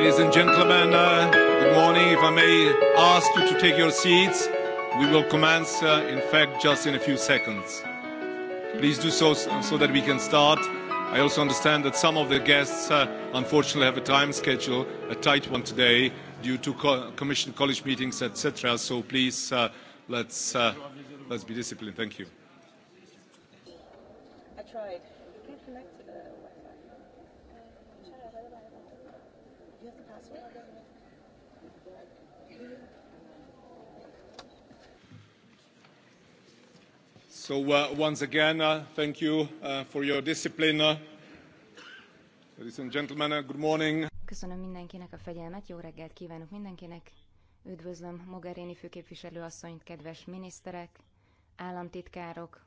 Ladies and gentlemen, uh, good morning. If I may ask you to take your seats, we will commence, uh, in fact, just in a few seconds. Please do so uh, so that we can start. I also understand that some of the guests, uh, unfortunately, have a time schedule, a tight one today, due to co Commission college meetings, etc. So please, uh, let's, uh, let's be disciplined. Thank you. I tried. So uh, once again, uh, thank you uh, for your discipline. Uh, ladies and gentlemen, uh, good morning. Köszönöm mindenkinek a fegyelmet, jó reggelt kívánok mindenkinek. Üdvözlöm Mogherini főképviselő asszonyt, kedves miniszterek, államtitkárok,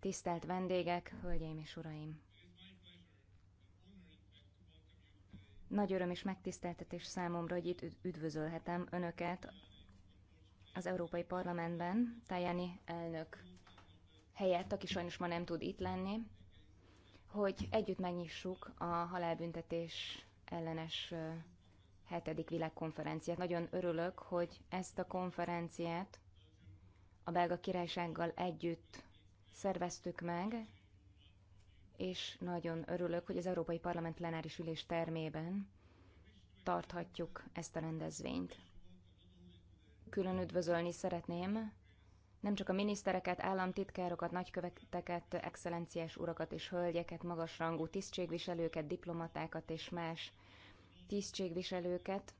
tisztelt vendégek, hölgyeim és uraim. Nagy öröm és megtiszteltetés számomra, hogy itt üdvözölhetem önöket az Európai Parlamentben, Tajani elnök helyett, aki sajnos ma nem tud itt lenni, hogy együtt megnyissuk a halálbüntetés ellenes hetedik világkonferenciát. Nagyon örülök, hogy ezt a konferenciát a belga királysággal együtt szerveztük meg, és nagyon örülök, hogy az Európai Parlament plenáris ülés termében tarthatjuk ezt a rendezvényt. Külön üdvözölni szeretném nem csak a minisztereket, államtitkárokat, nagyköveteket, excellenciás urakat és hölgyeket, magasrangú tisztségviselőket, diplomatákat és más tisztségviselőket,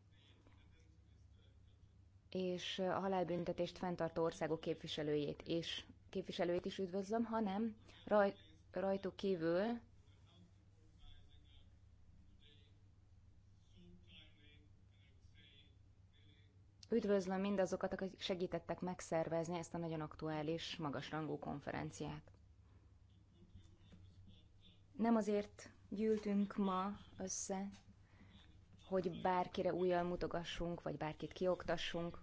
és a halálbüntetést fenntartó országok képviselőjét és képviselőjét is üdvözlöm, hanem raj, rajtuk kívül Üdvözlöm mindazokat, akik segítettek megszervezni ezt a nagyon aktuális, magasrangú konferenciát. Nem azért gyűltünk ma össze, hogy bárkire újjal mutogassunk, vagy bárkit kioktassunk.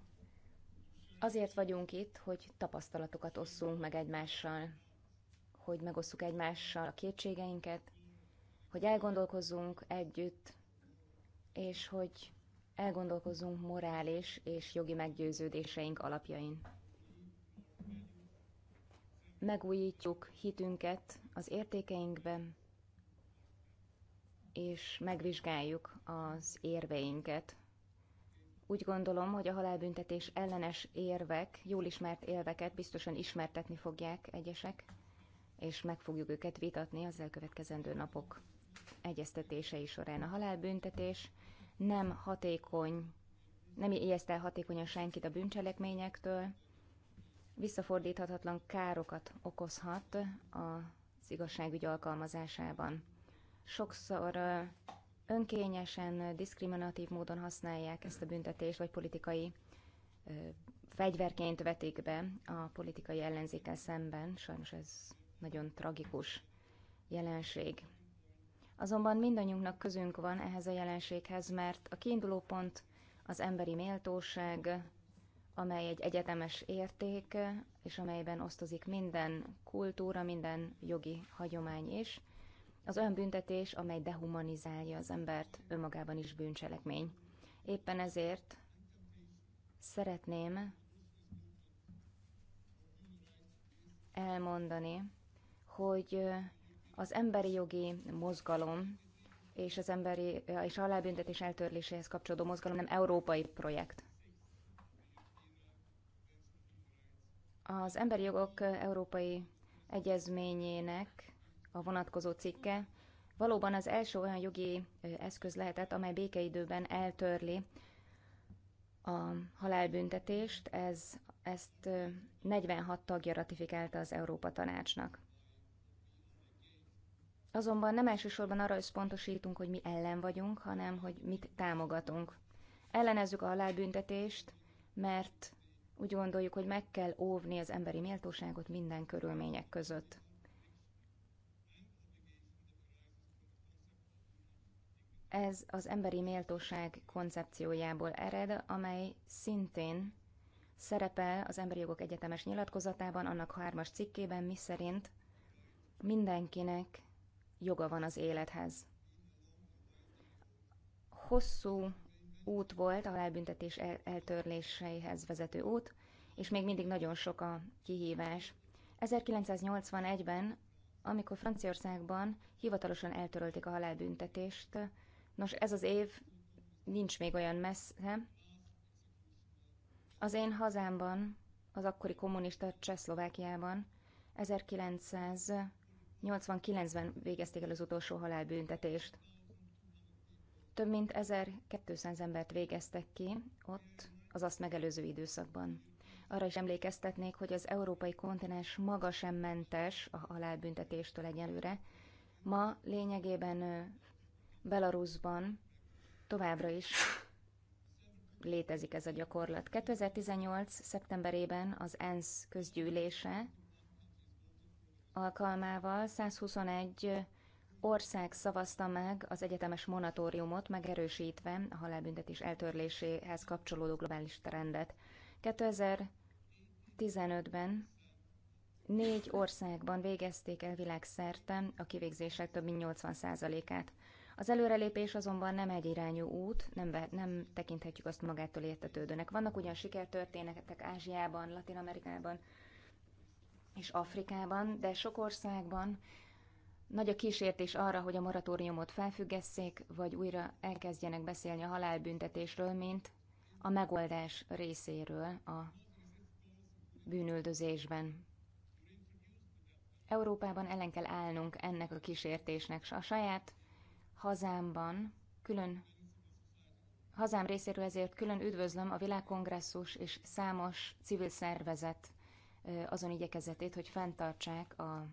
Azért vagyunk itt, hogy tapasztalatokat osszunk meg egymással, hogy megosszuk egymással a kétségeinket, hogy elgondolkozzunk együtt, és hogy elgondolkozzunk morális és jogi meggyőződéseink alapjain. Megújítjuk hitünket az értékeinkben, és megvizsgáljuk az érveinket. Úgy gondolom, hogy a halálbüntetés ellenes érvek, jól ismert érveket biztosan ismertetni fogják egyesek, és meg fogjuk őket vitatni az elkövetkezendő napok egyeztetései során. A halálbüntetés nem hatékony, nem ijeszt el hatékonyan senkit a bűncselekményektől, visszafordíthatatlan károkat okozhat az igazságügy alkalmazásában. Sokszor önkényesen, diszkriminatív módon használják ezt a büntetést, vagy politikai fegyverként vetik be a politikai ellenzékkel szemben. Sajnos ez nagyon tragikus jelenség. Azonban mindannyiunknak közünk van ehhez a jelenséghez, mert a kiinduló pont az emberi méltóság, amely egy egyetemes érték, és amelyben osztozik minden kultúra, minden jogi hagyomány is. Az olyan büntetés, amely dehumanizálja az embert, önmagában is bűncselekmény. Éppen ezért szeretném elmondani, hogy az emberi jogi mozgalom és az emberi és a halálbüntetés eltörléséhez kapcsolódó mozgalom nem európai projekt. Az emberi jogok európai egyezményének a vonatkozó cikke valóban az első olyan jogi eszköz lehetett, amely békeidőben eltörli a halálbüntetést, ez, ezt 46 tagja ratifikálta az Európa Tanácsnak. Azonban nem elsősorban arra összpontosítunk, hogy mi ellen vagyunk, hanem hogy mit támogatunk. Ellenezzük a halálbüntetést, mert úgy gondoljuk, hogy meg kell óvni az emberi méltóságot minden körülmények között. Ez az emberi méltóság koncepciójából ered, amely szintén szerepel az Emberi Jogok Egyetemes nyilatkozatában, annak hármas cikkében, miszerint mindenkinek joga van az élethez. Hosszú út volt a halálbüntetés el- eltörléseihez vezető út, és még mindig nagyon sok a kihívás. 1981-ben, amikor Franciaországban hivatalosan eltörölték a halálbüntetést, nos ez az év nincs még olyan messze. Az én hazámban, az akkori kommunista Csehszlovákiában 1900 89-ben végezték el az utolsó halálbüntetést. Több mint 1200 embert végeztek ki ott, az azt megelőző időszakban. Arra is emlékeztetnék, hogy az európai kontinens maga sem mentes a halálbüntetéstől egyelőre. Ma lényegében Belarusban továbbra is létezik ez a gyakorlat. 2018. szeptemberében az ENSZ közgyűlése alkalmával 121 ország szavazta meg az egyetemes monatóriumot, megerősítve a halálbüntetés eltörléséhez kapcsolódó globális trendet. 2015-ben négy országban végezték el világszerte a kivégzések több mint 80%-át. Az előrelépés azonban nem egy irányú út, nem, be, nem tekinthetjük azt magától értetődőnek. Vannak ugyan sikertörténetek Ázsiában, Latin Amerikában, és Afrikában, de sok országban nagy a kísértés arra, hogy a moratóriumot felfüggesszék, vagy újra elkezdjenek beszélni a halálbüntetésről, mint a megoldás részéről a bűnüldözésben. Európában ellen kell állnunk ennek a kísértésnek. A saját hazámban külön hazám részéről ezért külön üdvözlöm a világkongresszus és számos civil szervezet azon igyekezetét, hogy fenntartsák a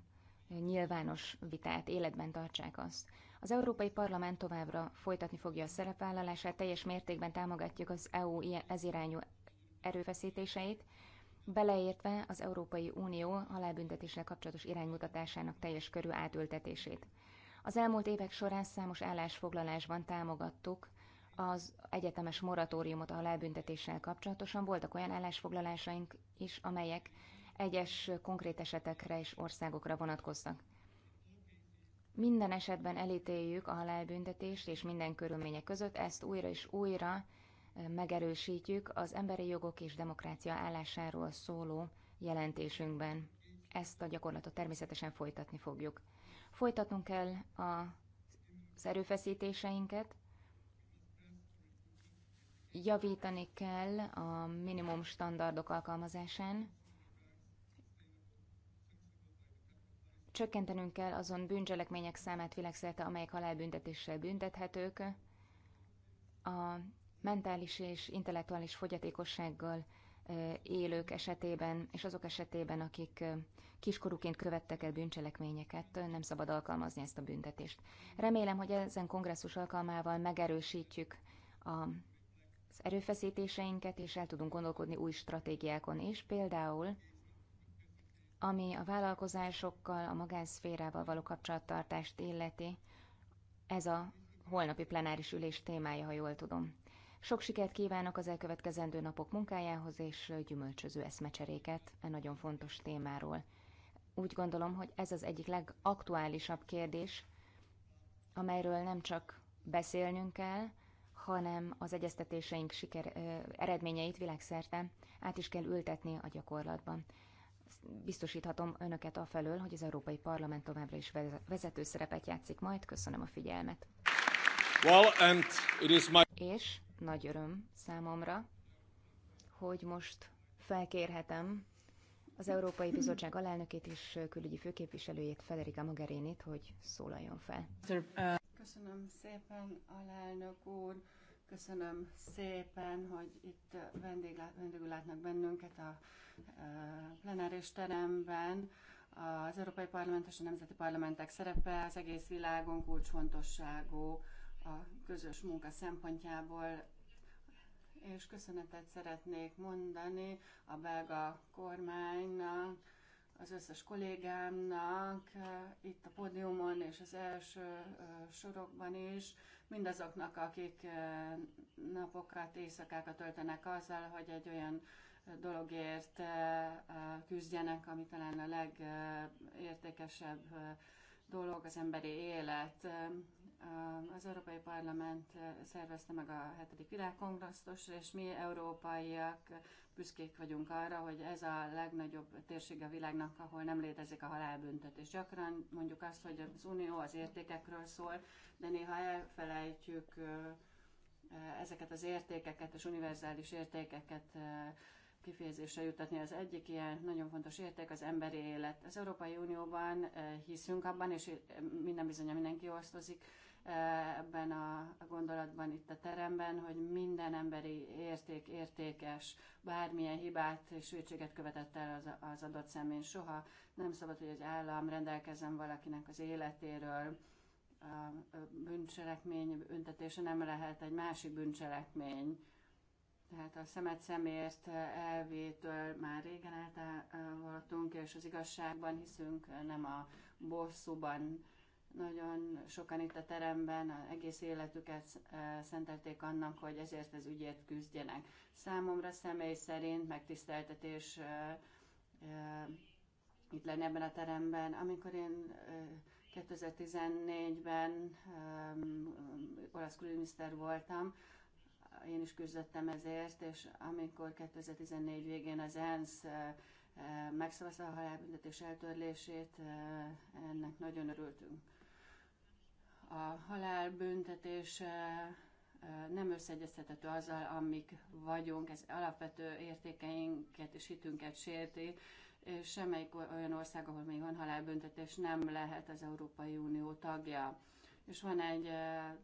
nyilvános vitát, életben tartsák azt. Az Európai Parlament továbbra folytatni fogja a szerepvállalását, teljes mértékben támogatjuk az EU ez irányú erőfeszítéseit, beleértve az Európai Unió halálbüntetésre kapcsolatos iránymutatásának teljes körű átültetését. Az elmúlt évek során számos állásfoglalásban támogattuk az egyetemes moratóriumot a halálbüntetéssel kapcsolatosan. Voltak olyan állásfoglalásaink is, amelyek egyes konkrét esetekre és országokra vonatkoznak. Minden esetben elítéljük a halálbüntetést, és minden körülmények között ezt újra és újra megerősítjük az emberi jogok és demokrácia állásáról szóló jelentésünkben. Ezt a gyakorlatot természetesen folytatni fogjuk. Folytatnunk kell az erőfeszítéseinket, javítani kell a minimum standardok alkalmazásán, Csökkentenünk kell azon bűncselekmények számát világszerte, amelyek halálbüntetéssel büntethetők. A mentális és intellektuális fogyatékossággal élők esetében, és azok esetében, akik kiskorúként követtek el bűncselekményeket, nem szabad alkalmazni ezt a büntetést. Remélem, hogy ezen kongresszus alkalmával megerősítjük a, az erőfeszítéseinket, és el tudunk gondolkodni új stratégiákon is, például ami a vállalkozásokkal, a magánszférával való kapcsolattartást illeti. Ez a holnapi plenáris ülés témája, ha jól tudom. Sok sikert kívánok az elkövetkezendő napok munkájához és gyümölcsöző eszmecseréket e nagyon fontos témáról. Úgy gondolom, hogy ez az egyik legaktuálisabb kérdés, amelyről nem csak beszélnünk kell, hanem az egyeztetéseink siker, ö, eredményeit világszerte át is kell ültetni a gyakorlatban biztosíthatom önöket afelől, hogy az Európai Parlament továbbra is vezető szerepet játszik majd. Köszönöm a figyelmet. Well, and it is my... És nagy öröm számomra, hogy most felkérhetem az Európai Bizottság alelnökét és külügyi főképviselőjét, Federica Mogherinit, hogy szólaljon fel. Uh, Köszönöm szépen, alelnök úr. Köszönöm szépen, hogy itt vendéglát, vendégül látnak bennünket a e, plenáris teremben. Az Európai Parlament és a Nemzeti Parlamentek szerepe az egész világon kulcsfontosságú a közös munka szempontjából, és köszönetet szeretnék mondani a belga kormánynak, az összes kollégámnak eh, itt a pódiumon és az első eh, sorokban is, mindazoknak, akik eh, napokat, éjszakákat töltenek azzal, hogy egy olyan dologért küzdjenek, ami talán a legértékesebb dolog, az emberi élet. Az Európai Parlament szervezte meg a 7. világkongresszus, és mi európaiak büszkék vagyunk arra, hogy ez a legnagyobb térség a világnak, ahol nem létezik a halálbüntetés. Gyakran mondjuk azt, hogy az unió az értékekről szól, de néha elfelejtjük ezeket az értékeket és univerzális értékeket kifejezésre jutatni. Az egyik ilyen nagyon fontos érték az emberi élet. Az Európai Unióban hiszünk abban, és minden bizony mindenki osztozik, ebben a gondolatban itt a teremben, hogy minden emberi érték értékes, bármilyen hibát és hűséget követett el az, az adott személy. Soha nem szabad, hogy az állam rendelkezzen valakinek az életéről. A bűncselekmény büntetése nem lehet egy másik bűncselekmény. Tehát a szemet szemért elvétől már régen eltávolodtunk, és az igazságban hiszünk, nem a bosszúban nagyon sokan itt a teremben az egész életüket szentelték annak, hogy ezért az ügyért küzdjenek. Számomra személy szerint megtiszteltetés itt lenni ebben a teremben. Amikor én 2014-ben olasz külügyminiszter voltam, én is küzdöttem ezért, és amikor 2014 végén az ENSZ megszavazta a halálbüntetés eltörlését, ennek nagyon örültünk a halálbüntetés nem összeegyeztethető azzal, amik vagyunk, ez alapvető értékeinket és hitünket sérti, és semmelyik olyan ország, ahol még van halálbüntetés, nem lehet az Európai Unió tagja. És van egy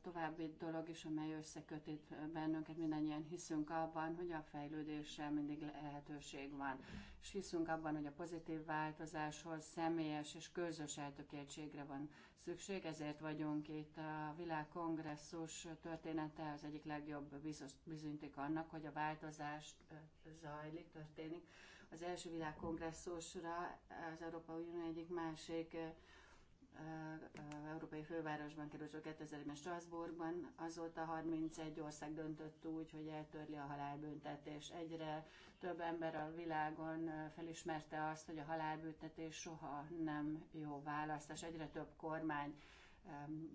további dolog is, amely összekötít bennünket, mindannyian hiszünk abban, hogy a fejlődéssel mindig lehetőség van. És hiszünk abban, hogy a pozitív változáshoz személyes és közös eltökéltségre van szükség, ezért vagyunk itt. A világkongresszus története az egyik legjobb bizonyíték annak, hogy a változás zajlik, történik. Az első világkongresszusra az Európai Unió egyik másik európai fővárosban került 2000-ben Strasbourgban, azóta 31 ország döntött úgy, hogy eltörli a halálbüntetés. Egyre több ember a világon felismerte azt, hogy a halálbüntetés soha nem jó választás. Egyre több kormány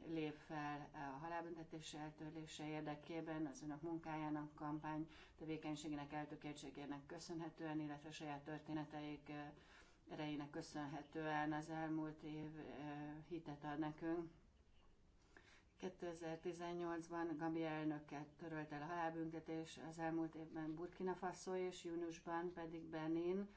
lép fel a halálbüntetés eltörlése érdekében, az önök munkájának, kampány tevékenységének, eltökéltségének köszönhetően, illetve saját történeteik erejének köszönhetően az elmúlt év hitet ad nekünk. 2018-ban Gambi elnöket törölt el a halálbüntetés, az elmúlt évben Burkina Faso és júniusban pedig Benin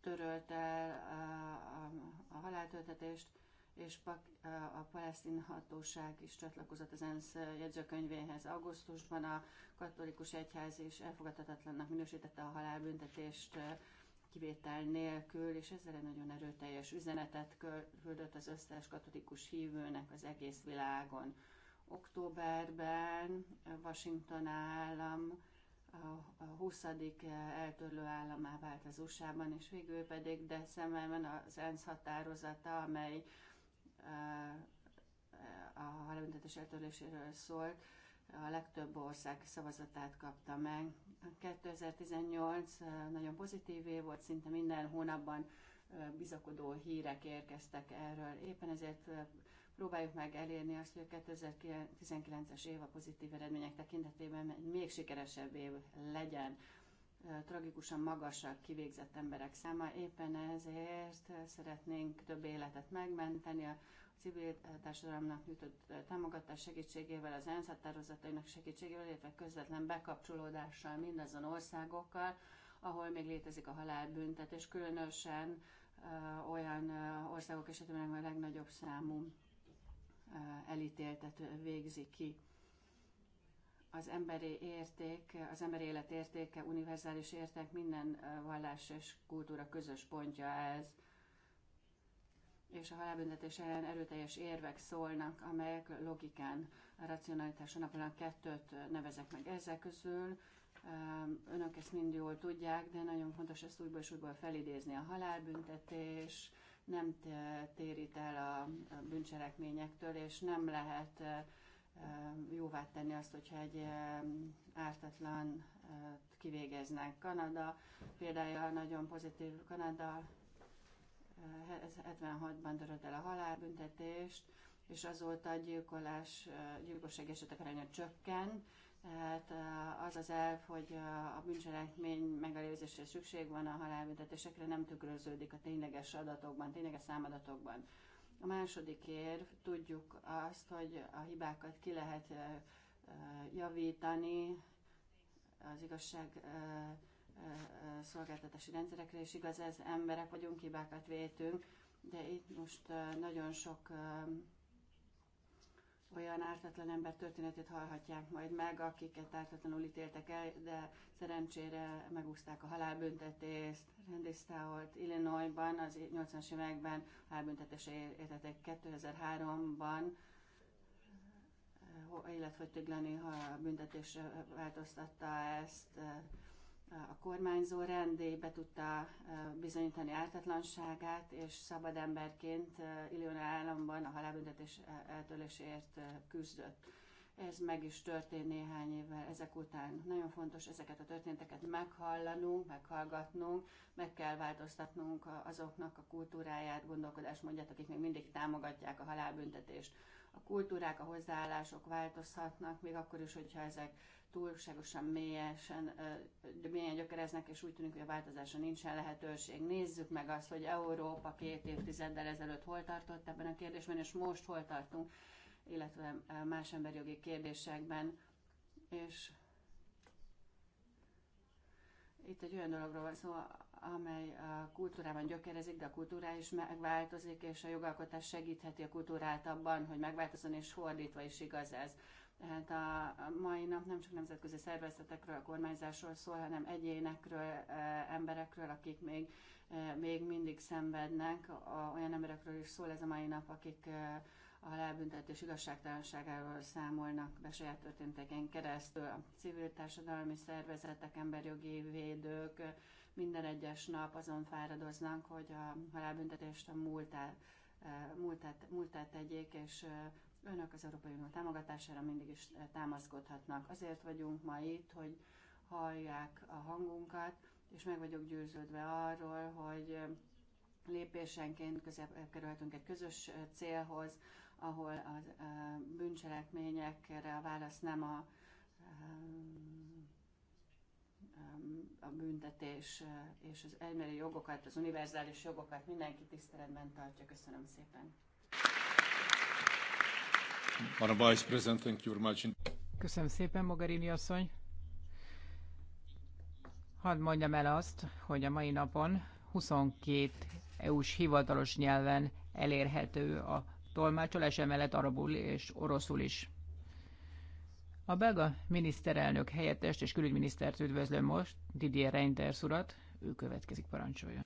törölt el a, a, a haláltöltetést, és pak, a, a palesztin hatóság is csatlakozott az ENSZ jegyzőkönyvéhez. Augusztusban a katolikus egyház is elfogadhatatlannak minősítette a halálbüntetést kivétel nélkül, és ezzel egy nagyon erőteljes üzenetet küldött az összes katolikus hívőnek az egész világon. Októberben Washington állam a 20. Eh, eltörlő államá vált az USA-ban, és végül pedig decemberben az ENSZ határozata, amely eh, a halálbüntetés eltörléséről szólt, a legtöbb ország szavazatát kapta meg, 2018 eh, nagyon pozitív év volt, szinte minden hónapban eh, bizakodó hírek érkeztek erről. Éppen ezért eh, próbáljuk meg elérni azt, hogy a 2019-es év a pozitív eredmények tekintetében még sikeresebb év legyen. Tragikusan magasak kivégzett emberek száma, éppen ezért szeretnénk több életet megmenteni, civil eh, társadalomnak nyújtott eh, támogatás segítségével, az ENSZ határozatainak segítségével, illetve közvetlen bekapcsolódással mindazon országokkal, ahol még létezik a halálbüntetés, különösen eh, olyan országok esetében, ahol a legnagyobb számú uh, elítéltet végzi ki. Az emberi érték, az emberi élet értéke, univerzális érték, minden vallás és kultúra közös pontja ez és a halálbüntetés ellen erőteljes érvek szólnak, amelyek logikán, a racionalitáson alapulnak kettőt nevezek meg ezek közül. Önök ezt mind jól tudják, de nagyon fontos ezt újból és újból felidézni. A halálbüntetés nem térít el a bűncselekményektől, és nem lehet e, e, jóvá tenni azt, hogyha egy e, ártatlan kivégeznek. Kanada példája nagyon pozitív. Kanada 76-ban törött el a halálbüntetést, és azóta a gyilkolás, gyilkosság esetek aránya csökken. Tehát eh, az az elv, hogy eh, a bűncselekmény megelőzésre szükség van a halálbüntetésekre, nem tükröződik a tényleges adatokban, tényleges számadatokban. A második érv, tudjuk azt, hogy a hibákat ki lehet eh, javítani, az igazság szolgáltatási rendszerekre, és igaz, ez emberek vagyunk, hibákat vétünk, de itt most nagyon sok olyan ártatlan ember történetét hallhatják majd meg, akiket ártatlanul ítéltek el, de szerencsére megúzták a halálbüntetést. Randy Stout Illinoisban az 80-as években halálbüntetése értették 2003-ban Tiglani büntetésre változtatta ezt a kormányzó rendé be tudta bizonyítani ártatlanságát, és szabad emberként Illinois államban a halálbüntetés eltöléséért küzdött. Ez meg is történt néhány évvel ezek után. Nagyon fontos ezeket a történeteket meghallanunk, meghallgatnunk, meg kell változtatnunk azoknak a kultúráját, gondolkodásmódját, akik még mindig támogatják a halálbüntetést a kultúrák, a hozzáállások változhatnak, még akkor is, hogyha ezek túlságosan mélyesen, mélyen gyökereznek, és úgy tűnik, hogy a változásra nincsen lehetőség. Nézzük meg azt, hogy Európa két évtizeddel ezelőtt hol tartott ebben a kérdésben, és most hol tartunk, illetve más emberjogi kérdésekben. És itt egy olyan dologról van szó, szóval amely a kultúrában gyökerezik, de a kultúrá is megváltozik, és a jogalkotás segítheti a kultúrát abban, hogy megváltozon, és fordítva is igaz ez. Tehát a mai nap nem csak nemzetközi szervezetekről, a kormányzásról szól, hanem egyénekről, e, emberekről, akik még, e, még mindig szenvednek. Olyan emberekről is szól ez a mai nap, akik e, a halálbüntetés igazságtalanságáról számolnak be saját történteken keresztül. A civil társadalmi szervezetek, emberjogi védők, minden egyes nap azon fáradoznak, hogy a halálbüntetést a múltát, e, múltát, múltát tegyék, és e, önök az Európai Unió támogatására mindig is e, támaszkodhatnak. Azért vagyunk ma itt, hogy hallják a hangunkat, és meg vagyok győződve arról, hogy lépésenként közebb kerülhetünk egy közös célhoz, ahol a bűncselekményekre a válasz nem a a büntetés és az emberi jogokat, az univerzális jogokat mindenki tiszteletben tartja. Köszönöm szépen. Vice President, thank you very much. Köszönöm szépen, Mogherini asszony. Hadd mondjam el azt, hogy a mai napon 22 EU-s hivatalos nyelven elérhető a tolmácsolás, emellett arabul és oroszul is. A belga miniszterelnök helyettest és külügyminisztert üdvözlöm most, Didier Reinders urat, ő következik parancsolja.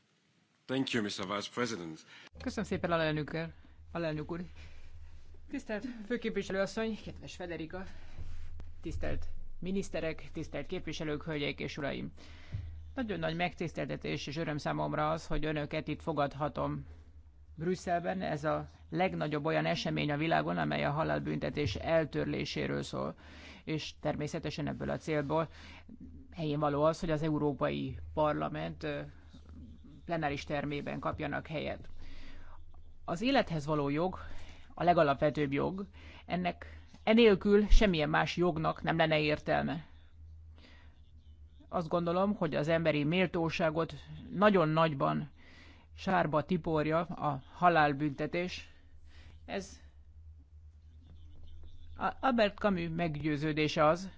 Thank you, Mr. Vice President. Köszönöm szépen, alelnök, alelnök úr. Tisztelt főképviselőasszony, kedves Federika, tisztelt miniszterek, tisztelt képviselők, hölgyeik és uraim. Nagyon nagy megtiszteltetés és öröm számomra az, hogy önöket itt fogadhatom Brüsszelben. Ez a legnagyobb olyan esemény a világon, amely a halálbüntetés eltörléséről szól és természetesen ebből a célból helyén való az, hogy az Európai Parlament plenáris termében kapjanak helyet. Az élethez való jog a legalapvetőbb jog, ennek enélkül semmilyen más jognak nem lenne értelme. Azt gondolom, hogy az emberi méltóságot nagyon nagyban sárba tiporja a halálbüntetés. Ez Albert Camus meggyőződése az,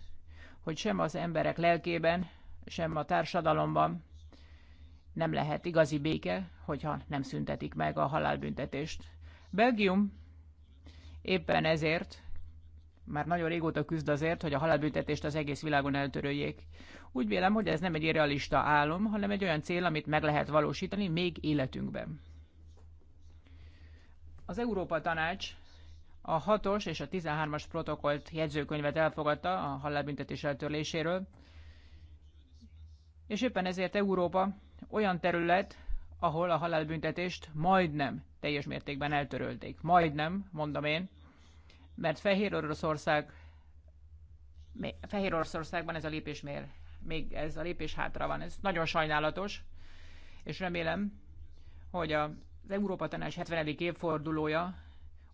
hogy sem az emberek lelkében, sem a társadalomban nem lehet igazi béke, hogyha nem szüntetik meg a halálbüntetést. Belgium éppen ezért már nagyon régóta küzd azért, hogy a halálbüntetést az egész világon eltöröljék. Úgy vélem, hogy ez nem egy irrealista álom, hanem egy olyan cél, amit meg lehet valósítani még életünkben. Az Európa Tanács a 6-os és a 13-as protokollt jegyzőkönyvet elfogadta a halálbüntetés eltörléséről, és éppen ezért Európa olyan terület, ahol a halálbüntetést majdnem teljes mértékben eltörölték. Majdnem, mondom én, mert Fehér Oroszország Fehér Oroszországban ez a lépés mér, még ez a lépés hátra van. Ez nagyon sajnálatos, és remélem, hogy az Európa Tanács 70. évfordulója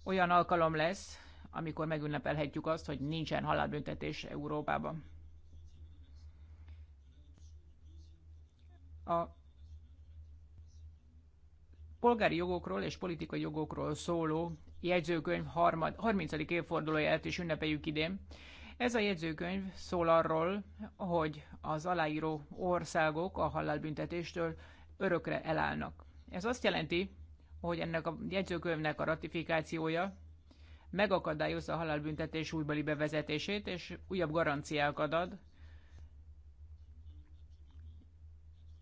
olyan alkalom lesz, amikor megünnepelhetjük azt, hogy nincsen halálbüntetés Európában. A polgári jogokról és politikai jogokról szóló jegyzőkönyv 30. évfordulóját is ünnepeljük idén. Ez a jegyzőkönyv szól arról, hogy az aláíró országok a halálbüntetéstől örökre elállnak. Ez azt jelenti, hogy ennek a jegyzőkönyvnek a ratifikációja megakadályozza a halálbüntetés újbeli bevezetését, és újabb garanciákat ad.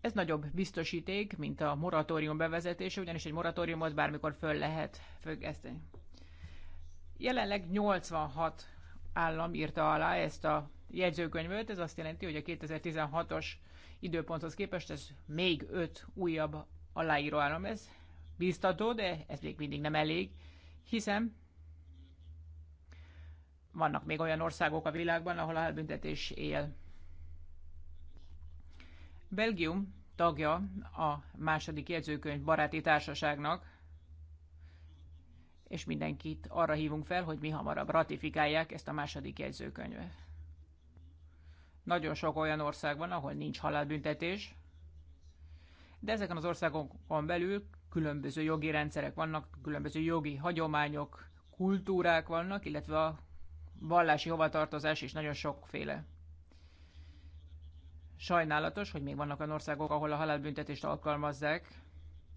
Ez nagyobb biztosíték, mint a moratórium bevezetése, ugyanis egy moratóriumot bármikor föl lehet függeszteni. Jelenleg 86 állam írta alá ezt a jegyzőkönyvöt, ez azt jelenti, hogy a 2016-os időponthoz képest ez még 5 újabb aláíró állam. Ez biztató, de ez még mindig nem elég, hiszen vannak még olyan országok a világban, ahol a halálbüntetés él. Belgium tagja a második jegyzőkönyv baráti társaságnak, és mindenkit arra hívunk fel, hogy mi hamarabb ratifikálják ezt a második jegyzőkönyvet. Nagyon sok olyan ország van, ahol nincs halálbüntetés, de ezeken az országokon belül különböző jogi rendszerek vannak, különböző jogi hagyományok, kultúrák vannak, illetve a vallási hovatartozás is nagyon sokféle. Sajnálatos, hogy még vannak olyan országok, ahol a halálbüntetést alkalmazzák.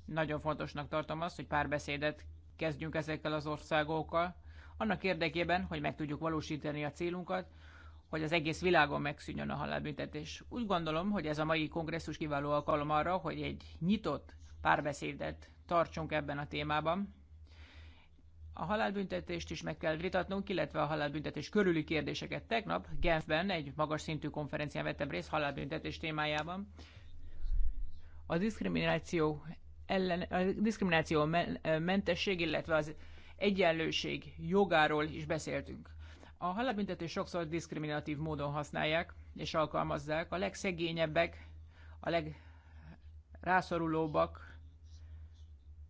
Nagyon fontosnak tartom azt, hogy párbeszédet kezdjünk ezekkel az országokkal, annak érdekében, hogy meg tudjuk valósítani a célunkat, hogy az egész világon megszűnjön a halálbüntetés. Úgy gondolom, hogy ez a mai kongresszus kiváló alkalom arra, hogy egy nyitott, párbeszédet tartsunk ebben a témában. A halálbüntetést is meg kell vitatnunk, illetve a halálbüntetés körüli kérdéseket. Tegnap Genfben egy magas szintű konferencián vettem részt halálbüntetés témájában. A diszkrimináció, ellen, a diszkrimináció mentesség, illetve az egyenlőség jogáról is beszéltünk. A halálbüntetés sokszor diszkriminatív módon használják és alkalmazzák. A legszegényebbek, a legrászorulóbbak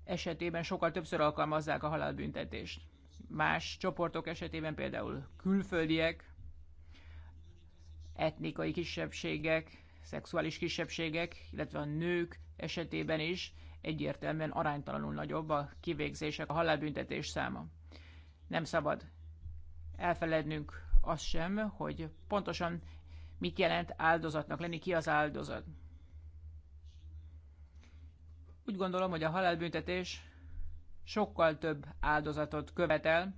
esetében sokkal többször alkalmazzák a halálbüntetést. Más csoportok esetében például külföldiek, etnikai kisebbségek, szexuális kisebbségek, illetve a nők esetében is egyértelműen aránytalanul nagyobb a kivégzések, a halálbüntetés száma. Nem szabad elfelednünk azt sem, hogy pontosan mit jelent áldozatnak lenni, ki az áldozat. Úgy gondolom, hogy a halálbüntetés sokkal több áldozatot követel,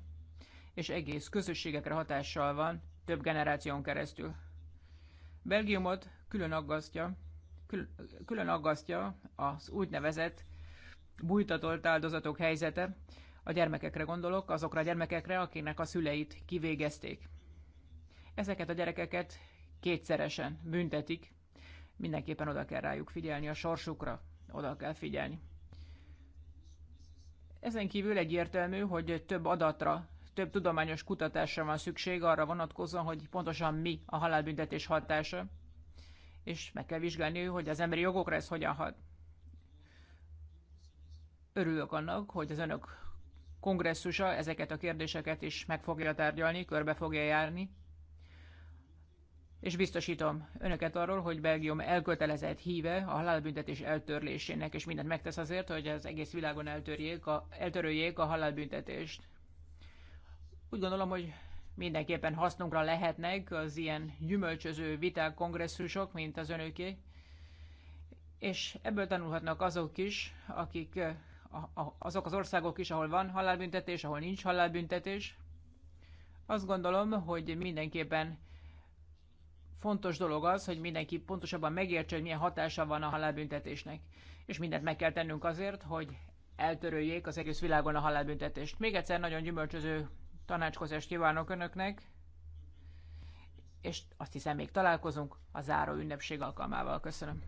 és egész közösségekre hatással van több generáción keresztül. Belgiumot külön aggasztja, kül, külön aggasztja az úgynevezett bújtatolt áldozatok helyzete. A gyermekekre gondolok, azokra a gyermekekre, akinek a szüleit kivégezték. Ezeket a gyerekeket kétszeresen büntetik, mindenképpen oda kell rájuk figyelni a sorsukra oda kell figyelni. Ezen kívül egyértelmű, hogy több adatra, több tudományos kutatásra van szükség arra vonatkozóan, hogy pontosan mi a halálbüntetés hatása, és meg kell vizsgálni, hogy az emberi jogokra ez hogyan hat. Örülök annak, hogy az önök kongresszusa ezeket a kérdéseket is meg fogja tárgyalni, körbe fogja járni, és biztosítom önöket arról, hogy Belgium elkötelezett híve a halálbüntetés eltörlésének, és mindent megtesz azért, hogy az egész világon eltörjék a, eltöröljék a halálbüntetést. Úgy gondolom, hogy mindenképpen hasznunkra lehetnek az ilyen gyümölcsöző viták, kongresszusok, mint az önöké, és ebből tanulhatnak azok is, akik eh, azok az országok is, ahol van halálbüntetés, ahol nincs halálbüntetés. Azt gondolom, hogy mindenképpen fontos dolog az, hogy mindenki pontosabban megértse, hogy milyen hatása van a halálbüntetésnek. És mindent meg kell tennünk azért, hogy eltöröljék az egész világon a halálbüntetést. Még egyszer nagyon gyümölcsöző tanácskozást kívánok Önöknek, és azt hiszem még találkozunk a záró ünnepség alkalmával. Köszönöm.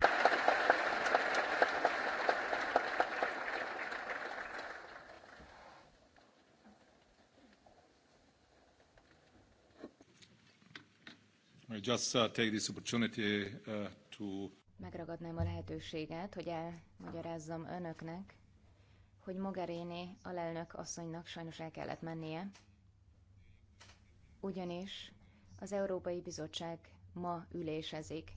Uh, uh, Megragadnám a lehetőséget, hogy elmagyarázzam önöknek, hogy Mogherini alelnök asszonynak sajnos el kellett mennie, ugyanis az Európai Bizottság ma ülésezik.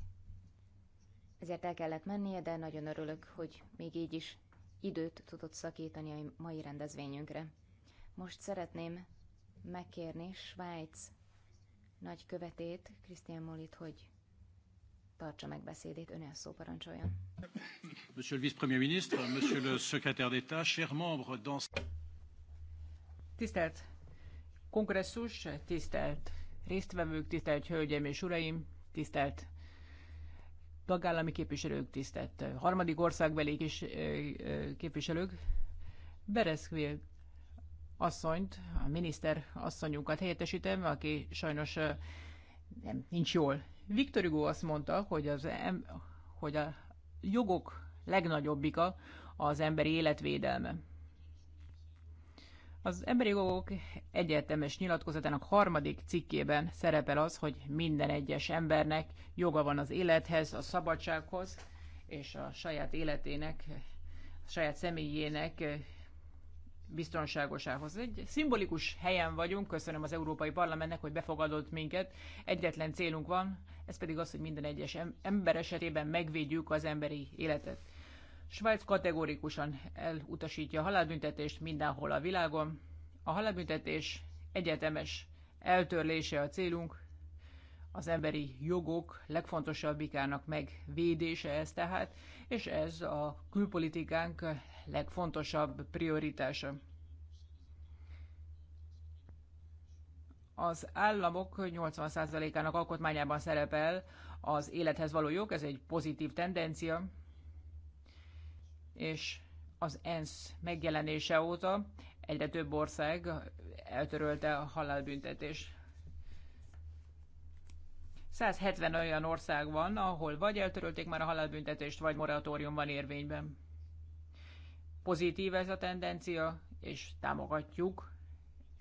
Ezért el kellett mennie, de nagyon örülök, hogy még így is időt tudott szakítani a mai rendezvényünkre. Most szeretném megkérni Svájc nagy követét, Krisztián Molit, hogy tartsa meg beszédét, ön szó parancsoljon. Monsieur le vice-premier ministre, monsieur le secrétaire d'État, chers membres dans... Tisztelt kongresszus, tisztelt résztvevők, tisztelt hölgyeim és uraim, tisztelt tagállami képviselők, tisztelt harmadik országbeli képviselők, Bereszkvél asszonyt, a miniszter asszonyunkat helyettesítem, aki sajnos nem, nincs jól. Viktor Hugo azt mondta, hogy, az em, hogy a jogok legnagyobbika az emberi életvédelme. Az emberi jogok egyetemes nyilatkozatának harmadik cikkében szerepel az, hogy minden egyes embernek joga van az élethez, a szabadsághoz és a saját életének, a saját személyének biztonságosához. Egy szimbolikus helyen vagyunk, köszönöm az Európai Parlamentnek, hogy befogadott minket. Egyetlen célunk van, ez pedig az, hogy minden egyes ember esetében megvédjük az emberi életet. Svájc kategórikusan elutasítja a halálbüntetést mindenhol a világon. A halálbüntetés egyetemes eltörlése a célunk, az emberi jogok legfontosabbikának megvédése ez tehát, és ez a külpolitikánk legfontosabb prioritása. Az államok 80%-ának alkotmányában szerepel az élethez való jog, ez egy pozitív tendencia, és az ENSZ megjelenése óta egyre több ország eltörölte a halálbüntetés. 170 olyan ország van, ahol vagy eltörölték már a halálbüntetést, vagy moratórium van érvényben pozitív ez a tendencia, és támogatjuk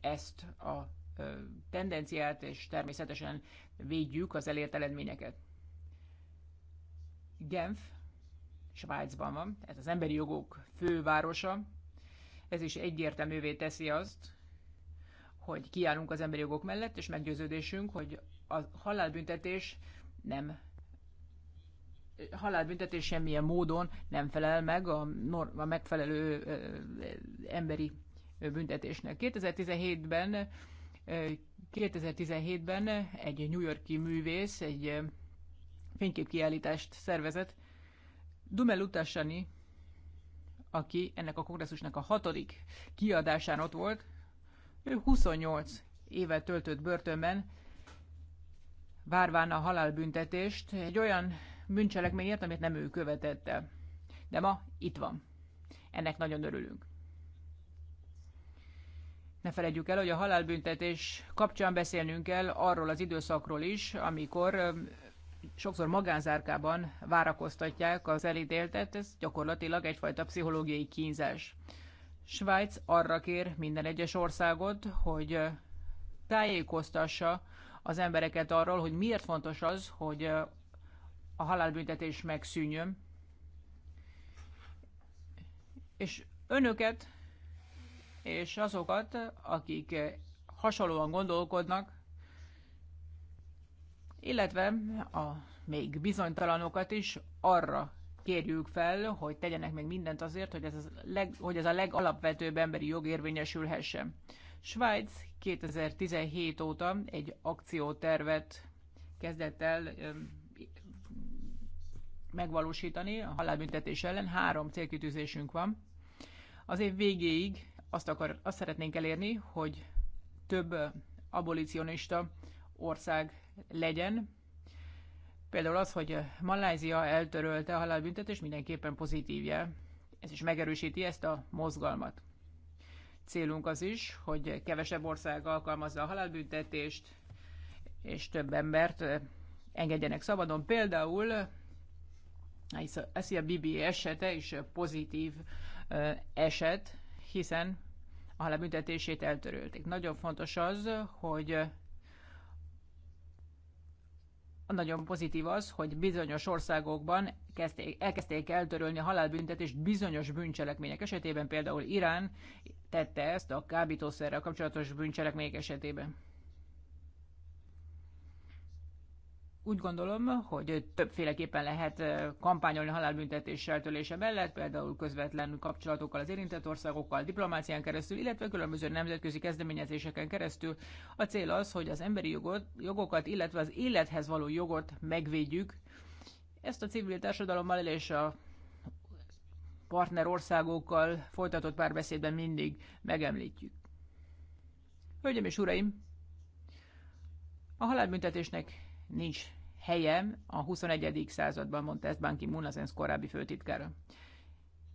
ezt a tendenciát, és természetesen védjük az elért eredményeket. Genf, Svájcban van, ez az emberi jogok fővárosa. Ez is egyértelművé teszi azt, hogy kiállunk az emberi jogok mellett, és meggyőződésünk, hogy a halálbüntetés nem halálbüntetés semmilyen módon nem felel meg a, a megfelelő emberi büntetésnek. 2017-ben 2017-ben egy New Yorki művész egy fényképkiállítást szervezett. Dumel Utasani, aki ennek a kongresszusnak a hatodik kiadásán ott volt, ő 28 évet töltött börtönben, várván a halálbüntetést, egy olyan bűncselekményért, amit nem ő követett el. De ma itt van. Ennek nagyon örülünk. Ne felejtjük el, hogy a halálbüntetés kapcsán beszélnünk kell arról az időszakról is, amikor sokszor magánzárkában várakoztatják az elítéltet, ez gyakorlatilag egyfajta pszichológiai kínzás. Svájc arra kér minden egyes országot, hogy tájékoztassa az embereket arról, hogy miért fontos az, hogy a halálbüntetés megszűnjön. És önöket és azokat, akik hasonlóan gondolkodnak, illetve a még bizonytalanokat is arra kérjük fel, hogy tegyenek meg mindent azért, hogy ez, a leg, hogy ez a legalapvetőbb emberi jog érvényesülhessen. Svájc 2017 óta egy akciótervet kezdett el megvalósítani a halálbüntetés ellen. Három célkitűzésünk van. Az év végéig azt, akar, azt szeretnénk elérni, hogy több abolicionista ország legyen. Például az, hogy Malázia eltörölte a halálbüntetést, mindenképpen jel. Ez is megerősíti ezt a mozgalmat. Célunk az is, hogy kevesebb ország alkalmazza a halálbüntetést, és több embert engedjenek szabadon. Például ez a Bibi esete is pozitív eset, hiszen a halálbüntetését eltörölték. Nagyon fontos az, hogy nagyon pozitív az, hogy bizonyos országokban kezdték, elkezdték eltörölni a halálbüntetést bizonyos bűncselekmények esetében, például Irán tette ezt a kábítószerrel kapcsolatos bűncselekmények esetében. Úgy gondolom, hogy többféleképpen lehet kampányolni halálbüntetés tölése mellett, például közvetlen kapcsolatokkal az érintett országokkal, diplomácián keresztül, illetve különböző nemzetközi kezdeményezéseken keresztül. A cél az, hogy az emberi jogot, jogokat, illetve az élethez való jogot megvédjük. Ezt a civil társadalommal és a partner országokkal folytatott párbeszédben mindig megemlítjük. Hölgyeim és uraim, a halálbüntetésnek nincs helyem a 21. században, mondta ezt Ban Ki-moon, az ENSZ korábbi főtitkára.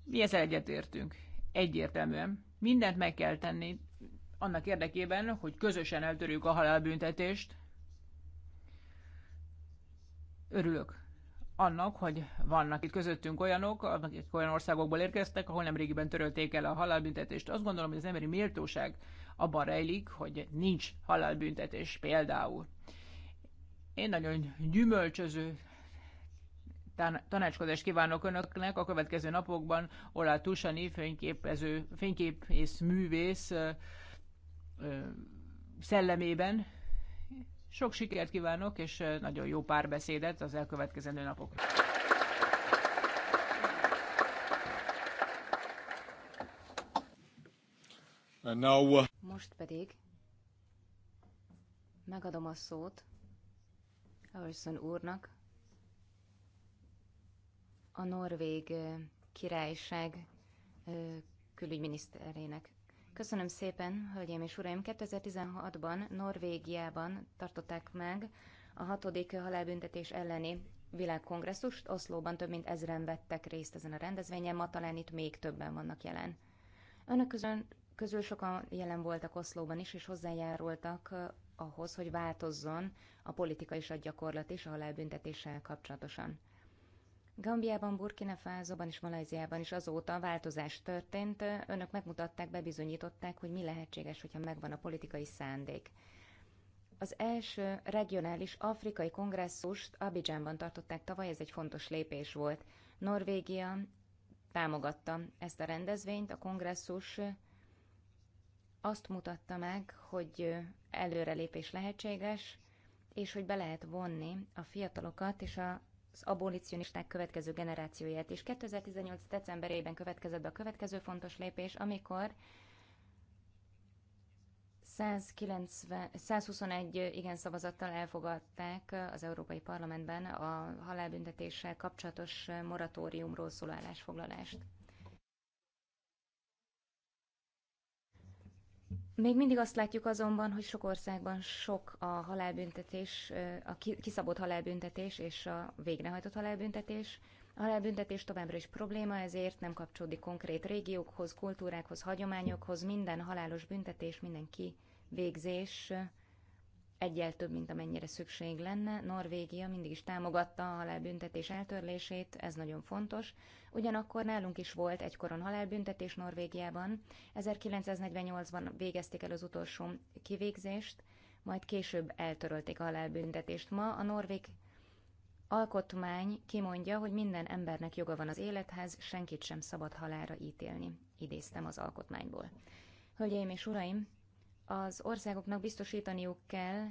Mi ezzel egyetértünk? Egyértelműen. Mindent meg kell tenni annak érdekében, hogy közösen eltörjük a halálbüntetést. Örülök annak, hogy vannak itt közöttünk olyanok, akik olyan országokból érkeztek, ahol nem régiben törölték el a halálbüntetést. Azt gondolom, hogy az emberi méltóság abban rejlik, hogy nincs halálbüntetés például. Én nagyon gyümölcsöző tanácskozást kívánok Önöknek a következő napokban. Olá Tusani, fényképező, és művész ö, ö, szellemében. Sok sikert kívánok, és nagyon jó párbeszédet az elkövetkezendő napok. Uh, Most pedig megadom a szót Harrison úrnak a Norvég királyság külügyminiszterének. Köszönöm szépen, hölgyeim és uraim! 2016-ban Norvégiában tartották meg a hatodik halálbüntetés elleni világkongresszust. Oszlóban több mint ezren vettek részt ezen a rendezvényen, ma talán itt még többen vannak jelen. Önök közül, közül sokan jelen voltak Oszlóban is, és hozzájárultak ahhoz, hogy változzon a politika és a gyakorlat is a halálbüntetéssel kapcsolatosan. Gambiában, Burkina Fázóban és Malajziában is azóta változás történt. Önök megmutatták, bebizonyították, hogy mi lehetséges, hogyha megvan a politikai szándék. Az első regionális afrikai kongresszust Abidjanban tartották tavaly, ez egy fontos lépés volt. Norvégia támogatta ezt a rendezvényt, a kongresszus azt mutatta meg, hogy előrelépés lehetséges, és hogy be lehet vonni a fiatalokat és az abolicionisták következő generációját is. 2018. decemberében következett be a következő fontos lépés, amikor 190, 121 igen szavazattal elfogadták az Európai Parlamentben a halálbüntetéssel kapcsolatos moratóriumról szóló állásfoglalást. Még mindig azt látjuk azonban, hogy sok országban sok a halálbüntetés, a kiszabott halálbüntetés és a végrehajtott halálbüntetés. A halálbüntetés továbbra is probléma, ezért nem kapcsolódik konkrét régiókhoz, kultúrákhoz, hagyományokhoz. Minden halálos büntetés, mindenki végzés egyel több, mint amennyire szükség lenne. Norvégia mindig is támogatta a halálbüntetés eltörlését, ez nagyon fontos. Ugyanakkor nálunk is volt egykoron halálbüntetés Norvégiában. 1948-ban végezték el az utolsó kivégzést, majd később eltörölték a halálbüntetést. Ma a norvég alkotmány kimondja, hogy minden embernek joga van az élethez, senkit sem szabad halára ítélni. Idéztem az alkotmányból. Hölgyeim és uraim, az országoknak biztosítaniuk kell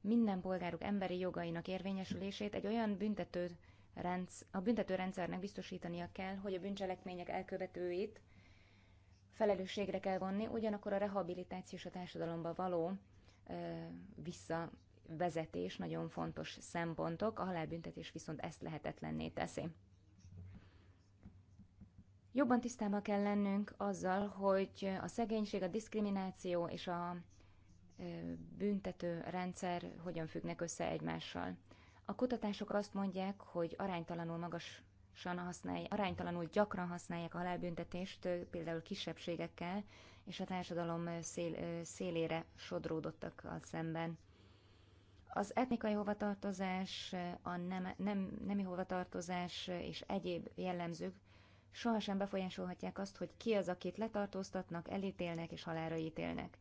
minden polgáruk emberi jogainak érvényesülését egy olyan büntető rendsz, a büntetőrendszernek biztosítania kell, hogy a bűncselekmények elkövetőit felelősségre kell vonni, ugyanakkor a rehabilitációs a társadalomba való ö, visszavezetés nagyon fontos szempontok, a halálbüntetés viszont ezt lehetetlenné teszi. Jobban tisztában kell lennünk azzal, hogy a szegénység, a diszkrimináció és a büntető rendszer hogyan függnek össze egymással. A kutatások azt mondják, hogy aránytalanul magasan használják, aránytalanul gyakran használják a halálbüntetést, például kisebbségekkel, és a társadalom szél, szélére a szemben. Az etnikai hovatartozás, a nem, nem, nemi hovatartozás és egyéb jellemzők sohasem befolyásolhatják azt, hogy ki az, akit letartóztatnak, elítélnek és halára ítélnek.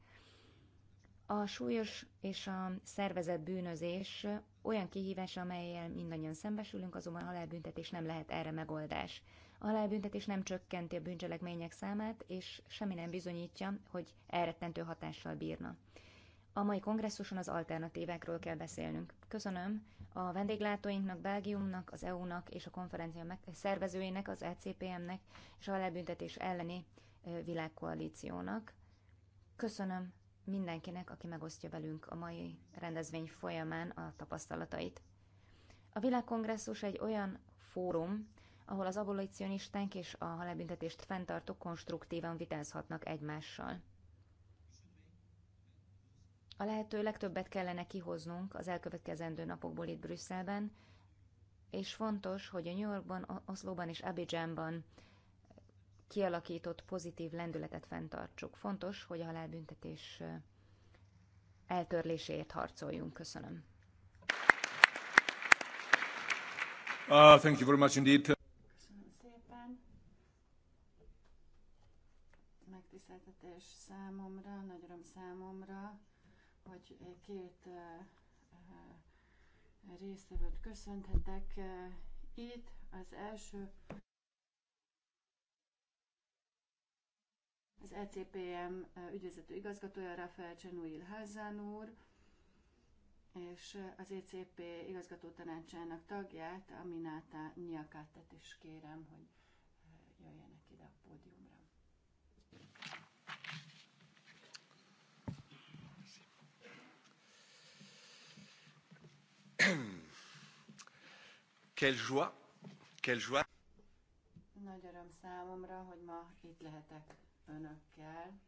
A súlyos és a szervezett bűnözés olyan kihívás, amelyel mindannyian szembesülünk, azonban a halálbüntetés nem lehet erre megoldás. A halálbüntetés nem csökkenti a bűncselekmények számát, és semmi nem bizonyítja, hogy elrettentő hatással bírna. A mai kongresszuson az alternatívákról kell beszélnünk. Köszönöm a vendéglátóinknak, Belgiumnak, az EU-nak és a konferencia szervezőjének, az ECPM-nek és a halálbüntetés elleni világkoalíciónak. Köszönöm mindenkinek, aki megosztja velünk a mai rendezvény folyamán a tapasztalatait. A világkongresszus egy olyan fórum, ahol az abolicionisták és a halálbüntetést fenntartók konstruktívan vitázhatnak egymással. A lehető legtöbbet kellene kihoznunk az elkövetkezendő napokból itt Brüsszelben, és fontos, hogy a New Yorkban, Oszlóban és Abidjanban kialakított pozitív lendületet fenntartsuk. Fontos, hogy a halálbüntetés eltörléséért harcoljunk. Köszönöm. Uh, thank you very much indeed. Köszönöm szépen. Megtiszteltetés számomra, nagy öröm számomra, hogy két eh, eh, résztvevőt köszönhetek eh, itt. Az első az ECPM ügyvezető igazgatója Rafael Csenuil Házán úr, és az ECP igazgató tanácsának tagját, Amináta Nyakátet is kérem, hogy Quelle joie, quelle joie. Nagy öröm számomra, hogy ma itt lehetek önökkel.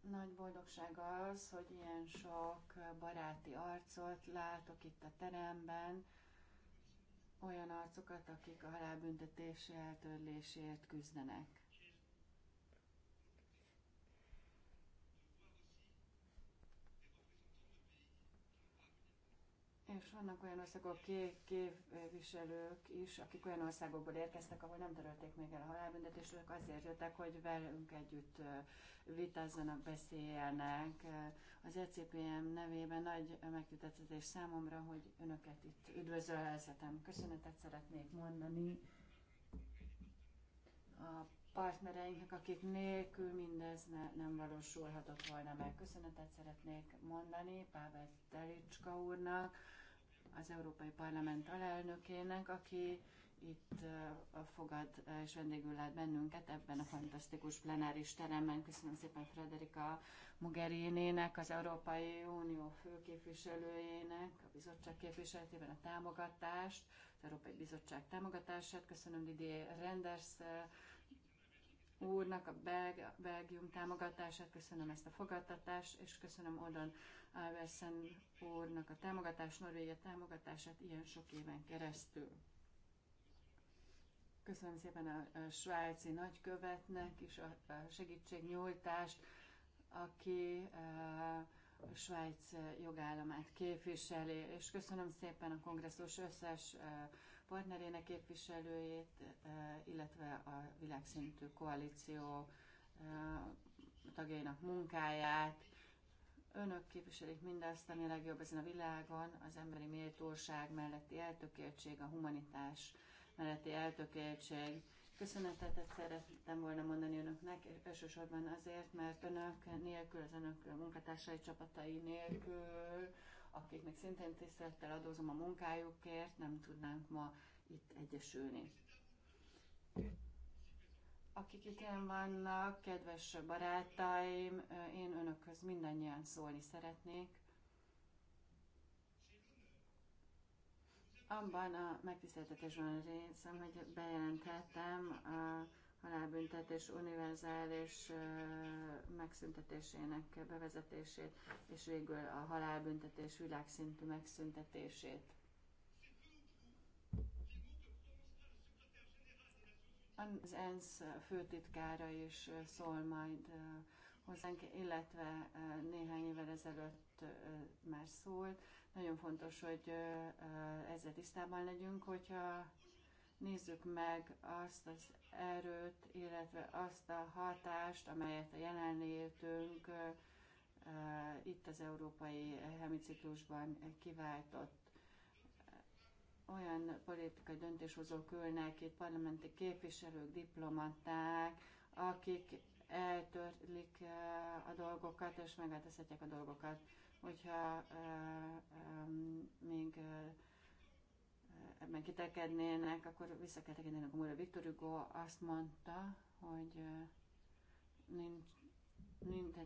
Nagy boldogság az, hogy ilyen sok baráti arcot látok itt a teremben, olyan arcokat, akik a halálbüntetés eltörlésért küzdenek. És vannak olyan országok, képviselők is, akik olyan országokból érkeztek, ahol nem törölték még el a halálbüntetést, ők azért jöttek, hogy velünk együtt vitázzanak, beszéljenek. Az ECPM nevében nagy megkültetés számomra, hogy önöket itt üdvözölhetem. Köszönetet szeretnék mondani a partnereinknek, akik nélkül mindez ne, nem valósulhatott volna meg. Köszönetet szeretnék mondani Pável Telicska úrnak, az Európai Parlament alelnökének, aki itt fogad és vendégül lát bennünket ebben a fantasztikus plenáris teremben. Köszönöm szépen Frederika Mogherininek, az Európai Unió főképviselőjének, a bizottság képviseletében a támogatást, az Európai Bizottság támogatását. Köszönöm Didier Renders úrnak a Belg, Belgium támogatását, köszönöm ezt a fogadtatást, és köszönöm Odon Alversen úrnak a támogatást, Norvégia támogatását ilyen sok éven keresztül. Köszönöm szépen a, a svájci nagykövetnek is a, a segítségnyújtást, aki a Svájc jogállamát képviseli, és köszönöm szépen a kongresszus összes a, partnerének képviselőjét, e, illetve a világszintű koalíció e, tagjainak munkáját. Önök képviselik mindazt, ami a legjobb ezen a világon, az emberi méltóság melletti eltökéltség, a humanitás melletti eltökéltség. Köszönetet szerettem volna mondani önöknek, elsősorban azért, mert önök nélkül, az önök munkatársai csapatai nélkül akiknek szintén tisztelettel adózom a munkájukért, nem tudnánk ma itt egyesülni. Akik itt jelen vannak, kedves barátaim, én önökhöz mindannyian szólni szeretnék. Abban a megtiszteltetésben részem, hogy bejelentettem a halálbüntetés univerzális megszüntetésének bevezetését, és végül a halálbüntetés világszintű megszüntetését. Az ENSZ főtitkára is szól majd hozzánk, illetve néhány évvel ezelőtt már szólt. Nagyon fontos, hogy ezzel tisztában legyünk, hogyha Nézzük meg azt az erőt, illetve azt a hatást, amelyet a jelenlétünk itt az európai hemiciklusban kiváltott olyan politikai döntéshozók ülnek itt, parlamenti képviselők, diplomaták, akik eltörlik a dolgokat, és megváltoztatják a dolgokat. Hogyha uh, um, még uh, ebben kitekednének, akkor vissza kell tekintenek a múlva. Viktor Hugo azt mondta, hogy nincs, nincs,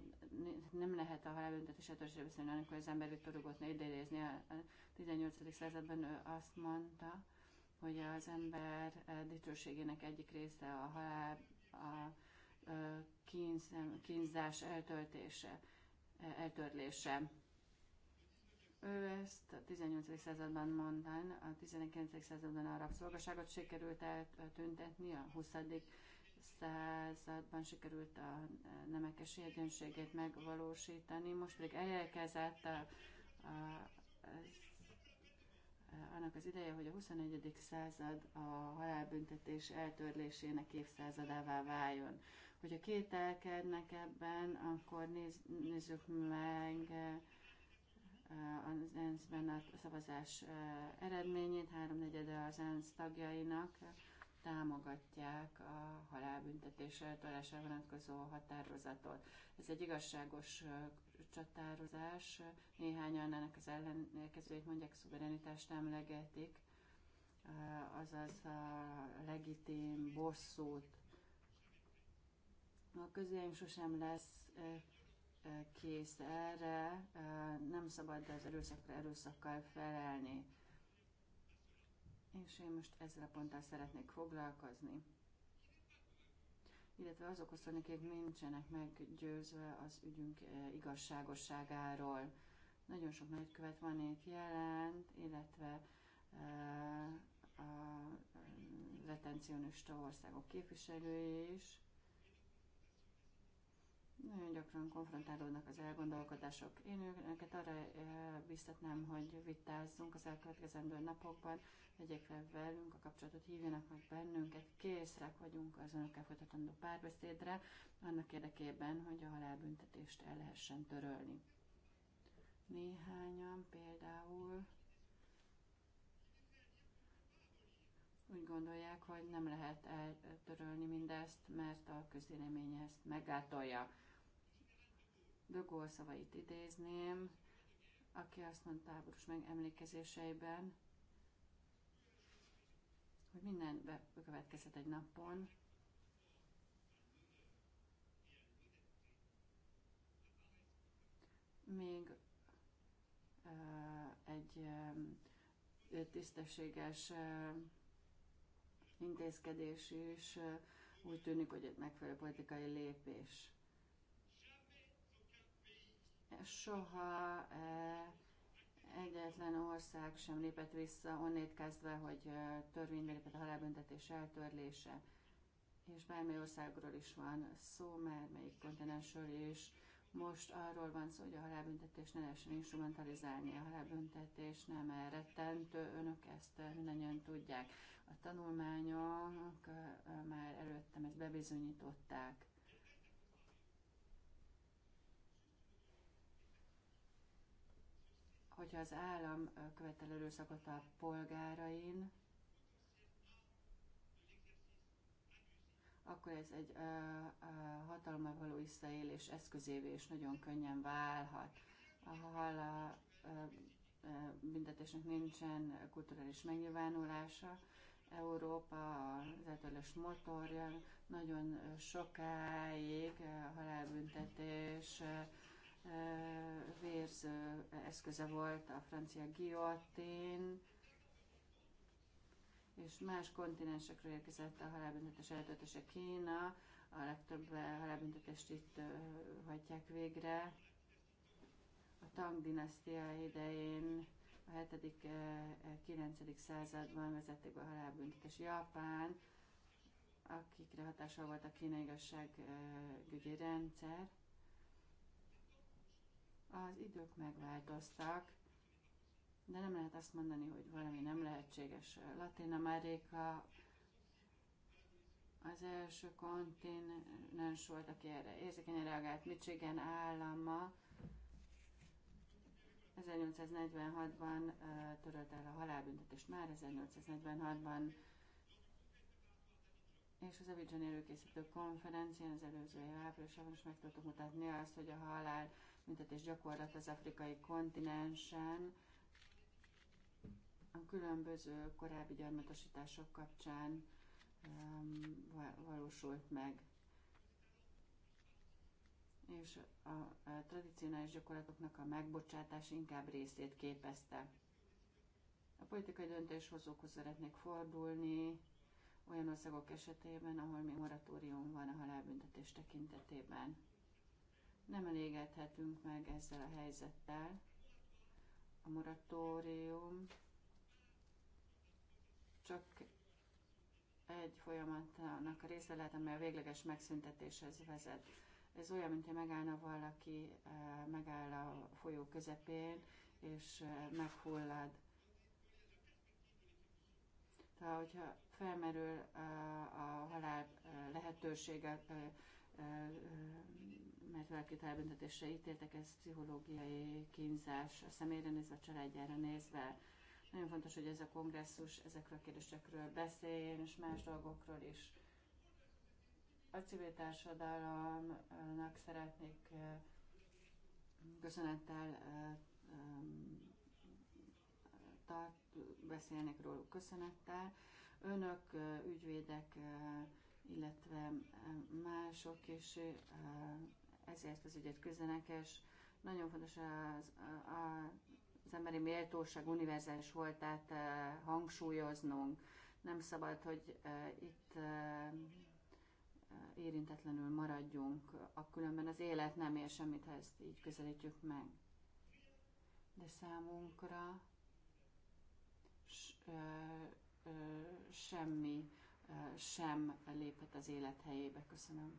nem lehet a halálbüntetés eltörésre beszélni, amikor az ember Viktor Hugo-t ne idézni. A 18. században ő azt mondta, hogy az ember dicsőségének egyik része a halál, a kínz, kínzás eltöltése, e, eltörlése. Ő ezt a 18. században mondván, a 19. században a rabszolgaságot sikerült eltüntetni, a 20. században sikerült a e, nemekes egyenséget megvalósítani, most pedig elérkezett a, a, a, e, annak az ideje, hogy a 21. század a halálbüntetés eltörlésének évszázadává váljon. Hogyha kételkednek ebben, akkor néz, nézzük meg e, az ensz a szavazás eredményét, háromnegyede az ENSZ tagjainak támogatják a halálbüntetésre törésre vonatkozó határozatot. Ez egy igazságos csatározás, néhányan ennek az ellenkezőjét mondják, szuverenitást emlegetik, azaz a legitim bosszút. A közéim sosem lesz kész erre, nem szabad az erőszakra erőszakkal felelni. És én most ezzel a ponttal szeretnék foglalkozni. Illetve azok szólni, akik nincsenek meggyőzve az ügyünk igazságosságáról. Nagyon sok nagykövet van itt jelent, illetve a retencionista országok képviselői is nagyon gyakran konfrontálódnak az elgondolkodások. Én őket arra eh, biztatnám, hogy vitázzunk az elkövetkezendő napokban, vegyék fel velünk a kapcsolatot, hívjanak meg bennünket, készrek vagyunk az önökkel folytatandó párbeszédre, annak érdekében, hogy a halálbüntetést el lehessen törölni. Néhányan például úgy gondolják, hogy nem lehet eltörölni mindezt, mert a közélemény ezt megátolja. Dögol szavait idézném, aki azt mondta háborús megemlékezéseiben, hogy minden bekövetkezhet egy napon, még uh, egy uh, tisztességes uh, intézkedés is uh, úgy tűnik, hogy egy megfelelő politikai lépés soha eh, egyetlen ország sem lépett vissza onnét kezdve, hogy eh, törvénybe lépett a halálbüntetés eltörlése. És bármely országról is van szó, mert melyik kontinensről is. Most arról van szó, hogy a halálbüntetés ne lehessen instrumentalizálni. A halálbüntetés nem rettentő, önök ezt eh, mindannyian tudják. A tanulmányok már előttem ezt bebizonyították. hogy az állam követel erőszakot a polgárain, akkor ez egy ö, ö, hatalommal való visszaélés eszközévé is nagyon könnyen válhat. A hal büntetésnek nincsen kulturális megnyilvánulása. Európa az eltörlés motorja, nagyon sokáig halálbüntetés, vérző eszköze volt a francia guillotine, és más kontinensekről érkezett a halálbüntetés eltöltése Kína, a legtöbb halálbüntetést itt hagyják végre. A Tang dinasztia idején a 7.-9. században vezették be a halálbüntetés Japán, akikre hatással volt a kínai igazságügyi rendszer az idők megváltoztak, de nem lehet azt mondani, hogy valami nem lehetséges. Latin Amerika az első kontinens volt, aki erre érzékenyen reagált, Michigan állama 1846-ban törölt el a halálbüntetést, már 1846-ban és az Abidjan előkészítő konferencián az előző év áprilisában is meg tudtuk mutatni azt, hogy a halál büntetés gyakorlat az afrikai kontinensen a különböző korábbi gyarmatosítások kapcsán um, valósult meg. És a, a tradicionális gyakorlatoknak a megbocsátás inkább részét képezte. A politikai döntéshozókhoz szeretnék fordulni olyan országok esetében, ahol még moratórium van a halálbüntetés tekintetében. Nem elégedhetünk meg ezzel a helyzettel. A moratórium csak egy folyamatnak a része lehet, amely a végleges megszüntetéshez vezet. Ez olyan, mint megállna valaki, eh, megáll a folyó közepén, és eh, meghullad. Tehát, hogyha felmerül eh, a halál lehetősége, mert valakit elbüntetésre ítéltek, ez pszichológiai kínzás a személyre nézve, a családjára nézve. Nagyon fontos, hogy ez a kongresszus ezekről a kérdésekről beszéljen, és más dolgokról is. A civil társadalomnak szeretnék köszönettel tart, beszélnek róluk köszönettel. Önök, ügyvédek, illetve mások is ezért az ügyet küzdenek, nagyon fontos az, az emberi méltóság univerzális voltát hangsúlyoznunk. Nem szabad, hogy itt érintetlenül maradjunk, akkülönben az élet nem ér semmit, ha ezt így közelítjük meg. De számunkra semmi sem léphet az élet helyébe. Köszönöm.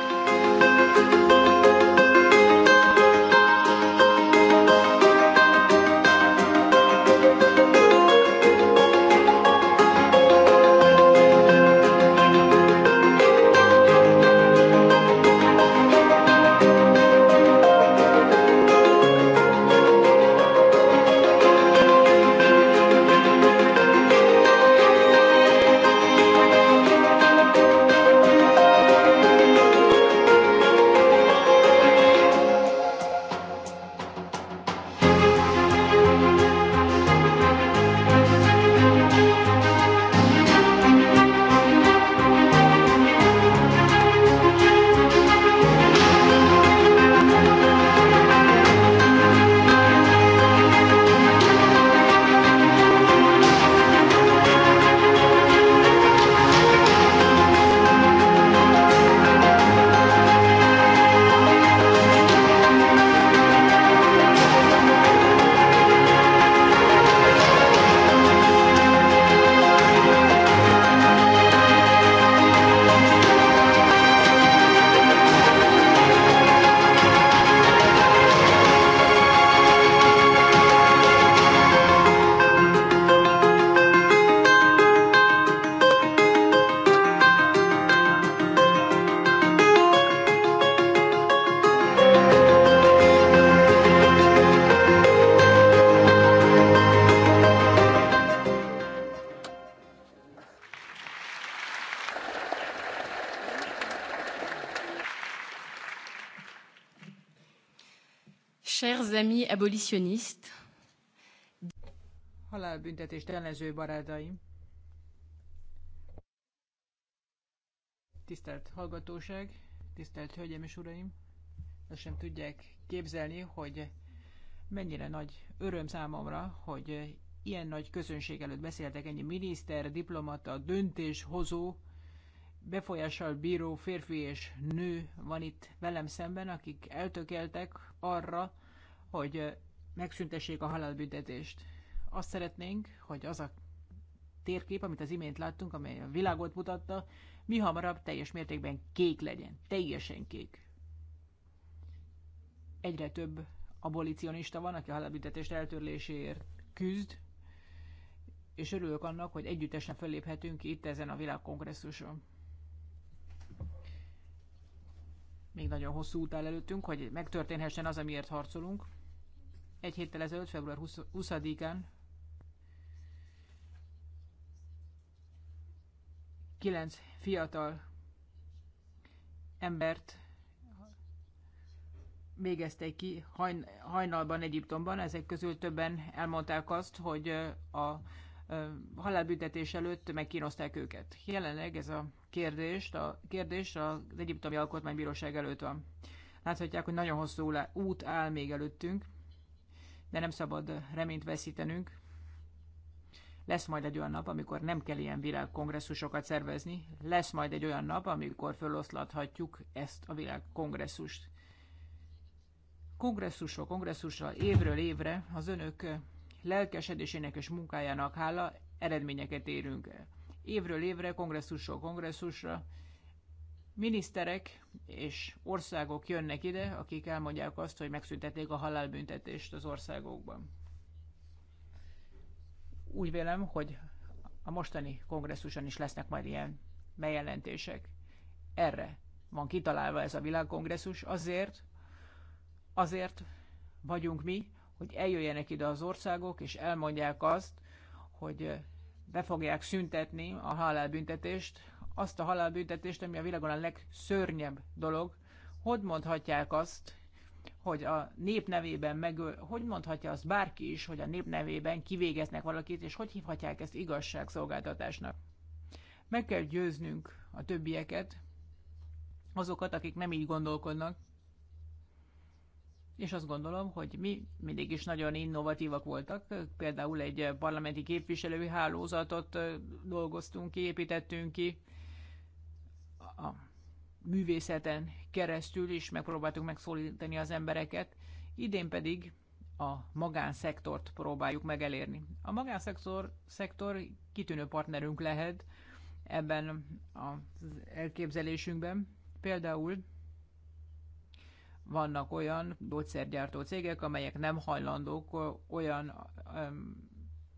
abolitionniste. Halálbüntetést ellenző barátaim. Tisztelt hallgatóság, tisztelt hölgyeim és uraim. ezt sem tudják képzelni, hogy mennyire nagy öröm számomra, hogy ilyen nagy közönség előtt beszéltek ennyi miniszter, diplomata, döntéshozó, befolyással bíró férfi és nő van itt velem szemben, akik eltökeltek arra, hogy megszüntessék a halálbüntetést. Azt szeretnénk, hogy az a térkép, amit az imént láttunk, amely a világot mutatta, mi hamarabb teljes mértékben kék legyen. Teljesen kék. Egyre több abolicionista van, aki a halálbüntetést eltörléséért küzd, és örülök annak, hogy együttesen felléphetünk itt ezen a világkongresszuson. Még nagyon hosszú út áll előttünk, hogy megtörténhessen az, amiért harcolunk egy héttel ezelőtt, február 20-án 9 fiatal embert végezték ki hajnalban Egyiptomban. Ezek közül többen elmondták azt, hogy a halálbüntetés előtt megkínozták őket. Jelenleg ez a kérdés, a kérdés az Egyiptomi Alkotmánybíróság előtt van. Láthatják, hogy nagyon hosszú út áll még előttünk de nem szabad reményt veszítenünk. Lesz majd egy olyan nap, amikor nem kell ilyen világkongresszusokat szervezni, lesz majd egy olyan nap, amikor föloszlathatjuk ezt a világkongresszust. Kongresszusról kongresszusra, évről évre az önök lelkesedésének és munkájának hála eredményeket érünk Évről évre, kongresszusról kongresszusra miniszterek és országok jönnek ide, akik elmondják azt, hogy megszüntették a halálbüntetést az országokban. Úgy vélem, hogy a mostani kongresszuson is lesznek majd ilyen bejelentések. Erre van kitalálva ez a világkongresszus, azért, azért vagyunk mi, hogy eljöjjenek ide az országok, és elmondják azt, hogy be fogják szüntetni a halálbüntetést, azt a halálbüntetést, ami a világon a legszörnyebb dolog. Hogy mondhatják azt, hogy a nép nevében megöl, hogy mondhatja azt bárki is, hogy a nép nevében kivégeznek valakit, és hogy hívhatják ezt igazságszolgáltatásnak? Meg kell győznünk a többieket, azokat, akik nem így gondolkodnak, és azt gondolom, hogy mi mindig is nagyon innovatívak voltak. Például egy parlamenti képviselői hálózatot dolgoztunk ki, építettünk ki, a művészeten keresztül is megpróbáltuk megszólítani az embereket, idén pedig a magánszektort próbáljuk megelérni. A magánszektor szektor kitűnő partnerünk lehet ebben az elképzelésünkben. Például vannak olyan gyógyszergyártó cégek, amelyek nem hajlandók olyan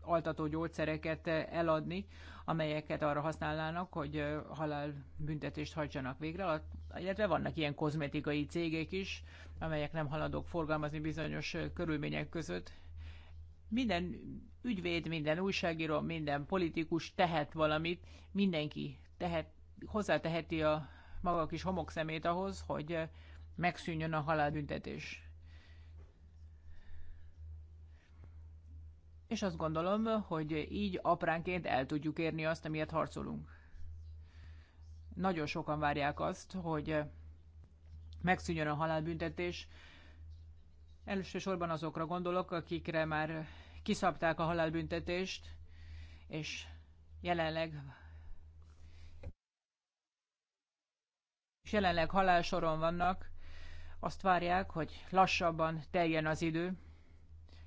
altató gyógyszereket eh, eladni, amelyeket arra használnának, hogy eh, halálbüntetést hajtsanak végre, illetve vannak ilyen kozmetikai cégek is, amelyek nem haladók forgalmazni bizonyos eh, körülmények között. Minden ügyvéd, minden újságíró, minden politikus tehet valamit, mindenki tehet, hozzáteheti a maga kis homokszemét ahhoz, hogy megszűnjön a halálbüntetés. és azt gondolom, hogy így apránként el tudjuk érni azt, amiért harcolunk. Nagyon sokan várják azt, hogy megszűnjön a halálbüntetés. Elsősorban azokra gondolok, akikre már kiszabták a halálbüntetést, és jelenleg és jelenleg halálsoron vannak, azt várják, hogy lassabban teljen az idő,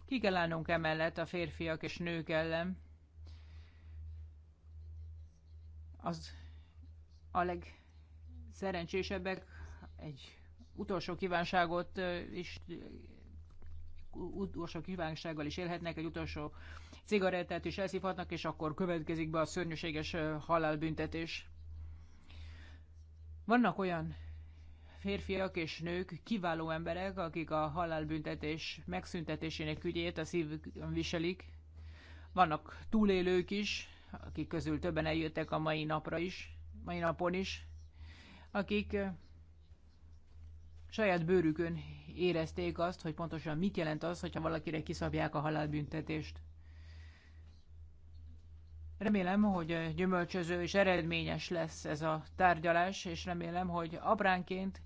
ki kell állnunk emellett a férfiak és nők ellen. Az a legszerencsésebbek egy utolsó kívánságot is utolsó kívánsággal is élhetnek, egy utolsó cigarettát is elszívhatnak, és akkor következik be a szörnyűséges halálbüntetés. Vannak olyan férfiak és nők kiváló emberek, akik a halálbüntetés megszüntetésének ügyét a szívükön viselik. Vannak túlélők is, akik közül többen eljöttek a mai napra is, mai napon is, akik eh, saját bőrükön érezték azt, hogy pontosan mit jelent az, hogyha valakire kiszabják a halálbüntetést. Remélem, hogy eh, gyümölcsöző és eredményes lesz ez a tárgyalás, és remélem, hogy apránként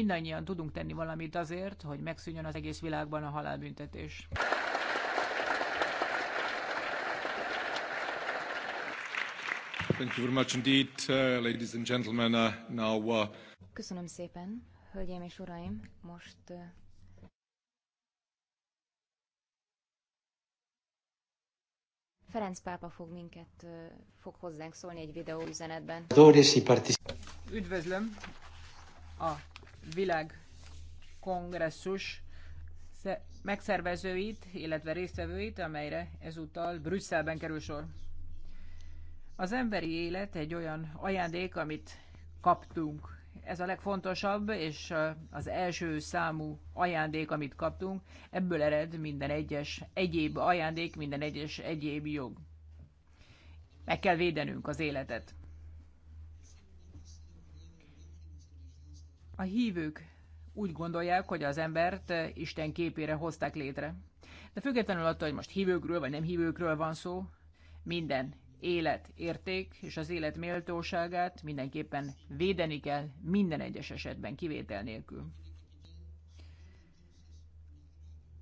mindannyian tudunk tenni valamit azért, hogy megszűnjön az egész világban a halálbüntetés. Thank you very much indeed, uh, ladies and gentlemen. Uh, now, uh, Köszönöm szépen, hölgyeim és uraim. Most Ferenc pápa fog minket, fog hozzánk szólni egy videó üzenetben. Üdvözlöm a világkongresszus megszervezőit, illetve résztvevőit, amelyre ezúttal Brüsszelben kerül sor. Az emberi élet egy olyan ajándék, amit kaptunk. Ez a legfontosabb, és az első számú ajándék, amit kaptunk, ebből ered minden egyes egyéb ajándék, minden egyes egyéb jog. Meg kell védenünk az életet. a hívők úgy gondolják, hogy az embert Isten képére hozták létre. De függetlenül attól, hogy most hívőkről vagy nem hívőkről van szó, minden élet érték és az élet méltóságát mindenképpen védeni kell minden egyes esetben, kivétel nélkül.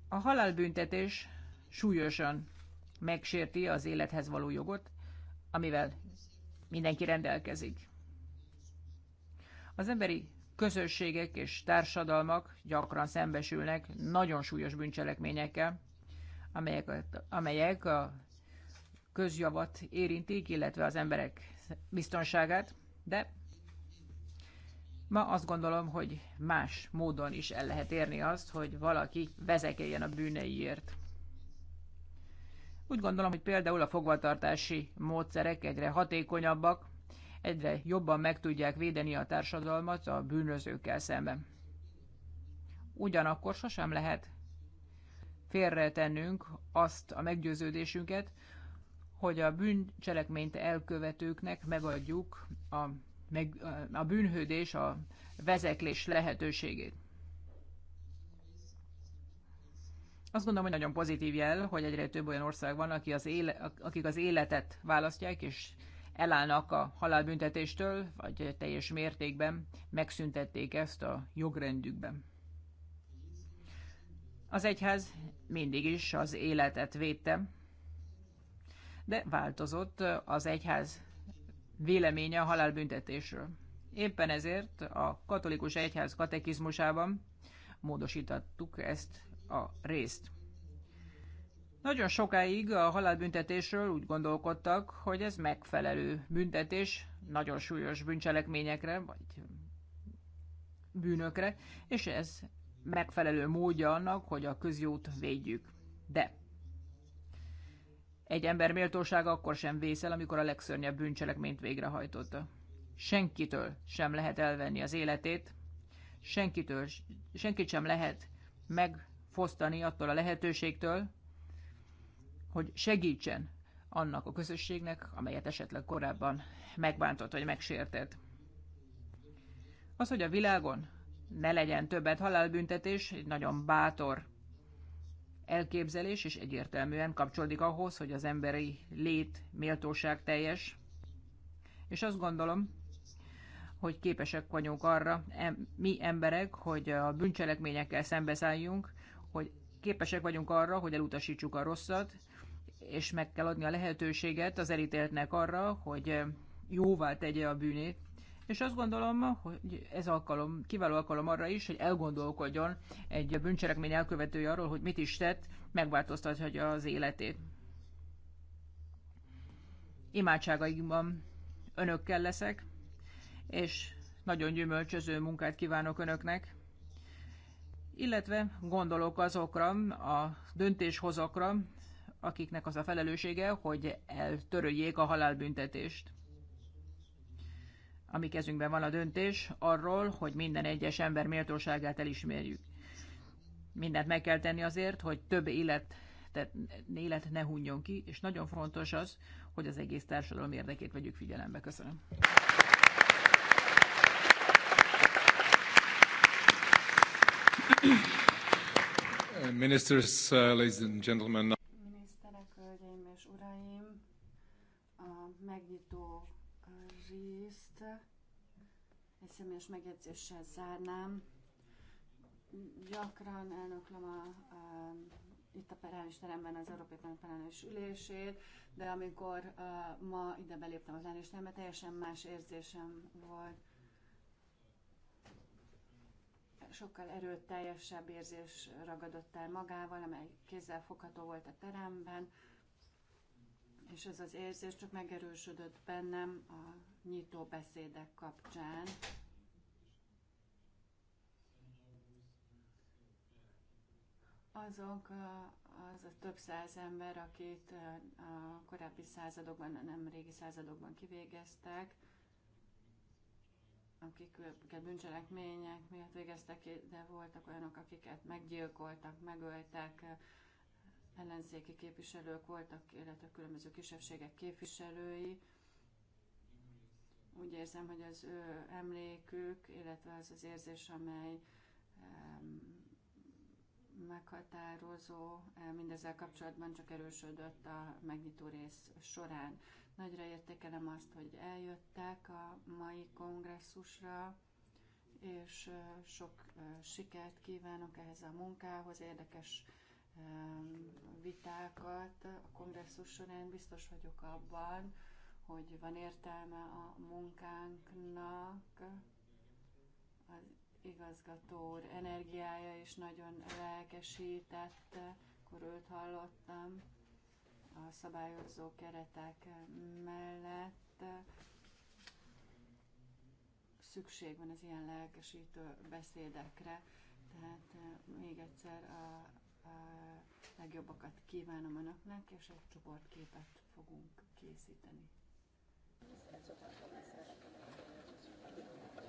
A halálbüntetés súlyosan megsérti az élethez való jogot, amivel mindenki rendelkezik. Az emberi közösségek és társadalmak gyakran szembesülnek nagyon súlyos bűncselekményekkel, amelyek, amelyek a közjavat érintik, illetve az emberek biztonságát, de ma azt gondolom, hogy más módon is el lehet érni azt, hogy valaki vezekeljen a bűneiért. Úgy gondolom, hogy például a fogvatartási módszerek egyre hatékonyabbak, egyre jobban meg tudják védeni a társadalmat a bűnözőkkel szemben. Ugyanakkor sosem lehet félretennünk azt a meggyőződésünket, hogy a bűncselekményt elkövetőknek megadjuk a, meg, a bűnhődés, a vezeklés lehetőségét. Azt gondolom, hogy nagyon pozitív jel, hogy egyre több olyan ország van, aki az éle, akik az életet választják, és elállnak a halálbüntetéstől, vagy teljes mértékben megszüntették ezt a jogrendjükben. Az egyház mindig is az életet védte, de változott az egyház véleménye a halálbüntetésről. Éppen ezért a katolikus egyház katekizmusában módosítottuk ezt a részt. Nagyon sokáig a halálbüntetésről úgy gondolkodtak, hogy ez megfelelő büntetés nagyon súlyos bűncselekményekre, vagy bűnökre, és ez megfelelő módja annak, hogy a közjót védjük. De egy ember méltósága akkor sem vészel, amikor a legszörnyebb bűncselekményt végrehajtotta. Senkitől sem lehet elvenni az életét, senkitől, senkit sem lehet megfosztani attól a lehetőségtől, hogy segítsen annak a közösségnek, amelyet esetleg korábban megbántott vagy megsértett. Az, hogy a világon ne legyen többet halálbüntetés, egy nagyon bátor elképzelés, és egyértelműen kapcsolódik ahhoz, hogy az emberi lét méltóság teljes. És azt gondolom, hogy képesek vagyunk arra, em, mi emberek, hogy a bűncselekményekkel szembeszálljunk, képesek vagyunk arra, hogy elutasítsuk a rosszat, és meg kell adni a lehetőséget az elítéltnek arra, hogy jóvá tegye a bűnét. És azt gondolom, hogy ez alkalom, kiváló alkalom arra is, hogy elgondolkodjon egy bűncselekmény elkövetője arról, hogy mit is tett, megváltoztatja az életét. Imádságaimban önökkel leszek, és nagyon gyümölcsöző munkát kívánok önöknek illetve gondolok azokra a döntéshozokra, akiknek az a felelőssége, hogy eltöröljék a halálbüntetést. Ami kezünkben van a döntés arról, hogy minden egyes ember méltóságát elismerjük. Mindent meg kell tenni azért, hogy több élet, tehát élet ne hunjon ki, és nagyon fontos az, hogy az egész társadalom érdekét vegyük figyelembe. Köszönöm. Ministers, uh, ladies and gentlemen. Miniszterek, hölgyeim és uraim, a megnyitó uh, részt egy személyes megjegyzéssel zárnám. Gyakran elnöklöm a, a um, itt a plenáris teremben az Európai Plenáris ülését, de amikor uh, ma ide beléptem az plenáris terembe, teljesen más érzésem volt sokkal erőteljesebb érzés ragadott el magával, amely kézzel fogható volt a teremben, és ez az érzés csak megerősödött bennem a nyitó beszédek kapcsán. Azok az a több száz ember, akit a korábbi századokban, nem régi századokban kivégeztek, akik bűncselekmények miatt végeztek, de voltak olyanok, akiket meggyilkoltak, megöltek, ellenzéki képviselők voltak, illetve különböző kisebbségek képviselői. Úgy érzem, hogy az ő emlékük, illetve az az érzés, amely meghatározó, eh, mindezzel kapcsolatban csak erősödött a megnyitó rész során. Nagyra értékelem azt, hogy eljöttek a mai kongresszusra, és eh, sok eh, sikert kívánok ehhez a munkához, érdekes vitákat a kongresszus során. Biztos vagyok abban, hogy van értelme a munkánknak, igazgató úr energiája is nagyon lelkesített, őt hallottam a szabályozó keretek mellett. Szükség van az ilyen lelkesítő beszédekre, tehát eh, még egyszer a, a legjobbakat kívánom önöknek, és egy csoportképet fogunk készíteni. Köszönöm.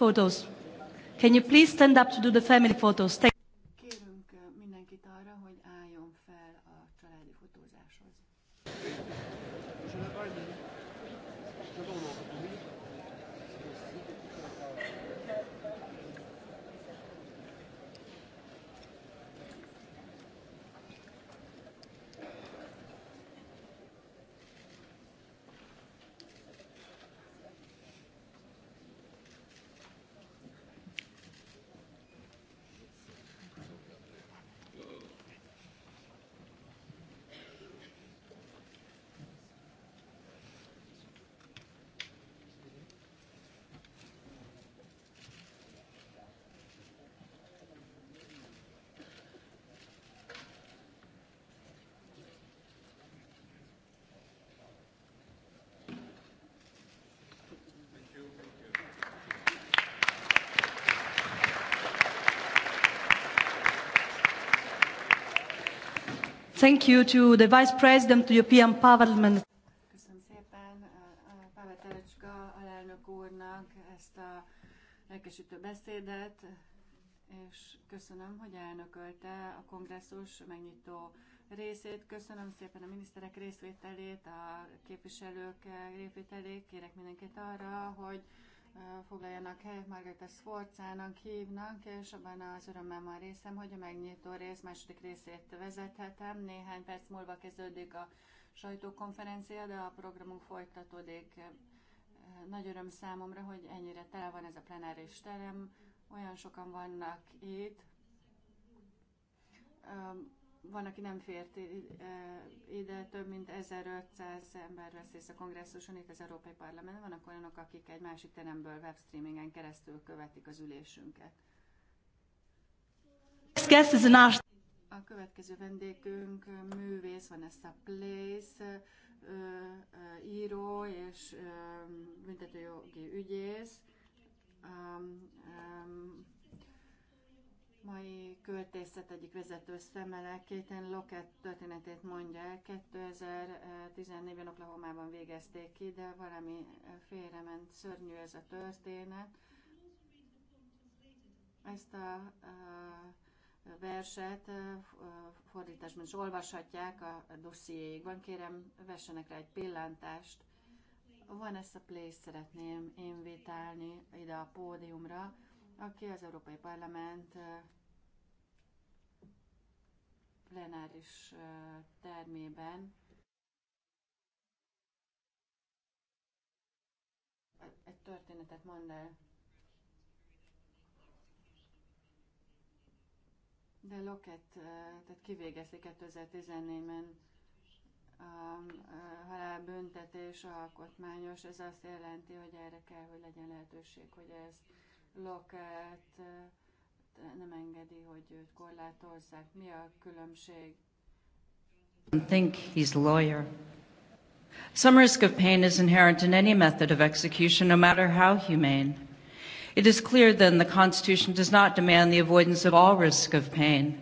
photos. Can you please stand up to do the family photos? Thank Thank you to the Vice President of the European Parliament. Köszönöm szépen Pavel Terecska alelnök úrnak ezt a lelkesítő beszédet, és köszönöm, hogy elnökölte a kongresszus megnyitó részét. Köszönöm szépen a miniszterek részvételét, a képviselők részvételét. Kérek mindenkit arra, hogy foglaljanak helyet, Margaret Sforcának hívnak, és abban az örömmel már részem, hogy a megnyitó rész második részét vezethetem. Néhány perc múlva kezdődik a sajtókonferencia, de a programunk folytatódik. Nagy öröm számomra, hogy ennyire tele van ez a plenáris terem, olyan sokan vannak itt van, aki nem fért ide, több mint 1500 ember vesz részt a kongresszuson itt az Európai Parlamentben, vannak olyanok, akik egy másik teremből webstreamingen keresztül követik az ülésünket. A következő vendégünk művész, van ezt a Place, író és büntetőjogi ügyész. Um, um, mai költészet egyik vezető szemmel kéten Lokett történetét mondja el. 2014-ben Oklahomában végezték ki, de valami eh, félrement, szörnyű ez a történet. Ezt a, a eh, verset eh, fordításban is olvashatják a dossziéjékban. Kérem, vessenek rá egy pillantást. Van ezt a place szeretném invitálni ide a pódiumra, aki az Európai Parlament plenáris termében egy történetet mond el. De Loket, tehát kivégezték 2014-ben a halálbüntetés alkotmányos, ez azt jelenti, hogy erre kell, hogy legyen lehetőség, hogy ez Loket nem engedi, hogy őt korlátozzák. Mi a különbség? think he's lawyer. Some risk of pain is inherent in any method of execution, no matter how humane. It is clear then the Constitution does not demand the avoidance of all risk of pain.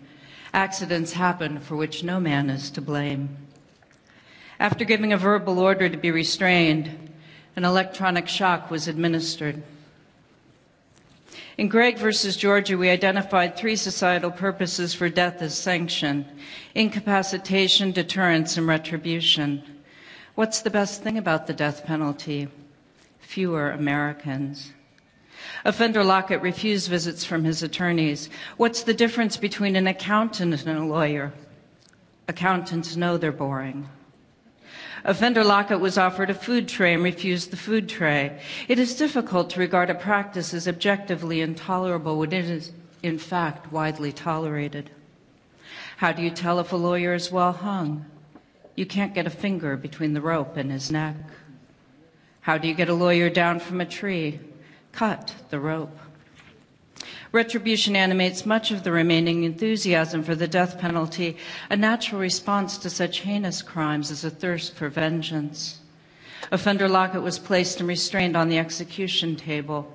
Accidents happen for which no man is to blame. After giving a verbal order to be restrained, an electronic shock was administered. In Gregg versus Georgia, we identified three societal purposes for death as sanction incapacitation, deterrence, and retribution. What's the best thing about the death penalty? Fewer Americans. Offender Lockett refused visits from his attorneys. What's the difference between an accountant and a lawyer? Accountants know they're boring. A vendor lockout was offered a food tray and refused the food tray. It is difficult to regard a practice as objectively intolerable when it is, in fact, widely tolerated. How do you tell if a lawyer is well hung? You can't get a finger between the rope and his neck. How do you get a lawyer down from a tree? Cut the rope. Retribution animates much of the remaining enthusiasm for the death penalty, a natural response to such heinous crimes as a thirst for vengeance. Offender Lockett was placed and restrained on the execution table.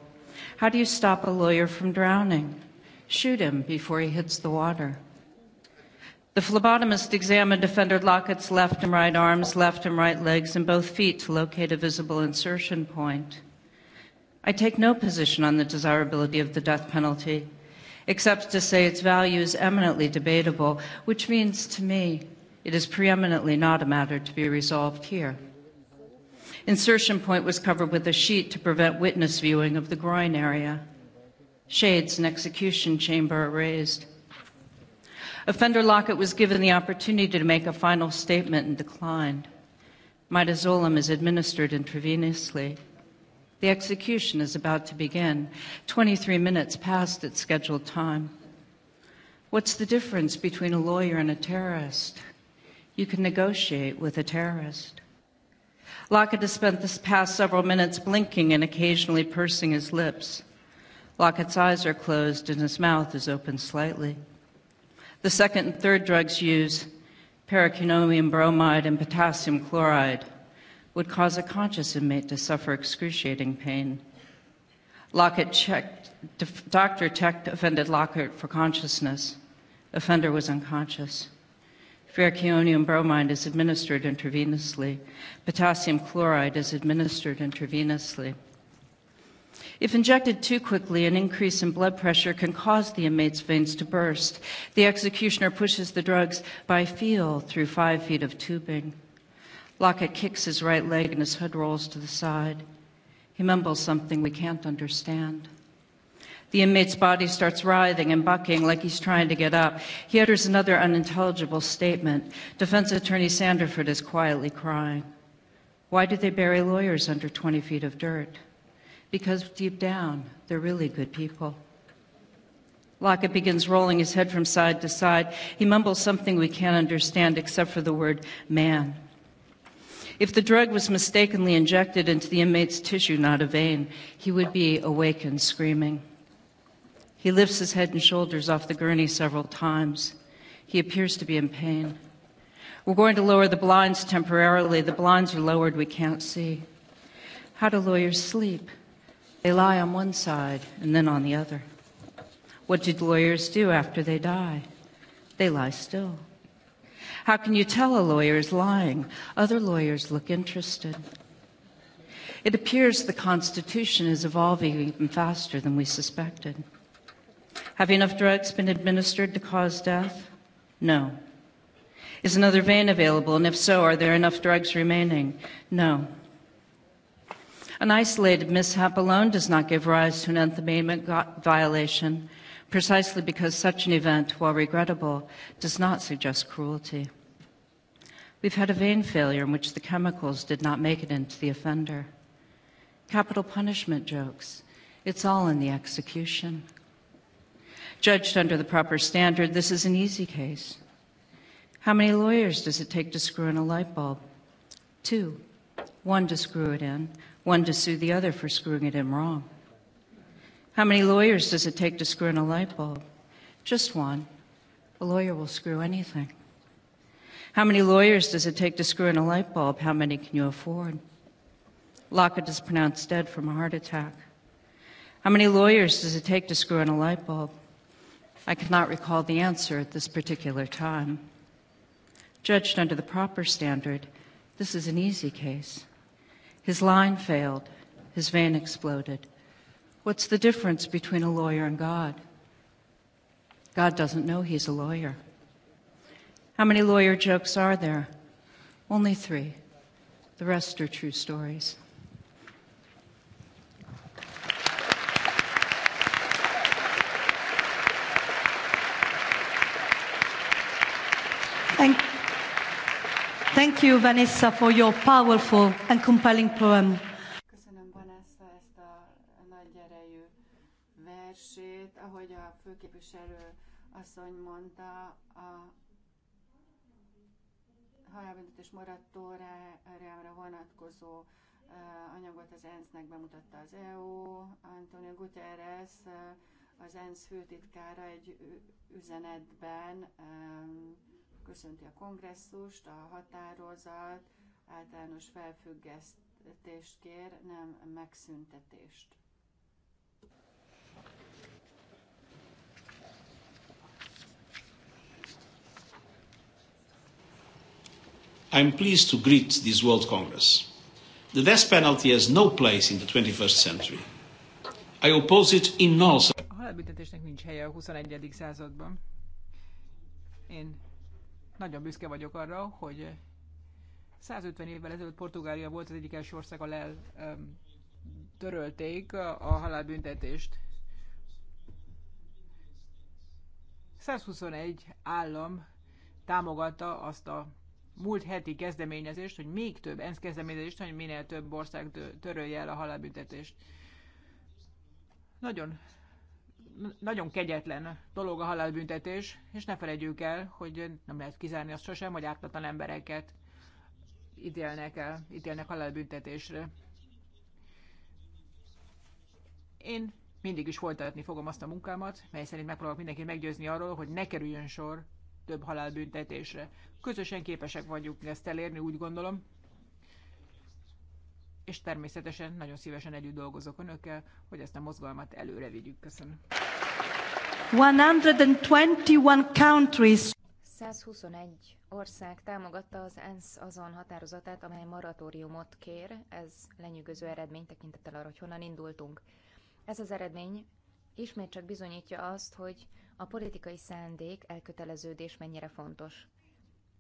How do you stop a lawyer from drowning? Shoot him before he hits the water. The phlebotomist examined offender Lockett's left and right arms, left and right legs, and both feet to locate a visible insertion point. I take no position on the desirability of the death penalty, except to say its value is eminently debatable, which means to me it is preeminently not a matter to be resolved here. Insertion point was covered with a sheet to prevent witness viewing of the groin area. Shades and execution chamber are raised. Offender Lockett was given the opportunity to make a final statement and declined. Midazolam is administered intravenously. The execution is about to begin, 23 minutes past its scheduled time. What's the difference between a lawyer and a terrorist? You can negotiate with a terrorist. Lockett has spent this past several minutes blinking and occasionally pursing his lips. Lockett's eyes are closed and his mouth is open slightly. The second and third drugs use, paraquinomium bromide and potassium chloride, would cause a conscious inmate to suffer excruciating pain. Lockett checked, doctor checked offended Lockhart for consciousness. Offender was unconscious. Ferrocheonium bromide is administered intravenously. Potassium chloride is administered intravenously. If injected too quickly, an increase in blood pressure can cause the inmate's veins to burst. The executioner pushes the drugs by feel through five feet of tubing. Lockett kicks his right leg and his hood rolls to the side. He mumbles something we can't understand. The inmate's body starts writhing and bucking like he's trying to get up. He utters another unintelligible statement. Defense attorney Sanderford is quietly crying. Why do they bury lawyers under 20 feet of dirt? Because deep down, they're really good people. Lockett begins rolling his head from side to side. He mumbles something we can't understand except for the word man. If the drug was mistakenly injected into the inmate's tissue, not a vein, he would be awakened screaming. He lifts his head and shoulders off the gurney several times. He appears to be in pain. We're going to lower the blinds temporarily. The blinds are lowered, we can't see. How do lawyers sleep? They lie on one side and then on the other. What do lawyers do after they die? They lie still. How can you tell a lawyer is lying? Other lawyers look interested. It appears the Constitution is evolving even faster than we suspected. Have enough drugs been administered to cause death? No. Is another vein available? And if so, are there enough drugs remaining? No. An isolated mishap alone does not give rise to an Nth Amendment violation, precisely because such an event, while regrettable, does not suggest cruelty. We've had a vein failure in which the chemicals did not make it into the offender. Capital punishment jokes. It's all in the execution. Judged under the proper standard, this is an easy case. How many lawyers does it take to screw in a light bulb? Two. One to screw it in, one to sue the other for screwing it in wrong. How many lawyers does it take to screw in a light bulb? Just one. A lawyer will screw anything. How many lawyers does it take to screw in a light bulb? How many can you afford? Lockett is pronounced dead from a heart attack. How many lawyers does it take to screw in a light bulb? I cannot recall the answer at this particular time. Judged under the proper standard, this is an easy case. His line failed, his vein exploded, What's the difference between a lawyer and God? God doesn't know he's a lawyer. How many lawyer jokes are there? Only three. The rest are true stories. Thank, thank you, Vanessa, for your powerful and compelling poem. ahogy a főképviselő asszony mondta, a halálbüntetés moratóriámra vonatkozó anyagot az ENSZ-nek bemutatta az EU. Antonio Guterres, az ENSZ főtitkára egy üzenetben köszönti a kongresszust, a határozat, általános felfüggesztést kér, nem megszüntetést. I am pleased to greet this World Congress. The death penalty has no place in the 21st century. I oppose it in all... A halálbüntetésnek nincs helye a 21. században. Én nagyon büszke vagyok arra, hogy 150 évvel ezelőtt Portugália volt az egyik első ország, ahol törölték a halálbüntetést. 121 állam támogatta azt a múlt heti kezdeményezést, hogy még több ENSZ kezdeményezést, hogy minél több ország törölje el a halálbüntetést. Nagyon, nagyon kegyetlen dolog a halálbüntetés, és ne felejtjük el, hogy nem lehet kizárni azt sosem, hogy ártatlan embereket ítélnek el, ítélnek halálbüntetésre. Én mindig is folytatni fogom azt a munkámat, mely szerint megpróbálok mindenkit meggyőzni arról, hogy ne kerüljön sor több halálbüntetésre. Közösen képesek vagyunk ezt elérni, úgy gondolom. És természetesen nagyon szívesen együtt dolgozok önökkel, hogy ezt a mozgalmat előre vigyük. Köszönöm. 121 countries 121 ország támogatta az ENSZ azon határozatát, amely moratóriumot kér. Ez lenyűgöző eredmény tekintettel arra, hogy honnan indultunk. Ez az eredmény ismét csak bizonyítja azt, hogy a politikai szándék, elköteleződés mennyire fontos.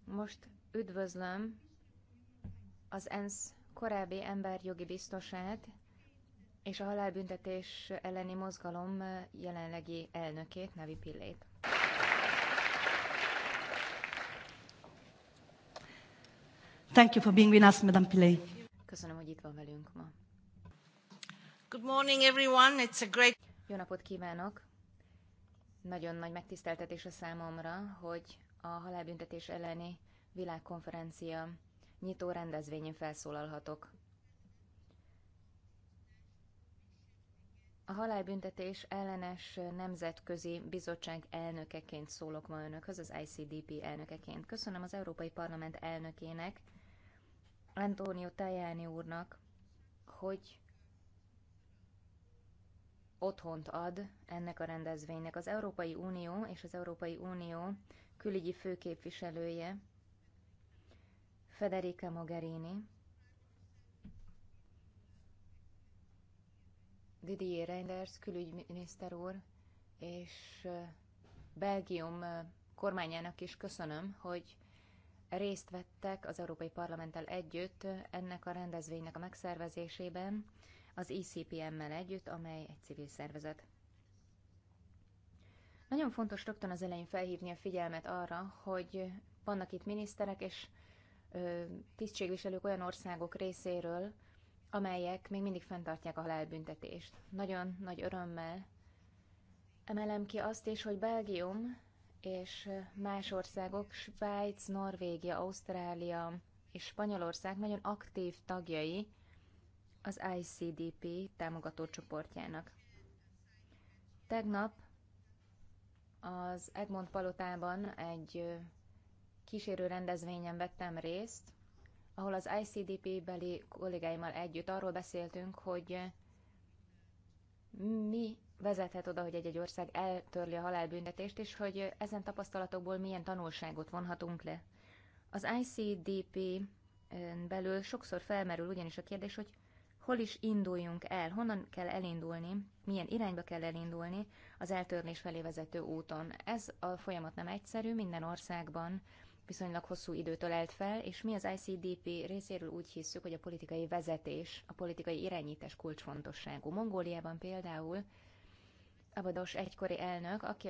Most üdvözlöm az ENSZ korábbi emberjogi biztosát és a halálbüntetés elleni mozgalom jelenlegi elnökét, Navi Pillét. Thank you for being with us, Madame Pillay. Köszönöm, hogy itt van velünk ma. Good morning, everyone. It's a great... Jó napot kívánok! Nagyon nagy megtiszteltetés a számomra, hogy a halálbüntetés elleni világkonferencia nyitó rendezvényén felszólalhatok. A halálbüntetés ellenes nemzetközi bizottság elnökeként szólok ma önökhöz, az ICDP elnökeként. Köszönöm az Európai Parlament elnökének, Antonio Tajani úrnak, hogy otthont ad ennek a rendezvénynek. Az Európai Unió és az Európai Unió külügyi főképviselője Federica Mogherini Didier Reinders külügyminiszter úr és Belgium kormányának is köszönöm, hogy részt vettek az Európai Parlamenttel együtt ennek a rendezvénynek a megszervezésében, az ICPM-mel e együtt, amely egy civil szervezet. Nagyon fontos rögtön az elején felhívni a figyelmet arra, hogy vannak itt miniszterek és ö, tisztségviselők olyan országok részéről, amelyek még mindig fenntartják a halálbüntetést. Nagyon nagy örömmel emelem ki azt is, hogy Belgium és más országok, Svájc, Norvégia, Ausztrália és Spanyolország nagyon aktív tagjai az ICDP támogató csoportjának. Tegnap az Egmont Palotában egy kísérő rendezvényen vettem részt, ahol az ICDP beli kollégáimmal együtt arról beszéltünk, hogy mi vezethet oda, hogy egy-egy ország eltörli a halálbüntetést, és hogy ezen tapasztalatokból milyen tanulságot vonhatunk le. Az ICDP belül sokszor felmerül ugyanis a kérdés, hogy hol is induljunk el, honnan kell elindulni, milyen irányba kell elindulni az eltörlés felé vezető úton. Ez a folyamat nem egyszerű, minden országban viszonylag hosszú időt ölelt fel, és mi az ICDP részéről úgy hisszük, hogy a politikai vezetés, a politikai irányítás kulcsfontosságú. Mongóliában például Abados egykori elnök, aki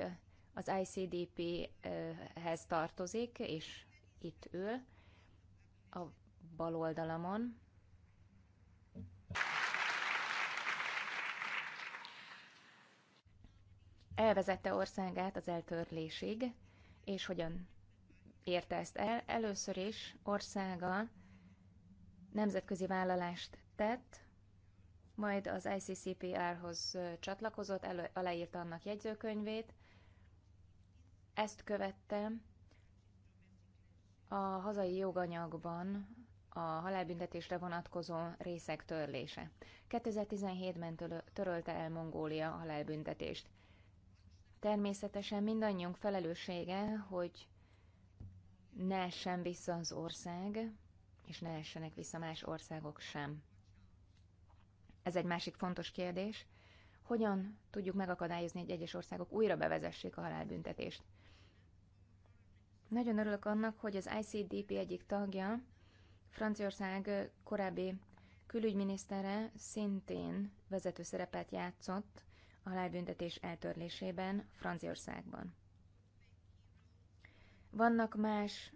az ICDP-hez tartozik, és itt ül a bal oldalamon, elvezette országát az eltörlésig, és hogyan érte ezt el. Először is országa nemzetközi vállalást tett, majd az ICCPR-hoz csatlakozott, elő, aláírta annak jegyzőkönyvét. Ezt követtem a hazai joganyagban a halálbüntetésre vonatkozó részek törlése. 2017-ben törölte el Mongólia a halálbüntetést. Természetesen mindannyiunk felelőssége, hogy ne essen vissza az ország, és ne essenek vissza más országok sem. Ez egy másik fontos kérdés. Hogyan tudjuk megakadályozni, hogy egyes országok újra bevezessék a halálbüntetést? Nagyon örülök annak, hogy az ICDP egyik tagja, Franciaország korábbi külügyminisztere szintén vezető szerepet játszott halálbüntetés eltörlésében Franciaországban. Vannak más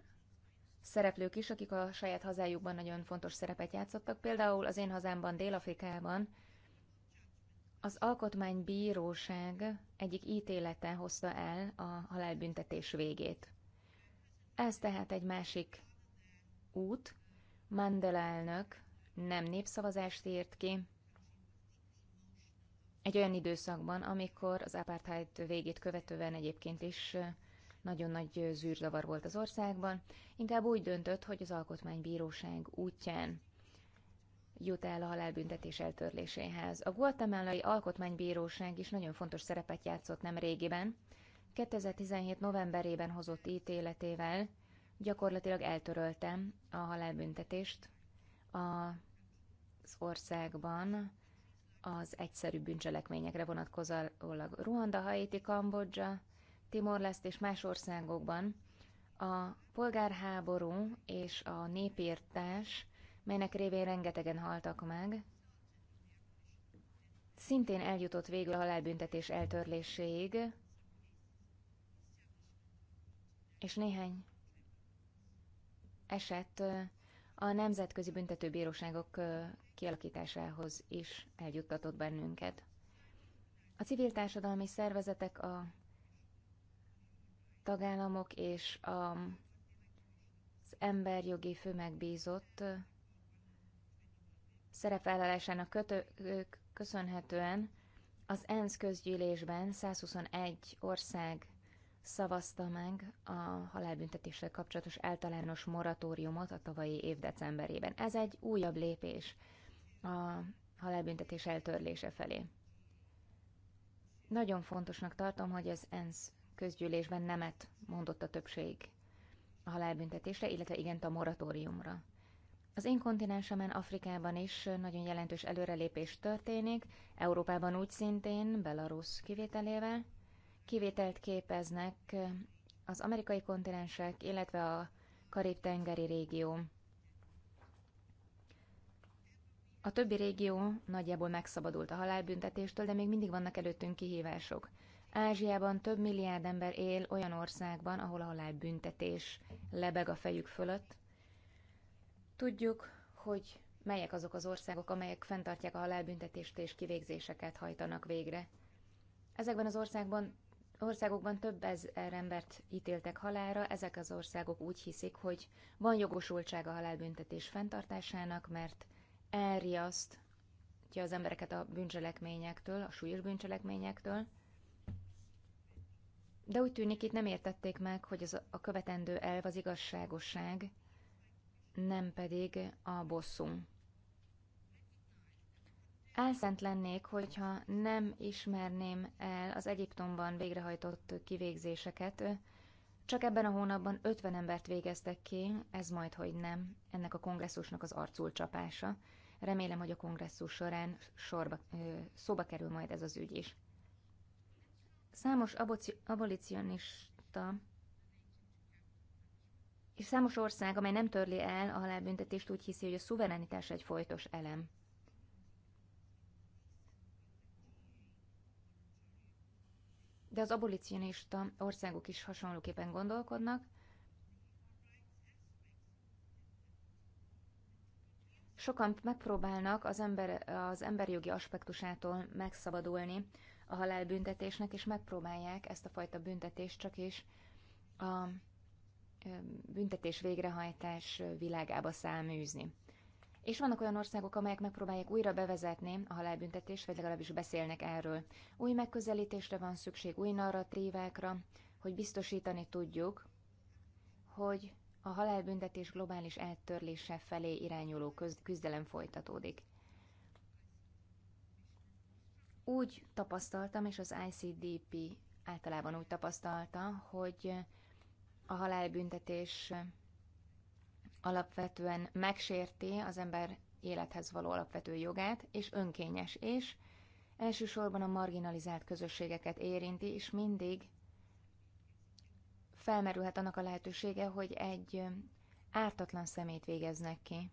szereplők is, akik a saját hazájukban nagyon fontos szerepet játszottak. Például az én hazámban, Dél-Afrikában az alkotmánybíróság egyik ítélete hozta el a halálbüntetés végét. Ez tehát egy másik út. Mandela elnök nem népszavazást írt ki, egy olyan időszakban, amikor az apartheid végét követően egyébként is nagyon nagy zűrzavar volt az országban, inkább úgy döntött, hogy az alkotmánybíróság útján jut el a halálbüntetés eltörléséhez. A guatemalai alkotmánybíróság is nagyon fontos szerepet játszott nem régiben. 2017. novemberében hozott ítéletével gyakorlatilag eltöröltem a halálbüntetést az országban az egyszerű bűncselekményekre vonatkozólag Ruanda, Haiti, Kambodzsa, timor leszt és más országokban a polgárháború és a népírtás, melynek révén rengetegen haltak meg, szintén eljutott végül a halálbüntetés eltörléséig, és néhány eset a nemzetközi büntetőbíróságok kialakításához is eljuttatott bennünket. A civil társadalmi szervezetek, a tagállamok és a, az emberjogi főmegbízott szerepvállalásának kötők köszönhetően az ENSZ közgyűlésben 121 ország szavazta meg a halálbüntetéssel kapcsolatos általános moratóriumot a tavalyi év decemberében. Ez egy újabb lépés a halálbüntetés eltörlése felé. Nagyon fontosnak tartom, hogy az ENSZ közgyűlésben nemet mondott a többség a halálbüntetésre, illetve igent a moratóriumra. Az én kontinensemen, Afrikában is nagyon jelentős előrelépés történik, Európában úgy szintén, Belarus kivételével. Kivételt képeznek az amerikai kontinensek, illetve a Karib-tengeri régió A többi régió nagyjából megszabadult a halálbüntetéstől, de még mindig vannak előttünk kihívások. Ázsiában több milliárd ember él olyan országban, ahol a halálbüntetés lebeg a fejük fölött. Tudjuk, hogy melyek azok az országok, amelyek fenntartják a halálbüntetést és kivégzéseket hajtanak végre. Ezekben az országban, országokban több ezer embert ítéltek halálra, ezek az országok úgy hiszik, hogy van jogosultság a halálbüntetés fenntartásának, mert elriasztja az embereket a bűncselekményektől, a súlyos bűncselekményektől, de úgy tűnik itt nem értették meg, hogy az a követendő elv az igazságosság, nem pedig a bosszú. Elszent lennék, hogyha nem ismerném el az Egyiptomban végrehajtott kivégzéseket. Csak ebben a hónapban 50 embert végeztek ki, ez majd hogy nem, ennek a kongresszusnak az arcul csapása. Remélem, hogy a kongresszus során sorba, szóba kerül majd ez az ügy is. Számos abolicionista és számos ország, amely nem törli el a halálbüntetést, úgy hiszi, hogy a szuverenitás egy folytos elem. De az abolicionista országok is hasonlóképpen gondolkodnak, Sokan megpróbálnak az, ember, az emberi jogi aspektusától megszabadulni a halálbüntetésnek, és megpróbálják ezt a fajta büntetést csak is a büntetés végrehajtás világába száműzni. És vannak olyan országok, amelyek megpróbálják újra bevezetni a halálbüntetést, vagy legalábbis beszélnek erről. Új megközelítésre van szükség, új narratívákra, hogy biztosítani tudjuk, hogy a halálbüntetés globális eltörlése felé irányuló küzdelem folytatódik. Úgy tapasztaltam, és az ICDP általában úgy tapasztalta, hogy a halálbüntetés alapvetően megsérti az ember élethez való alapvető jogát, és önkényes és elsősorban a marginalizált közösségeket érinti, és mindig felmerülhet annak a lehetősége, hogy egy ártatlan szemét végeznek ki,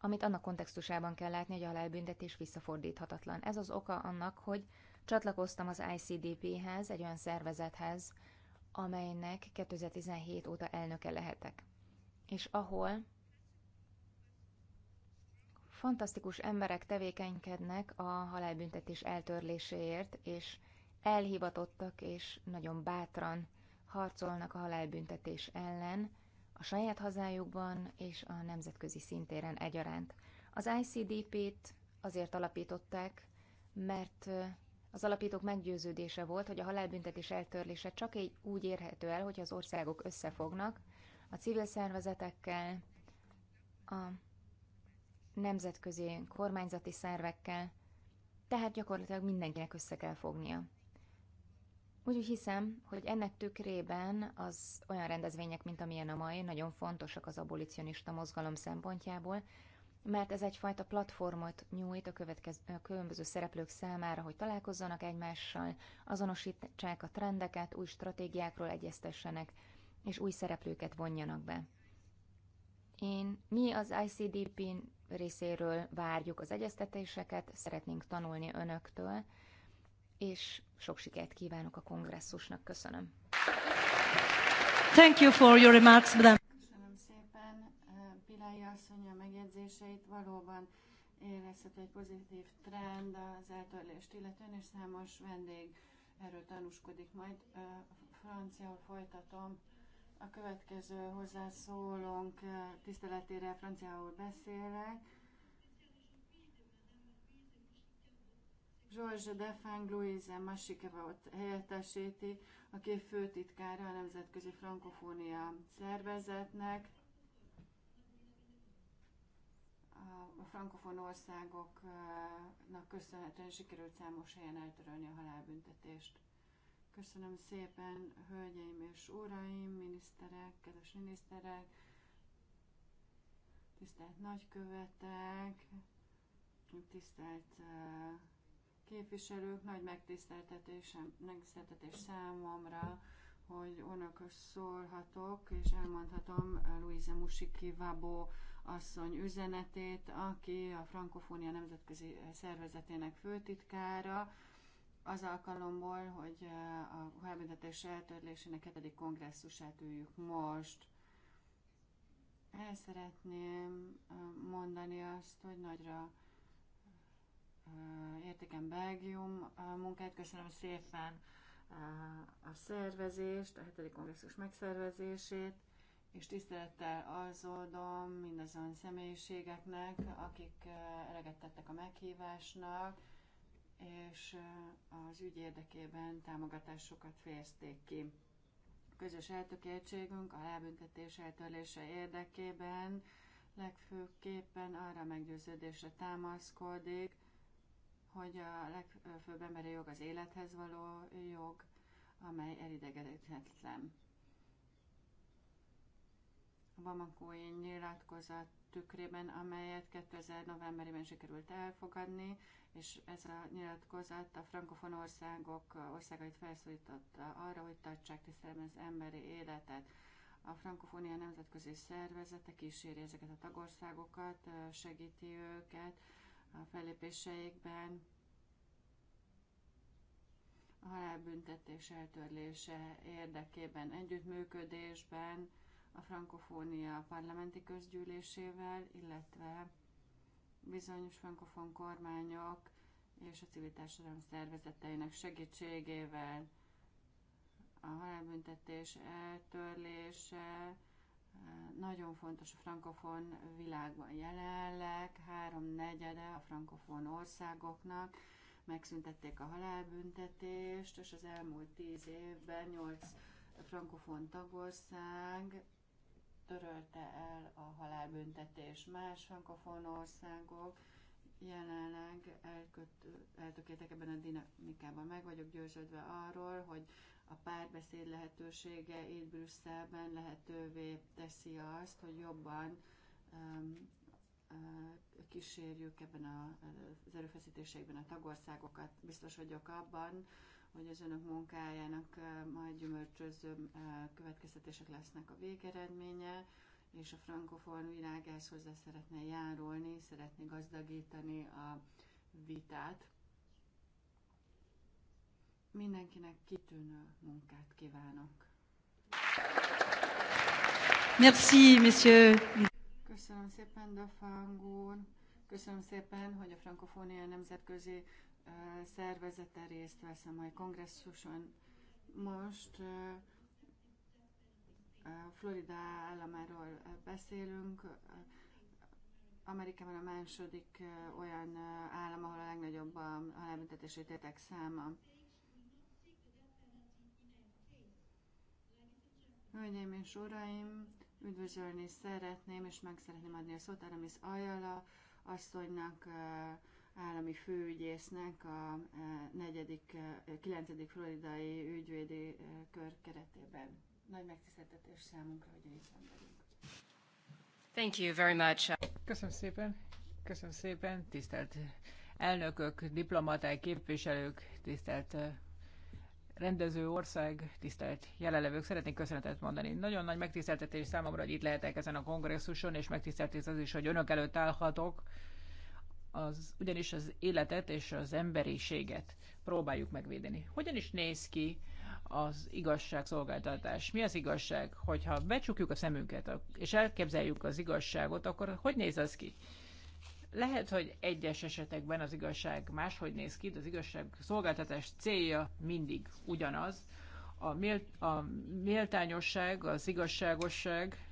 amit annak kontextusában kell látni, hogy a halálbüntetés visszafordíthatatlan. Ez az oka annak, hogy csatlakoztam az ICDP-hez, egy olyan szervezethez, amelynek 2017 óta elnöke lehetek. És ahol fantasztikus emberek tevékenykednek a halálbüntetés eltörléséért, és elhivatottak és nagyon bátran harcolnak a halálbüntetés ellen, a saját hazájukban és a nemzetközi szintéren egyaránt. Az ICDP-t azért alapították, mert az alapítók meggyőződése volt, hogy a halálbüntetés eltörlése csak egy úgy érhető el, hogy az országok összefognak, a civil szervezetekkel, a nemzetközi kormányzati szervekkel, tehát gyakorlatilag mindenkinek össze kell fognia. Úgyhogy hiszem, hogy ennek tükrében az olyan rendezvények, mint amilyen a mai, nagyon fontosak az abolicionista mozgalom szempontjából, mert ez egyfajta platformot nyújt a, következ, a különböző szereplők számára, hogy találkozzanak egymással, azonosítsák a trendeket, új stratégiákról egyeztessenek, és új szereplőket vonjanak be. Én, mi az ICDP részéről várjuk az egyeztetéseket, szeretnénk tanulni önöktől, és sok sikert kívánok a kongresszusnak. Köszönöm. Thank you for your remarks, madam. Köszönöm szépen, eh, Pilái asszony, a megjegyzéseit valóban érezhető egy pozitív trend az eltörlést illetően, és számos vendég erről tanúskodik majd. Eh, franciául folytatom. A következő hozzászólónk eh, tiszteletére franciául beszélek. George Defang Louise Masikeva helyettesíti, aki főtitkára a Nemzetközi Frankofónia Szervezetnek, a frankofon országoknak köszönhetően sikerült számos helyen eltörölni a halálbüntetést. Köszönöm szépen, hölgyeim és uraim, miniszterek, kedves miniszterek, tisztelt nagykövetek, tisztelt uh, képviselők, nagy megtiszteltetés számomra, hogy onakos szólhatok, és elmondhatom Luisa Musiki Vabó asszony üzenetét, aki a Frankofónia Nemzetközi Szervezetének főtitkára, az alkalomból, hogy a halálbüntetés eltörlésének 7. kongresszusát üljük most. El szeretném mondani azt, hogy nagyra értéken Belgium munkát. Köszönöm szépen a szervezést, a hetedik kongresszus megszervezését, és tisztelettel arzódom mindazon személyiségeknek, akik eleget tettek a meghívásnak, és az ügy érdekében támogatásokat fejezték ki. A közös eltökéltségünk a lábüntetés eltörlése érdekében legfőképpen arra meggyőződésre támaszkodik, hogy a legfőbb emberi jog az élethez való jog, amely elidegethetetlen. A Bamakói nyilatkozat tükrében, amelyet 2000 novemberében sikerült elfogadni, és ez a nyilatkozat a frankofon országok országait felszólította arra, hogy tartsák tiszteletben az emberi életet. A Frankofónia Nemzetközi Szervezete kíséri ezeket a tagországokat, segíti őket, a fellépéseikben a halálbüntetés eltörlése érdekében együttműködésben a frankofónia parlamenti közgyűlésével, illetve bizonyos frankofon kormányok és a civil társadalom szervezeteinek segítségével a halálbüntetés eltörlése nagyon fontos a frankofon világban jelenleg, háromnegyede a frankofon országoknak megszüntették a halálbüntetést, és az elmúlt tíz évben nyolc frankofon tagország törölte el a halálbüntetés. Más frankofon országok jelenleg eltökéltek ebben a dinamikában. Meg vagyok győződve arról, hogy a párbeszéd lehetősége itt Brüsszelben lehetővé teszi azt, hogy jobban um, uh, kísérjük ebben a, az erőfeszítésekben a tagországokat. Biztos vagyok abban, hogy az önök munkájának uh, majd gyümölcsöző uh, következtetések lesznek a végeredménye, és a frankofon világász hozzá szeretne járulni, szeretné gazdagítani a vitát Mindenkinek kitűnő munkát kívánok. Merci, monsieur. Köszönöm szépen, Dafang Köszönöm szépen, hogy a Frankofónia Nemzetközi Szervezete részt vesz a mai kongresszuson. Most Florida államáról beszélünk. Amerikában a második olyan állam, ahol a legnagyobb a halálbüntetési tétek száma. Hölgyeim és uraim, üdvözölni szeretném, és meg szeretném adni a szót Aramis Ajala asszonynak, állami főügyésznek a 4. 9. floridai ügyvédi kör keretében. Nagy megtiszteltetés számunkra, hogy itt van velünk. Thank you very much. Köszönöm szépen, köszönöm szépen, tisztelt elnökök, diplomaták, képviselők, tisztelt rendező ország, tisztelt jelenlevők, szeretnék köszönetet mondani. Nagyon nagy megtiszteltetés számomra, hogy itt lehetek ezen a kongresszuson, és megtiszteltetés az is, hogy önök előtt állhatok, az, ugyanis az életet és az emberiséget próbáljuk megvédeni. Hogyan is néz ki az igazságszolgáltatás? Mi az igazság? Hogyha becsukjuk a szemünket és elképzeljük az igazságot, akkor hogy néz az ki? Lehet, hogy egyes esetekben az igazság máshogy néz ki, de az igazság szolgáltatás célja mindig ugyanaz. A, mélt, a méltányosság, az igazságosság,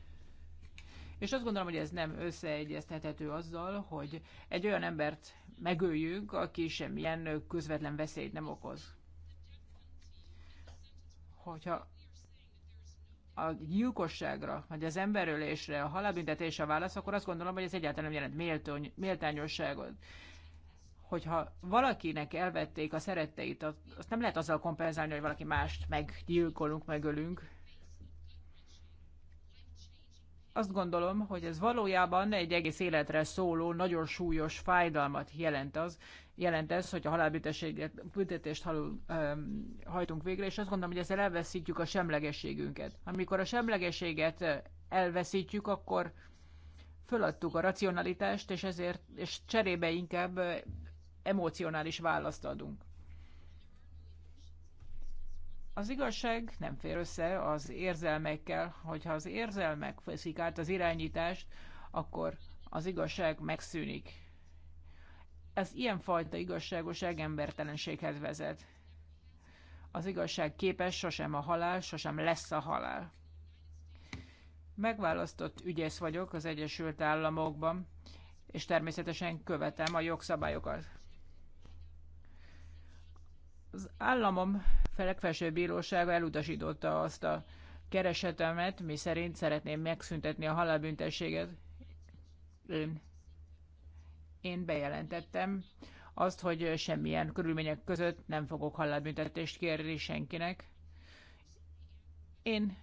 és azt gondolom, hogy ez nem összeegyeztethető azzal, hogy egy olyan embert megöljünk, aki semmilyen közvetlen veszélyt nem okoz. Hogyha a gyilkosságra, vagy az emberölésre, a halálbüntetésre válasz, akkor azt gondolom, hogy ez egyáltalán nem jelent méltó, méltányosságot. Hogyha valakinek elvették a szeretteit, azt nem lehet azzal kompenzálni, hogy valaki mást meggyilkolunk, megölünk. Azt gondolom, hogy ez valójában egy egész életre szóló, nagyon súlyos fájdalmat jelent az, jelent ez, hogy a halálbüntetést büntetést halul, um, hajtunk végre, és azt gondolom, hogy ezzel elveszítjük a semlegességünket. Amikor a semlegességet elveszítjük, akkor föladtuk a racionalitást, és ezért és cserébe inkább emocionális választ adunk. Az igazság nem fér össze az érzelmekkel, hogyha az érzelmek feszik át az irányítást, akkor az igazság megszűnik ilyen ilyenfajta igazságos embertelenséghez vezet. Az igazság képes sosem a halál, sosem lesz a halál. Megválasztott ügyész vagyok az Egyesült Államokban, és természetesen követem a jogszabályokat. Az államom legfelsőbb bírósága elutasította azt a keresetemet, mi szerint szeretném megszüntetni a halálbüntességet. Én én bejelentettem azt, hogy semmilyen körülmények között nem fogok halálbüntetést kérni senkinek. Én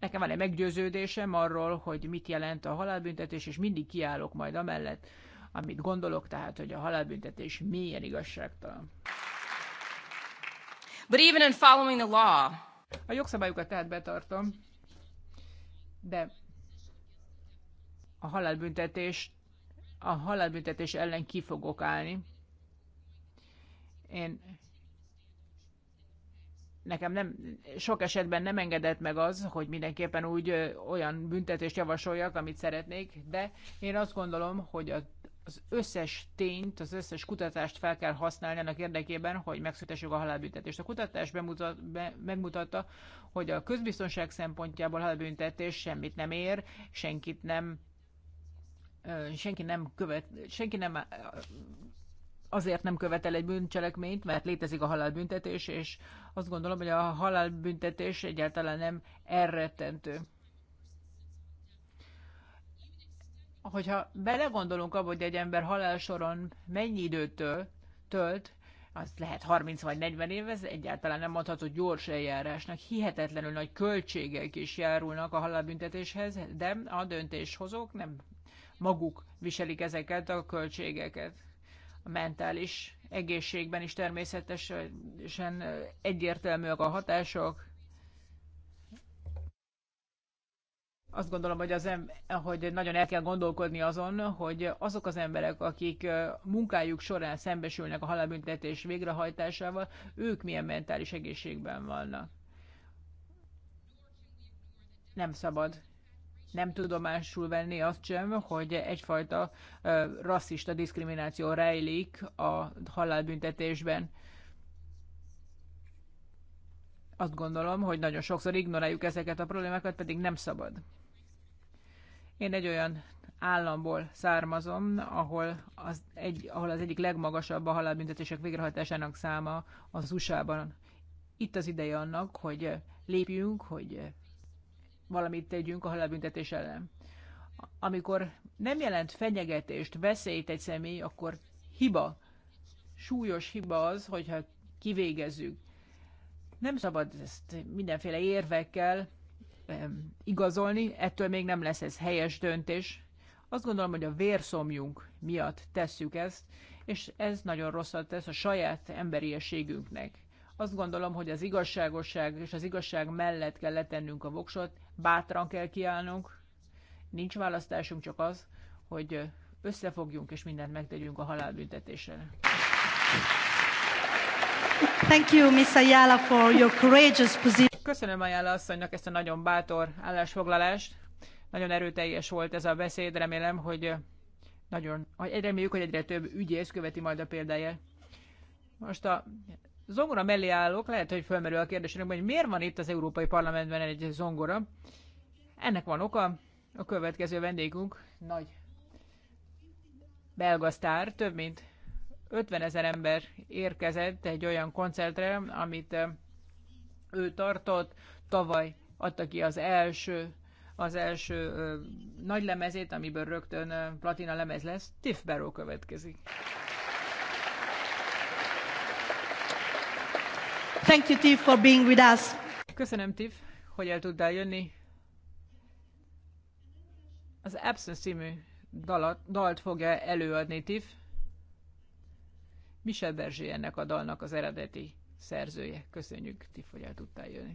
Nekem van egy meggyőződésem arról, hogy mit jelent a halálbüntetés, és mindig kiállok majd amellett, amit gondolok, tehát, hogy a halálbüntetés milyen igazságtalan. But even in following the law. A jogszabályokat tehát betartom, de a halálbüntetést a halálbüntetés ellen ki fogok állni. Én nekem nem, sok esetben nem engedett meg az, hogy mindenképpen úgy ö, olyan büntetést javasoljak, amit szeretnék, de én azt gondolom, hogy a, az összes tényt, az összes kutatást fel kell használni annak érdekében, hogy megszüntessük a halálbüntetést. A kutatás bemutat, be, megmutatta, hogy a közbiztonság szempontjából halálbüntetés semmit nem ér, senkit nem senki nem követ, senki nem azért nem követel egy bűncselekményt, mert létezik a halálbüntetés, és azt gondolom, hogy a halálbüntetés egyáltalán nem elrettentő. Hogyha belegondolunk abba, hogy egy ember halál soron mennyi időt tölt, az lehet 30 vagy 40 év, ez egyáltalán nem mondható gyors eljárásnak. Hihetetlenül nagy költségek is járulnak a halálbüntetéshez, de a döntéshozók nem maguk viselik ezeket a költségeket. A mentális egészségben is természetesen egyértelműek a hatások. Azt gondolom, hogy, az em- hogy nagyon el kell gondolkodni azon, hogy azok az emberek, akik munkájuk során szembesülnek a halálbüntetés végrehajtásával, ők milyen mentális egészségben vannak. Nem szabad nem tudomásul venni azt sem, hogy egyfajta rasszista diszkrimináció rejlik a halálbüntetésben. Azt gondolom, hogy nagyon sokszor ignoráljuk ezeket a problémákat, pedig nem szabad. Én egy olyan államból származom, ahol az, egy, ahol az egyik legmagasabb a halálbüntetések végrehajtásának száma az USA-ban. Itt az ideje annak, hogy lépjünk, hogy valamit tegyünk a halálbüntetés ellen. Amikor nem jelent fenyegetést, veszélyt egy személy, akkor hiba, súlyos hiba az, hogyha kivégezzük. Nem szabad ezt mindenféle érvekkel igazolni, ettől még nem lesz ez helyes döntés. Azt gondolom, hogy a vérszomjunk miatt tesszük ezt, és ez nagyon rosszat tesz a saját emberiességünknek. Azt gondolom, hogy az igazságosság és az igazság mellett kell letennünk a voksot, bátran kell kiállnunk. Nincs választásunk, csak az, hogy összefogjunk és mindent megtegyünk a halálbüntetésre. Thank you, Miss Ayala, for your courageous position. Köszönöm Ayala asszonynak ezt a nagyon bátor állásfoglalást. Nagyon erőteljes volt ez a beszéd, remélem, hogy nagyon, reméljük, hogy egyre több ügyész követi majd a példáját. Most a zongora mellé állok, lehet, hogy felmerül a kérdésünk, hogy miért van itt az Európai Parlamentben egy zongora. Ennek van oka, a következő vendégünk nagy belga sztár, több mint 50 ezer ember érkezett egy olyan koncertre, amit eh, ő tartott, tavaly adta ki az első az első eh, nagy lemezét, amiből rögtön eh, platina lemez lesz, Tiff Barrow következik. Thank you, Tiff, for being with us. Köszönöm, Tiff, hogy el tudtál jönni. Az Absence című dalat, dalt fogja előadni Tiff. Michel Berzsé ennek a dalnak az eredeti szerzője. Köszönjük, Tiff, hogy el tudtál jönni.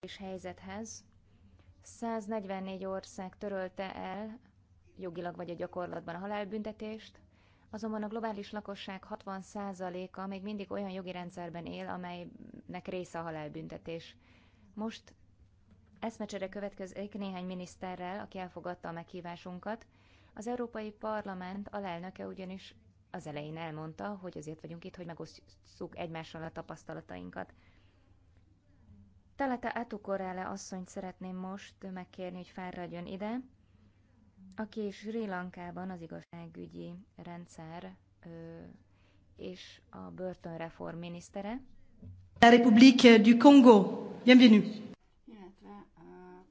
és helyzethez. 144 ország törölte el, jogilag vagy a gyakorlatban a halálbüntetést, azonban a globális lakosság 60%-a még mindig olyan jogi rendszerben él, amelynek része a halálbüntetés. Most eszmecsere következik néhány miniszterrel, aki elfogadta a meghívásunkat. Az Európai Parlament alelnöke ugyanis az elején elmondta, hogy azért vagyunk itt, hogy megosztjuk egymással a tapasztalatainkat. Talata Atukorele asszonyt szeretném most megkérni, hogy fáradjon ide, aki Sri Lankában az igazságügyi rendszer és a börtönreform minisztere. La République du Congo. Bienvenue. Illetve a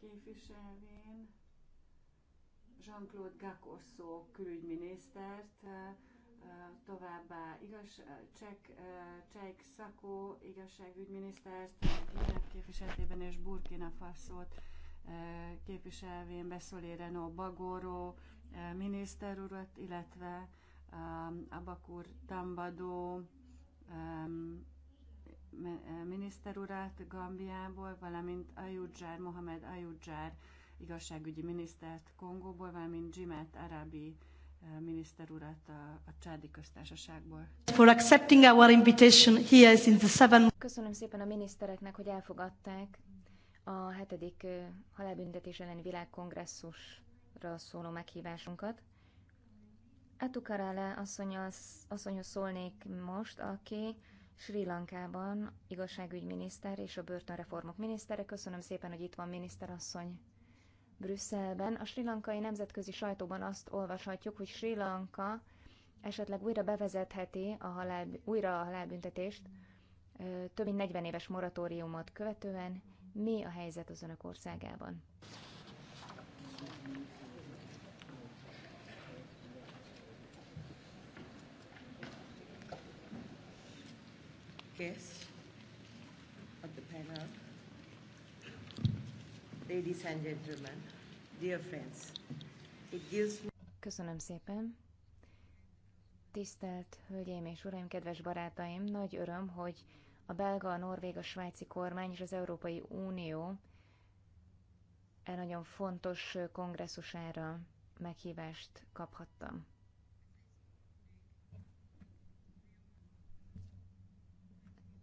képviselvén Jean-Claude Gakosso külügyminisztert, továbbá igaz, csek, csek szakó igazságügyminisztert német képviseletében és Burkina Faszót képviselvén beszólé Renó Bagoró miniszter urat, illetve um, Abakur Tambadó um, miniszter urat Gambiából, valamint Ayudzsár, Mohamed Ayudzsár igazságügyi minisztert Kongóból, valamint Jimet Arabi miniszter urat a, a Csádi köztársaságból. For accepting our invitation here in the seven... Köszönöm szépen a minisztereknek, hogy elfogadták a hetedik halálbüntetés elleni világkongresszusra szóló meghívásunkat. Etukarale asszonyhoz szólnék most, aki Sri Lankában igazságügyminiszter és a börtönreformok minisztere. Köszönöm szépen, hogy itt van miniszterasszony. Brüsszelben. A sri lankai nemzetközi sajtóban azt olvashatjuk, hogy Sri Lanka esetleg újra bevezetheti a halál, újra a halálbüntetést több mint 40 éves moratóriumot követően. Mi a helyzet az önök országában? guests of the panel, ladies and gentlemen. Köszönöm szépen. Tisztelt Hölgyeim és Uraim, kedves barátaim, nagy öröm, hogy a belga, a norvég, a svájci kormány és az Európai Unió e nagyon fontos kongresszusára meghívást kaphattam.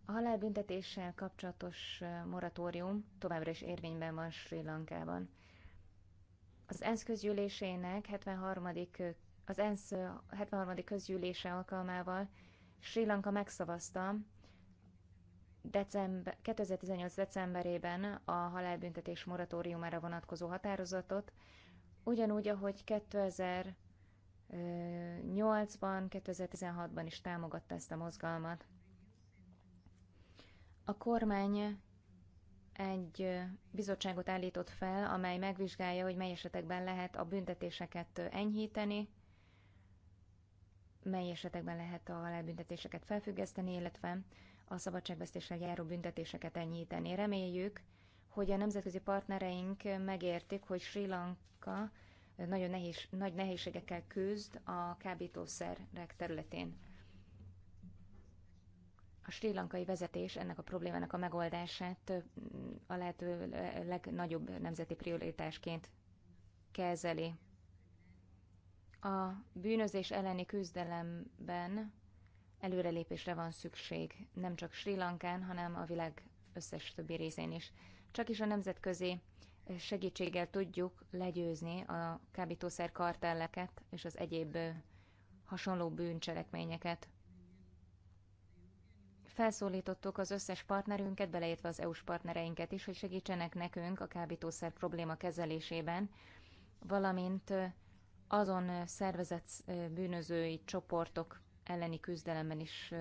A halálbüntetéssel kapcsolatos moratórium továbbra is érvényben van Sri Lankában. Az ENSZ közgyűlésének 73. az ENSZ 73. közgyűlése alkalmával Sri Lanka megszavazta december, 2018. decemberében a halálbüntetés moratóriumára vonatkozó határozatot, ugyanúgy, ahogy 2000 2008-ban, 2016-ban is támogatta ezt a mozgalmat. A kormány egy bizottságot állított fel, amely megvizsgálja, hogy mely esetekben lehet a büntetéseket enyhíteni, mely esetekben lehet a halálbüntetéseket felfüggeszteni, illetve a szabadságvesztéssel járó büntetéseket enyhíteni. Reméljük, hogy a nemzetközi partnereink megértik, hogy Sri Lanka nagyon nehéz, nagy nehézségekkel küzd a kábítószerek területén a sri lankai vezetés ennek a problémának a megoldását mm, a lehető legnagyobb nemzeti prioritásként kezeli. A bűnözés elleni küzdelemben előrelépésre van szükség, nem csak Sri Lankán, hanem a világ összes többi részén is. Csak is a nemzetközi segítséggel tudjuk legyőzni a kábítószer kartelleket és az egyéb hasonló bűncselekményeket felszólítottuk az összes partnerünket, beleértve az EU-s partnereinket is, hogy segítsenek nekünk a kábítószer probléma kezelésében, valamint azon szervezett bűnözői csoportok elleni küzdelemben is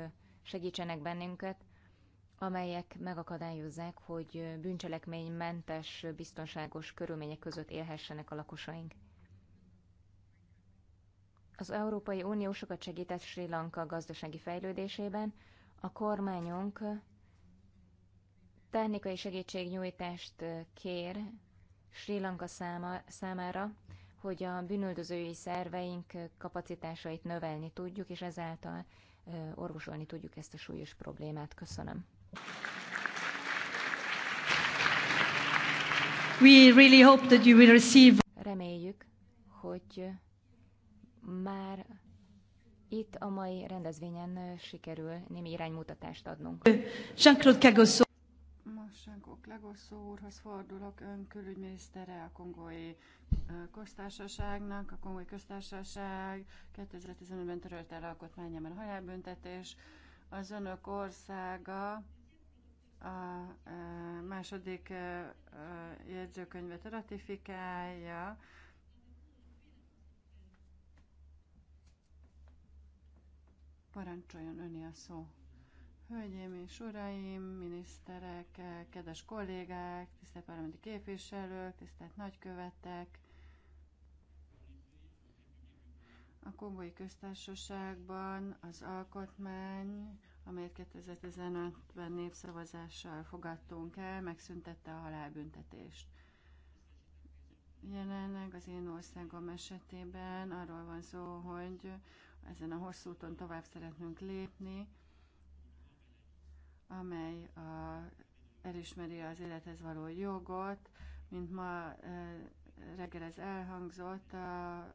segítsenek bennünket, amelyek megakadályozzák, hogy bűncselekménymentes, biztonságos körülmények között élhessenek a lakosaink. Az Európai Unió sokat segített Sri Lanka gazdasági fejlődésében, a kormányunk technikai segítségnyújtást kér Sri Lanka száma, számára, hogy a bűnöldözői szerveink kapacitásait növelni tudjuk, és ezáltal orvosolni tudjuk ezt a súlyos problémát. Köszönöm. We really hope that you will receive... Reméljük, hogy már itt a mai rendezvényen sikerül némi iránymutatást adnunk. Jean-Claude Cagosso. Most Jean-Claude Cagosso úrhoz fordulok, ön külügyminisztere a kongói köztársaságnak. A kongói köztársaság 2015-ben törölt el alkotmányában a halálbüntetés. Az önök országa a második jegyzőkönyvet ratifikálja, Parancsoljon öné a szó. Hölgyeim és uraim, miniszterek, kedves kollégák, tisztelt parlamenti képviselők, tisztelt nagykövetek, a Kongói Köztársaságban az alkotmány, amelyet 2015-ben népszavazással fogadtunk el, megszüntette a halálbüntetést. Jelenleg az én országom esetében arról van szó, hogy ezen a hosszú úton tovább szeretnünk lépni, amely a, elismeri az élethez való jogot, mint ma e, reggel ez elhangzott, a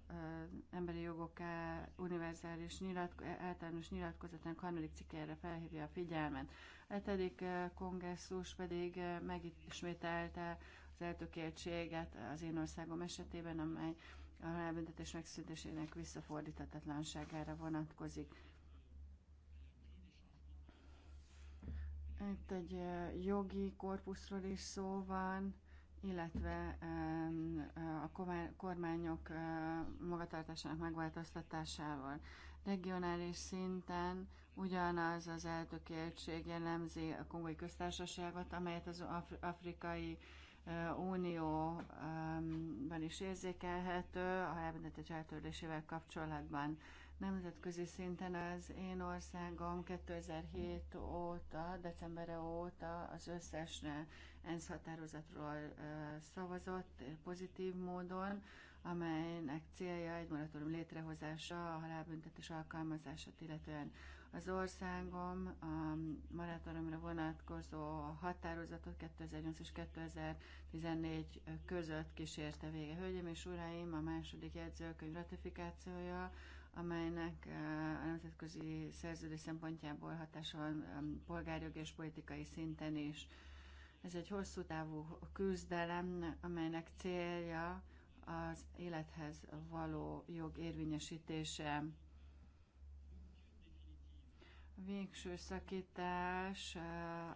e, emberi jogok e, univerzális nyilatko- általános nyilatkozatának harmadik cikkére felhívja a figyelmet. A hetedik kongresszus pedig megismételte az eltökéltséget az én országom esetében, amely a halálbüntetés megszüntetésének visszafordíthatatlanságára vonatkozik. Itt egy jogi korpuszról is szó van, illetve a kormányok magatartásának megváltoztatásával. Regionális szinten ugyanaz az eltökéltség jellemzi a kongói köztársaságot, amelyet az afrikai Unióban is érzékelhető a halálbüntetés eltörlésével kapcsolatban. Nemzetközi szinten az én országom 2007 óta, decemberre óta az összes ENSZ határozatról szavazott pozitív módon, amelynek célja egy moratórium létrehozása, a halálbüntetés alkalmazását, illetően az országom a maratonomra vonatkozó határozatot 2008 és 2014 között kísérte vége. Hölgyeim és uraim, a második jegyzőkönyv ratifikációja, amelynek eh, a nemzetközi szerződés szempontjából hatása van polgárjogi és politikai szinten is. Ez egy hosszú távú küzdelem, amelynek célja az élethez való jog érvényesítése végső szakítás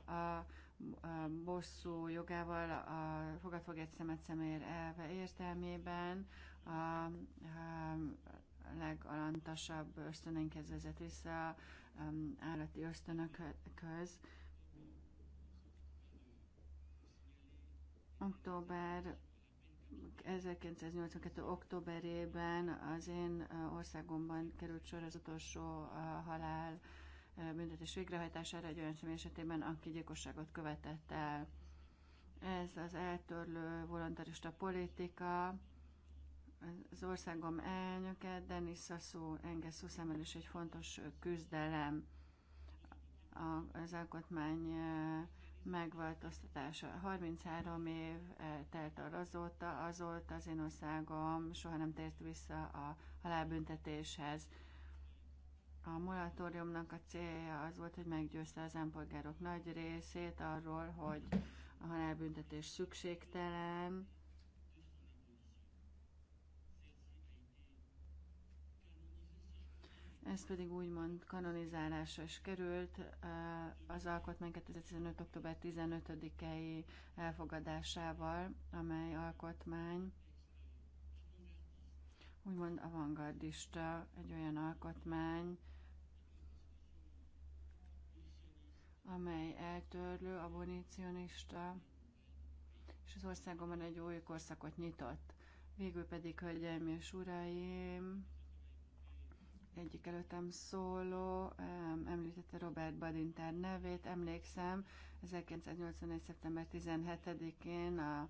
a bosszú jogával, a fogadfogett szemet személyér elve értelmében a legalantasabb ösztöneinkhez vezet vissza állati ösztönökhöz. Október 1982. októberében az én országomban került sor az utolsó halál büntetés végrehajtására egy olyan személy esetében, aki gyilkosságot követett el. Ez az eltörlő voluntarista politika, az országom elnöke, Denis Sassou Engesz szemmel is egy fontos küzdelem az alkotmány megváltoztatása. 33 év telt el azóta, azóta az én országom soha nem tért vissza a halálbüntetéshez. A moratóriumnak a célja az volt, hogy meggyőzte az állampolgárok nagy részét arról, hogy a halálbüntetés szükségtelen, Ez pedig úgymond kanonizálásra is került. Az alkotmány 2015. október 15-i elfogadásával, amely alkotmány úgymond avantgardista, egy olyan alkotmány, amely eltörlő, abonicionista, és az országomban egy új korszakot nyitott. Végül pedig, hölgyeim és uraim, egyik előttem szóló, említette Robert Badinter nevét, emlékszem, 1981. szeptember 17-én a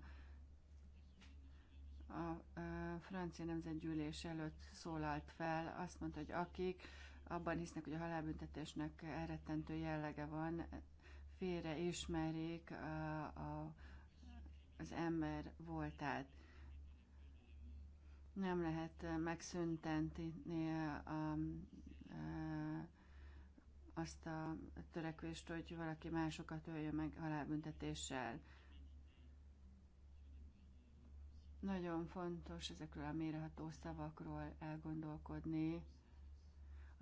a francia nemzetgyűlés előtt szólalt fel, azt mondta, hogy akik abban hisznek, hogy a halálbüntetésnek elrettentő jellege van, félre ismerik a, a, az ember voltát. Nem lehet megszüntetni a, a, a, azt a törekvést, hogy valaki másokat öljön meg halálbüntetéssel. Nagyon fontos ezekről a mérható szavakról elgondolkodni,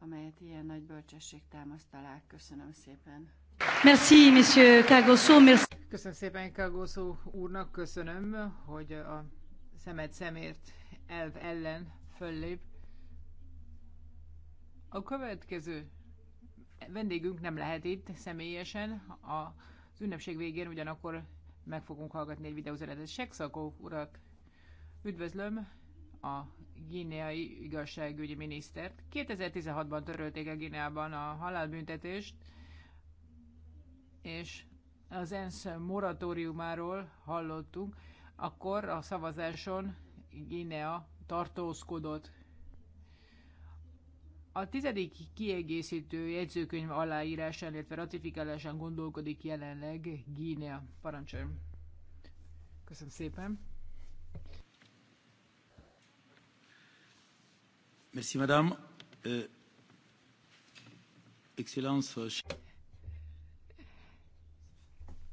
amelyet ilyen nagy bölcsesség támaszt alá. Köszönöm szépen. Merci, monsieur Kagoszó. Köszönöm szépen Kagoszó úrnak, köszönöm, hogy a szemed szemért elv ellen föllép. A következő vendégünk nem lehet itt személyesen, az ünnepség végén ugyanakkor meg fogunk hallgatni egy videózenetet. Sekszakó urat üdvözlöm a gineai igazságügyi minisztert. 2016-ban törölték a Gineában a halálbüntetést, és az ENSZ moratóriumáról hallottunk, akkor a szavazáson Guinea tartózkodott. A tizedik kiegészítő jegyzőkönyv aláírásán, illetve ratifikálásán gondolkodik jelenleg Guinea. Parancsoljon! Köszönöm szépen! Merci, madame. Euh, excellence. Euh,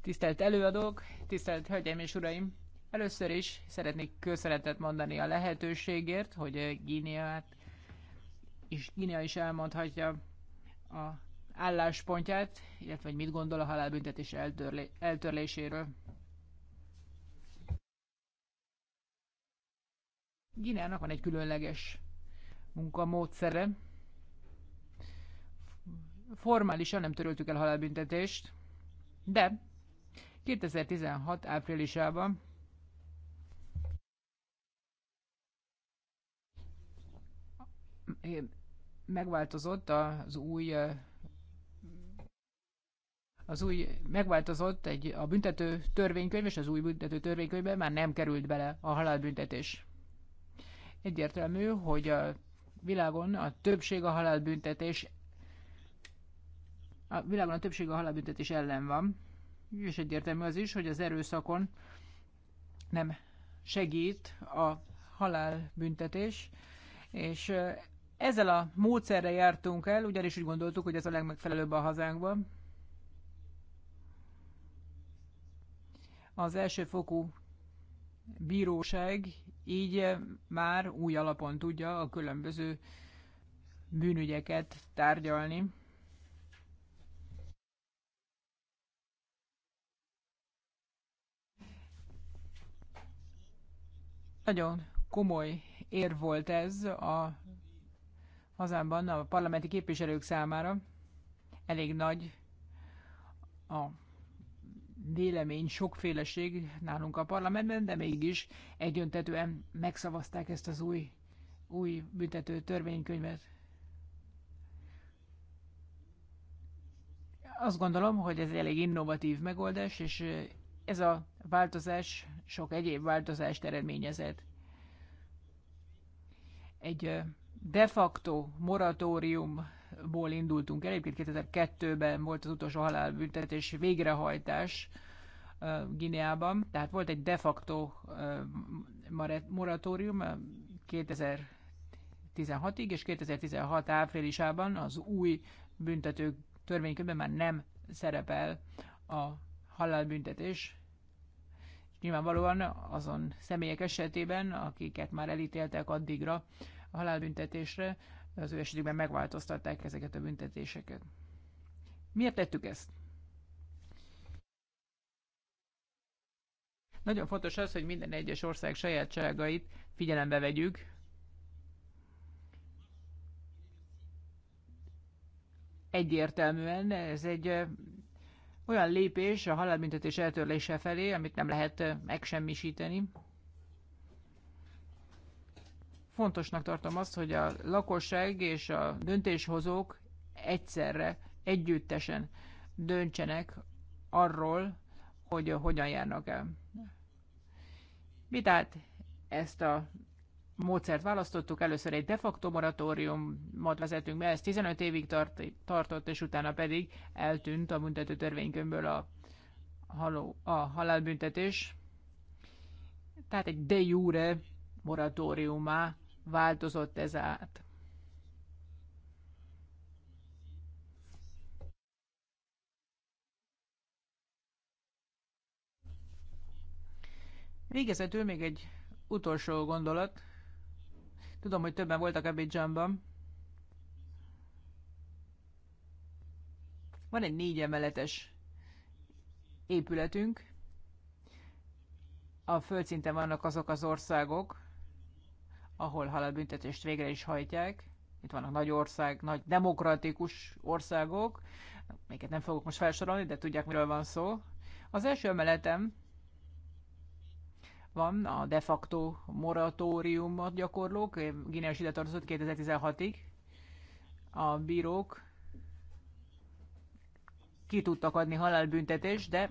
tisztelt előadók, tisztelt hölgyeim és uraim! Először is szeretnék köszönetet mondani a lehetőségért, hogy eh, Gíniát és Gínia is elmondhatja a álláspontját, illetve hogy mit gondol a halálbüntetés eltörlé- eltörléséről. Gíniának van egy különleges munkamódszere. Formálisan nem töröltük el halálbüntetést, de 2016 áprilisában megváltozott az új az új, megváltozott egy, a büntető törvénykönyv, és az új büntető törvénykönyvben már nem került bele a halálbüntetés. Egyértelmű, hogy a világon a többség a halálbüntetés a világon a többség a halálbüntetés ellen van, és egyértelmű az is, hogy az erőszakon nem segít a halálbüntetés, és ezzel a módszerre jártunk el, ugyanis úgy gondoltuk, hogy ez a legmegfelelőbb a hazánkban. Az elsőfokú bíróság így eh, már új alapon tudja a különböző bűnügyeket tárgyalni. Nagyon komoly ér volt ez a hazámban a parlamenti képviselők számára. Elég nagy a vélemény sokféleség nálunk a parlamentben, de mégis egyöntetően megszavazták ezt az új, új büntető törvénykönyvet. Azt gondolom, hogy ez elég innovatív megoldás, és ez a változás sok egyéb változást eredményezett. Egy de facto moratórium ból indultunk el. Egyébként 2002-ben volt az utolsó halálbüntetés végrehajtás Gineában, tehát volt egy de facto moratórium 2016-ig, és 2016 áprilisában az új büntető törvénykönyvben már nem szerepel a halálbüntetés. Nyilvánvalóan azon személyek esetében, akiket már elítéltek addigra a halálbüntetésre, az ő esetükben megváltoztatták ezeket a büntetéseket. Miért tettük ezt? Nagyon fontos az, hogy minden egyes ország sajátságait figyelembe vegyük. Egyértelműen ez egy olyan lépés a halálbüntetés eltörlése felé, amit nem lehet megsemmisíteni fontosnak tartom azt, hogy a lakosság és a döntéshozók egyszerre, együttesen döntsenek arról, hogy hogyan járnak el. Mi tehát ezt a módszert választottuk, először egy de facto moratóriumot vezetünk be, ez 15 évig tart, tartott, és utána pedig eltűnt a büntető törvénykönyvből a, haló, a halálbüntetés. Tehát egy de jure moratóriumá változott ez át. Végezetül még egy utolsó gondolat. Tudom, hogy többen voltak Abidjanban. Van egy négy emeletes épületünk. A földszinten vannak azok az országok, ahol halálbüntetést végre is hajtják. Itt vannak nagy ország, nagy demokratikus országok, melyeket nem fogok most felsorolni, de tudják, miről van szó. Az első emeletem van a de facto moratóriumot gyakorlók, Guineás ide tartozott 2016-ig. A bírók ki tudtak adni halálbüntetést, de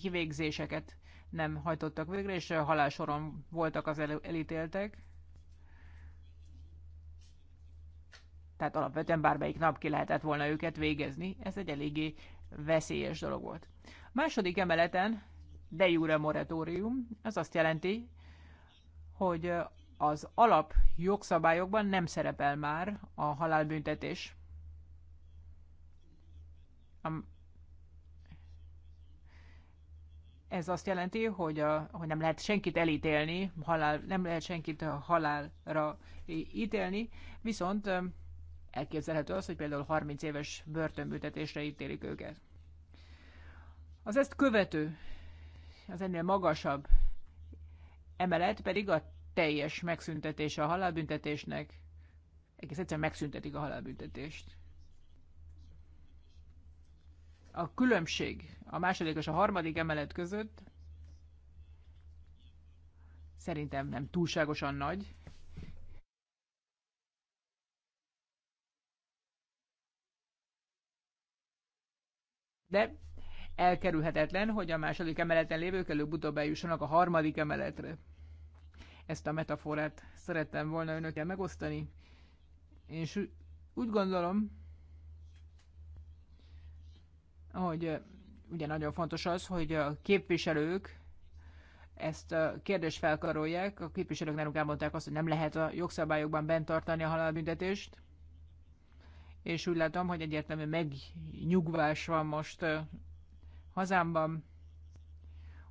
kivégzéseket nem hajtottak végre, és halálsoron voltak az elítéltek. tehát alapvetően bármelyik nap ki lehetett volna őket végezni, ez egy eléggé veszélyes dolog volt. A második emeleten de jure moratórium, ez azt jelenti, hogy az alap jogszabályokban nem szerepel már a halálbüntetés. Ez azt jelenti, hogy, a, hogy nem lehet senkit elítélni, halál, nem lehet senkit halálra ítélni, viszont Elképzelhető az, hogy például 30 éves börtönbüntetésre ítélik őket. Az ezt követő, az ennél magasabb emelet pedig a teljes megszüntetése a halálbüntetésnek. Egész egyszerűen megszüntetik a halálbüntetést. A különbség a második és a harmadik emelet között szerintem nem túlságosan nagy. De elkerülhetetlen, hogy a második emeleten lévők előbb-utóbb eljussanak a harmadik emeletre. Ezt a metaforát szerettem volna önökkel megosztani. És úgy gondolom, hogy ugye nagyon fontos az, hogy a képviselők ezt a kérdést felkarolják, a képviselők nálunk elmondták azt, hogy nem lehet a jogszabályokban bent tartani a halálbüntetést, és úgy látom, hogy egyértelmű megnyugvás van most hazámban.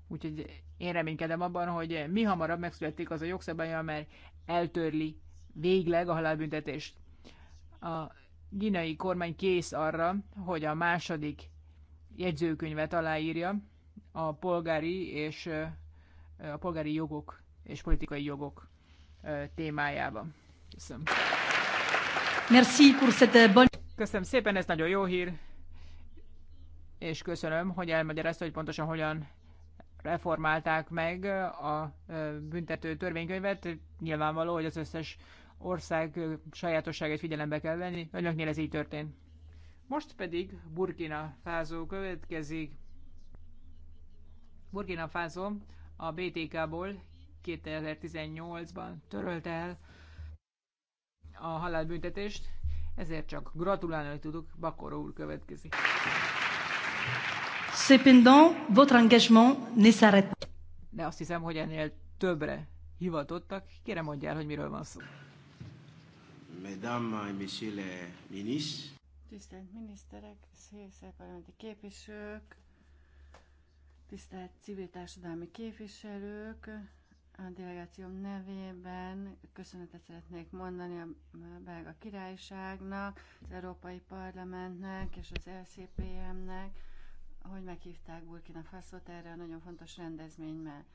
Úgyhogy én reménykedem abban, hogy mi hamarabb megszületik az a jogszabály, amely eltörli végleg a halálbüntetést. A ginai kormány kész arra, hogy a második jegyzőkönyvet aláírja a polgári és a polgári jogok és politikai jogok témájában. Köszönöm. Köszönöm szépen, ez nagyon jó hír, és köszönöm, hogy elmagyarázta, hogy pontosan hogyan reformálták meg a büntető törvénykönyvet. Nyilvánvaló, hogy az összes ország sajátosságait figyelembe kell venni. Önöknél ez így történt. Most pedig Burkina Faso következik. Burkina Faso a BTK-ból 2018-ban törölte el a halálbüntetést, ezért csak gratulálni tudok, Bakoró úr következik. Cependant, votre engagement ne s'arrête pas. De azt hiszem, hogy ennél többre hivatottak. Kérem mondja el, hogy miről van szó. Mesdames et messieurs les ministres. Tisztelt miniszterek, szélszép parlamenti képviselők, tisztelt civil társadalmi képviselők, a delegációm nevében köszönetet szeretnék mondani a belga királyságnak, az Európai Parlamentnek és az LCPM-nek, hogy meghívták Burkina Faszot erre a nagyon fontos mert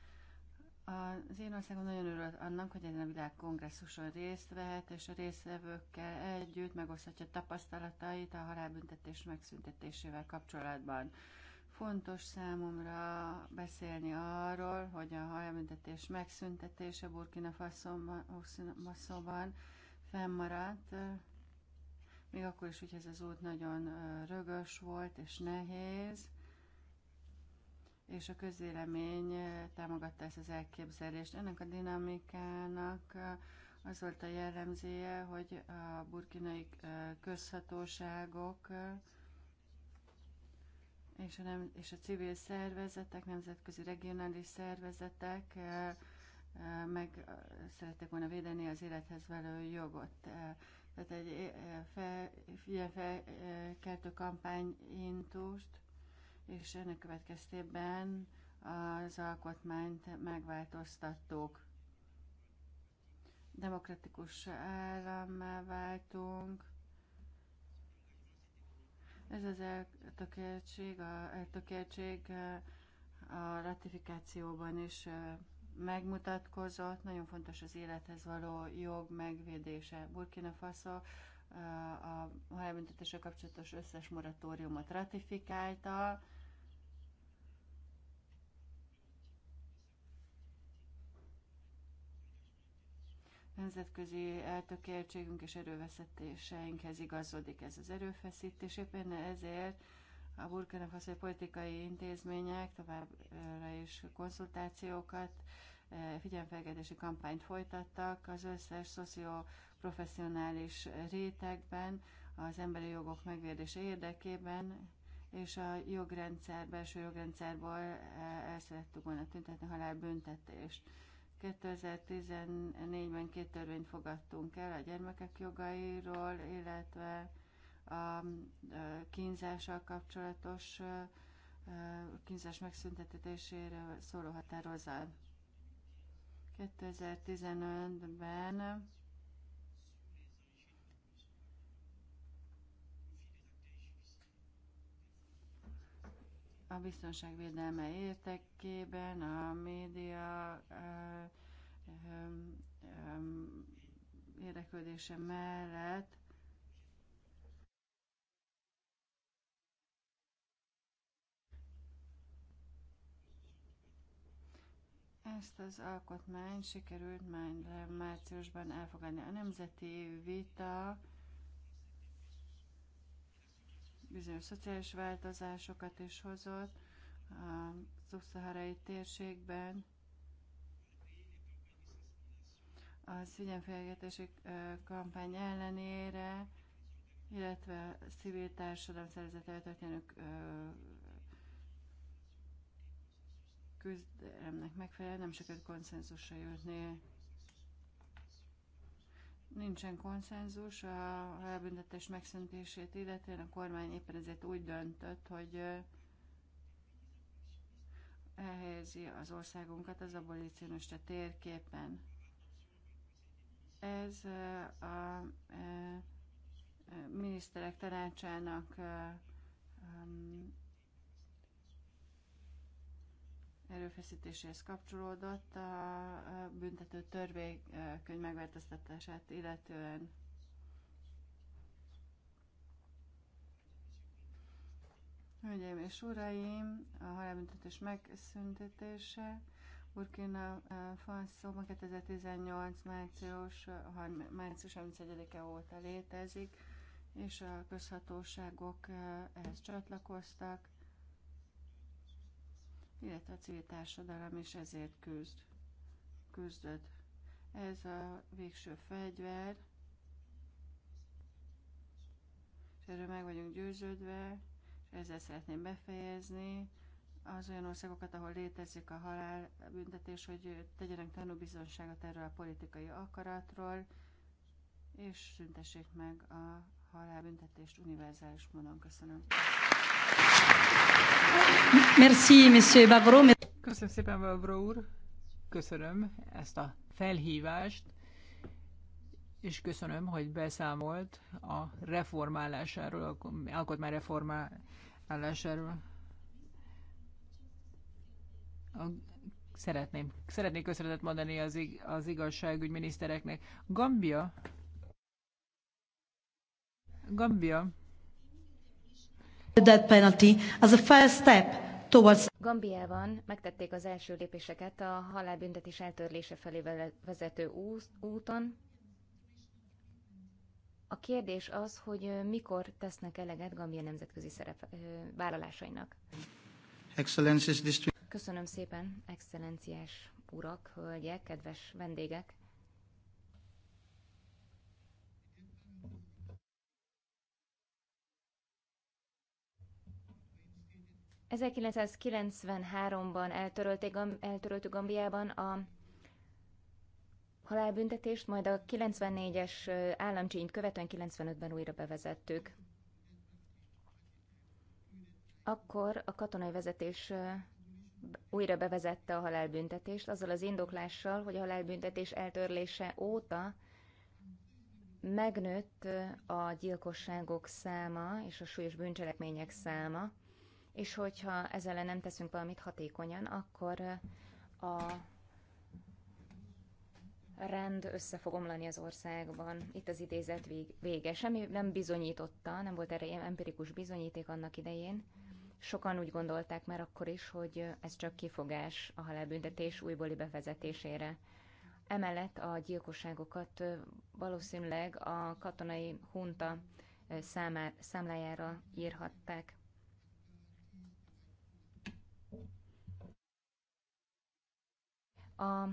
Az én országom nagyon örül annak, hogy ezen a világkongresszuson részt vehet, és a résztvevőkkel együtt megoszthatja tapasztalatait a halálbüntetés megszüntetésével kapcsolatban. Fontos számomra beszélni arról, hogy a halálbüntetés megszüntetése Burkina Faso-ban fennmaradt, még akkor is, hogy ez az út nagyon rögös volt és nehéz, és a közélemény támogatta ezt az elképzelést. Ennek a dinamikának az volt a jellemzője, hogy a burkinai közhatóságok és a, nem, és a civil szervezetek, nemzetközi regionális szervezetek meg szerették volna védeni az élethez való jogot. Tehát egy fel, felkeltő kampány intust, és ennek következtében az alkotmányt megváltoztattuk. Demokratikus állammá váltunk, ez az eltökéltség, a eltökéltség a ratifikációban is megmutatkozott, nagyon fontos az élethez való jog megvédése. Burkina Faso a halálbüntetése kapcsolatos összes moratóriumot ratifikálta, nemzetközi eltökéltségünk és erőveszetéseinkhez igazodik ez az erőfeszítés. Éppen ezért a Burkina Faso politikai intézmények továbbra is konzultációkat, eh, figyelmfelkedési kampányt folytattak az összes szocioprofessionális rétegben, az emberi jogok megvédése érdekében, és a jogrendszer, belső jogrendszerből eh, el szerettük volna tüntetni halálbüntetést. 2014-ben két törvényt fogadtunk el a gyermekek jogairól, illetve a kínzással kapcsolatos kínzás megszüntetésére szóló határozat. 2015-ben a biztonság védelme értekében a média érdeklődése mellett Ezt az alkotmányt sikerült már márciusban elfogadni. A nemzeti vita bizonyos szociális változásokat is hozott a szubszaharai térségben. A figyelmfélgetési kampány ellenére, illetve civil társadalom szervezetel történő küzdelemnek megfelelően nem sikerült konszenzusra jutni Nincsen konszenzus a halálbüntetés megszüntetését illetően. A kormány éppen ezért úgy döntött, hogy elhelyezi az országunkat az abolicionista térképen. Ez a miniszterek tanácsának erőfeszítéséhez kapcsolódott a büntető törvénykönyv megváltoztatását illetően. Hölgyeim és uraim, a halálbüntetés megszüntetése Burkina Faso 2018. március, március 31-e óta létezik, és a közhatóságok ehhez csatlakoztak illetve a civil társadalom is ezért küzd, küzdött. Ez a végső fegyver, és erről meg vagyunk győződve, és ezzel szeretném befejezni az olyan országokat, ahol létezik a halálbüntetés, hogy tegyenek tanúbizonságot erről a politikai akaratról, és szüntessék meg a halálbüntetést univerzális módon. Köszönöm. Merci, Monsieur Bavro. Köszönöm szépen, Bavro úr. Köszönöm ezt a felhívást, és köszönöm, hogy beszámolt a reformálásáról, a alkotmány reformálásáról. A szeretném. Szeretnék köszönetet mondani az, ig- az igazságügyminisztereknek. minisztereknek. Gambia Gambia The death penalty as a first step towards... Gambiában megtették az első lépéseket a halálbüntetés eltörlése felé vezető úton. A kérdés az, hogy mikor tesznek eleget Gambia nemzetközi szerep vállalásainak. Köszönöm szépen, excellenciás urak, hölgyek, kedves vendégek! 1993-ban eltörölték, eltöröltük Gambiában a halálbüntetést, majd a 94-es államcsínyt követően 95-ben újra bevezettük. Akkor a katonai vezetés újra bevezette a halálbüntetést, azzal az indoklással, hogy a halálbüntetés eltörlése óta megnőtt a gyilkosságok száma és a súlyos bűncselekmények száma, és hogyha ezzel nem teszünk valamit hatékonyan, akkor a rend össze fog omlani az országban. Itt az idézet vége. Semmi nem bizonyította, nem volt erre ilyen empirikus bizonyíték annak idején. Sokan úgy gondolták már akkor is, hogy ez csak kifogás a halálbüntetés újbóli bevezetésére. Emellett a gyilkosságokat valószínűleg a katonai hunta számára, számlájára írhatták. A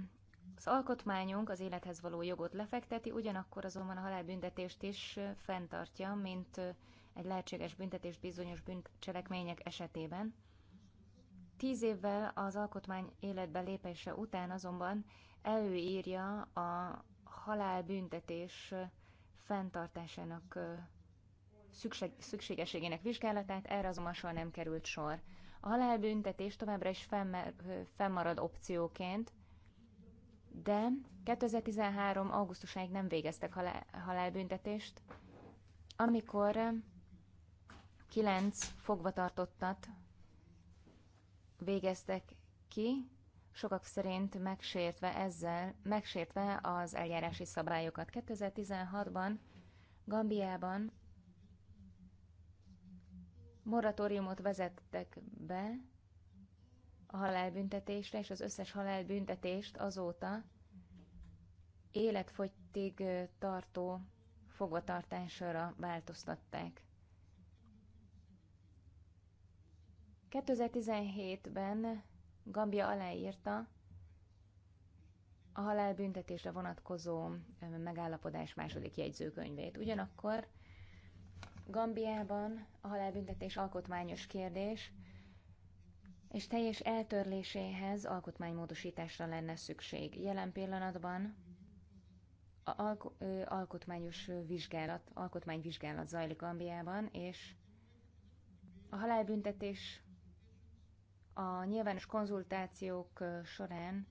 az alkotmányunk az élethez való jogot lefekteti, ugyanakkor azonban a halálbüntetést is fenntartja, mint egy lehetséges büntetést bizonyos bűncselekmények esetében. Tíz évvel az alkotmány életbe lépése után azonban előírja a halálbüntetés fenntartásának szükség, szükségességének vizsgálatát, erre azonban soha nem került sor. A halálbüntetés továbbra is fennmarad opcióként, de 2013. augusztusáig nem végeztek halál, halálbüntetést, amikor kilenc fogvatartottat végeztek ki, sokak szerint megsértve ezzel, megsértve az eljárási szabályokat. 2016-ban Gambiában moratóriumot vezettek be a halálbüntetésre, és az összes halálbüntetést azóta életfogytig tartó fogvatartásra változtatták. 2017-ben Gambia aláírta a halálbüntetésre vonatkozó megállapodás második jegyzőkönyvét. Ugyanakkor Gambiában a halálbüntetés alkotmányos kérdés, és teljes eltörléséhez alkotmánymódosításra lenne szükség. Jelen pillanatban a alk- ö, alkotmányos vizsgálat, alkotmányvizsgálat zajlik Gambiában, és a halálbüntetés a nyilvános konzultációk során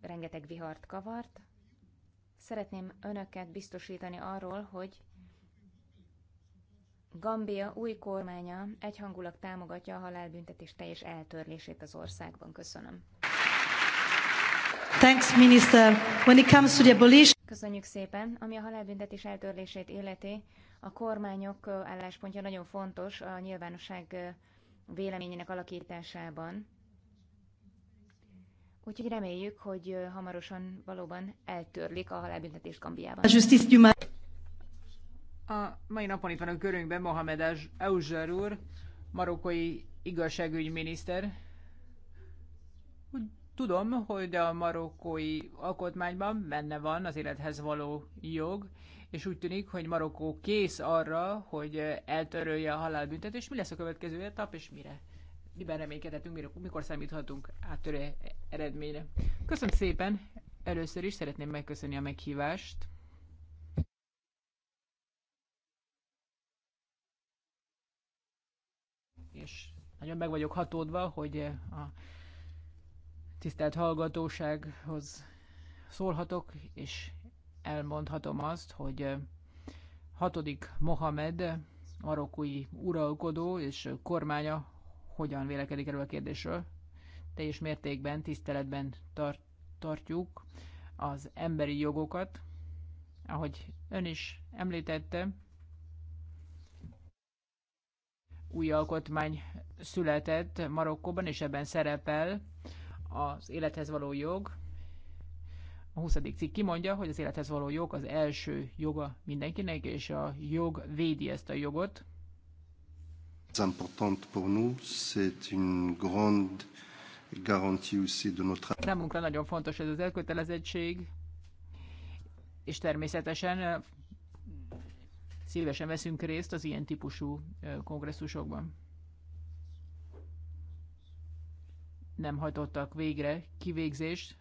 rengeteg vihart kavart. Szeretném önöket biztosítani arról, hogy Gambia új kormánya egyhangulag támogatja a halálbüntetés teljes eltörlését az országban. Köszönöm. Thanks, Minister. When it comes to the abolition... Köszönjük szépen. Ami a halálbüntetés eltörlését illeti, a kormányok álláspontja nagyon fontos a nyilvánosság véleményének alakításában. Úgyhogy reméljük, hogy hamarosan valóban eltörlik a halálbüntetés Gambiában. A mai napon itt van a körünkben Mohamed Aouzsar úr, marokkai Igazságügyi Miniszter. tudom, hogy a marokkói alkotmányban benne van az élethez való jog, és úgy tűnik, hogy Marokkó kész arra, hogy eltörölje a halálbüntetést. Mi lesz a következő etap, és mire? Miben reménykedhetünk, mikor számíthatunk áttörő eredményre? Köszönöm szépen! Először is szeretném megköszönni a meghívást. és nagyon meg vagyok hatódva, hogy a tisztelt hallgatósághoz szólhatok, és elmondhatom azt, hogy hatodik Mohamed, marokkói uralkodó és kormánya hogyan vélekedik erről a kérdésről. Teljes mértékben, tiszteletben tar- tartjuk az emberi jogokat. Ahogy ön is említette, új alkotmány született Marokkóban, és ebben szerepel az élethez való jog. A 20. cikk kimondja, hogy az élethez való jog az első joga mindenkinek, és a jog védi ezt a jogot. important pour nous, c'est une grande garantie aussi de notre... Számunkra nagyon fontos ez az elkötelezettség, és természetesen szívesen veszünk részt az ilyen típusú kongresszusokban. Nem hajtottak végre kivégzést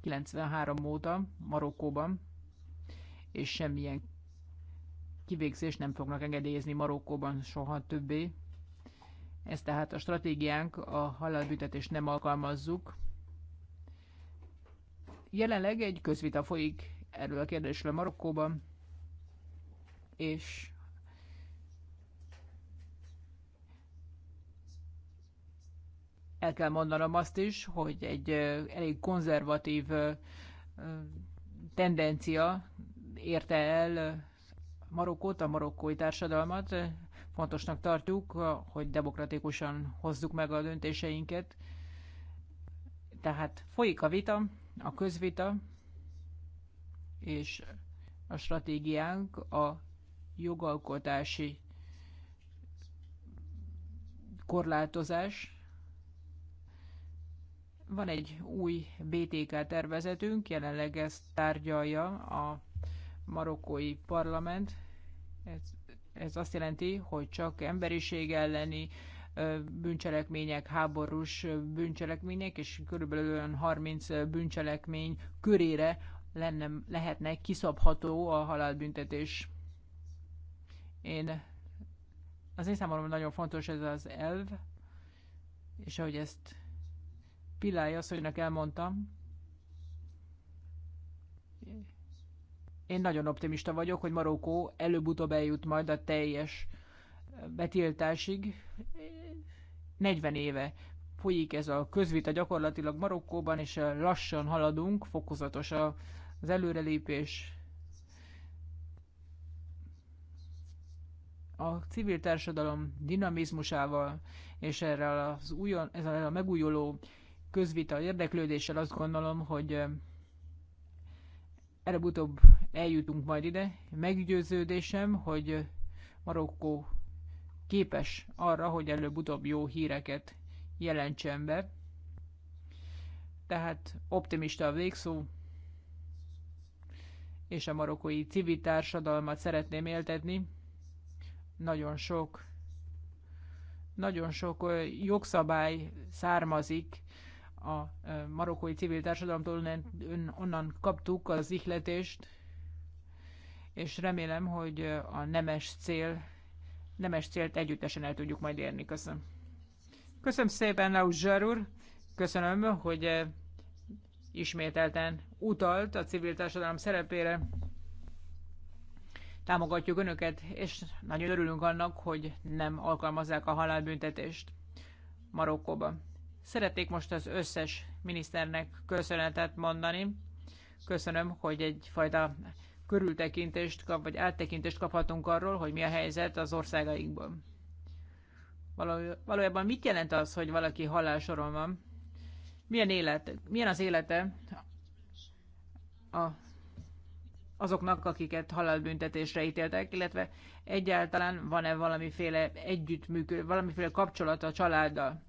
93 óta Marokkóban, és semmilyen kivégzést nem fognak engedélyezni Marokkóban soha többé. Ez tehát a stratégiánk, a halálbüntetést nem alkalmazzuk. Jelenleg egy közvita folyik erről a kérdésről Marokkóban és el kell mondanom azt is, hogy egy elég konzervatív tendencia érte el Marokkót, a marokkói társadalmat. Fontosnak tartjuk, hogy demokratikusan hozzuk meg a döntéseinket. Tehát folyik a vita, a közvita, és a stratégiánk a jogalkotási korlátozás. Van egy új BTK tervezetünk, jelenleg ezt tárgyalja a marokkói parlament. Ez, ez azt jelenti, hogy csak emberiség elleni bűncselekmények, háborús bűncselekmények, és körülbelül olyan 30 bűncselekmény körére lenne, lehetne kiszabható a halálbüntetés. Én az én számomra nagyon fontos ez az elv, és ahogy ezt Pilály asszonynak elmondtam, én nagyon optimista vagyok, hogy Marokkó előbb-utóbb eljut majd a teljes betiltásig. 40 éve folyik ez a közvita gyakorlatilag Marokkóban, és lassan haladunk, fokozatos az előrelépés, a civil társadalom dinamizmusával és erre az újon, ezzel a megújuló közvita érdeklődéssel azt gondolom, hogy eh, előbb-utóbb eljutunk majd ide. Meggyőződésem, hogy Marokkó képes arra, hogy előbb-utóbb jó híreket jelentsen be. Tehát optimista a végszó, és a marokkói civil társadalmat szeretném éltetni, nagyon sok nagyon sok jogszabály származik a marokkói civil társadalomtól, onnan kaptuk az ihletést, és remélem, hogy a nemes cél, nemes célt együttesen el tudjuk majd érni. Köszönöm. Köszönöm szépen, Lauzsar úr. Köszönöm, hogy ismételten utalt a civil társadalom szerepére támogatjuk Önöket, és nagyon örülünk annak, hogy nem alkalmazzák a halálbüntetést Marokkóban. Szeretnék most az összes miniszternek köszönetet mondani. Köszönöm, hogy egyfajta körültekintést kap, vagy áttekintést kaphatunk arról, hogy mi a helyzet az országainkban. Valójában mit jelent az, hogy valaki halálsoron van? Milyen, élet, milyen az élete a azoknak, akiket halálbüntetésre ítéltek, illetve egyáltalán van-e valamiféle együttműködő, valamiféle kapcsolata a családdal.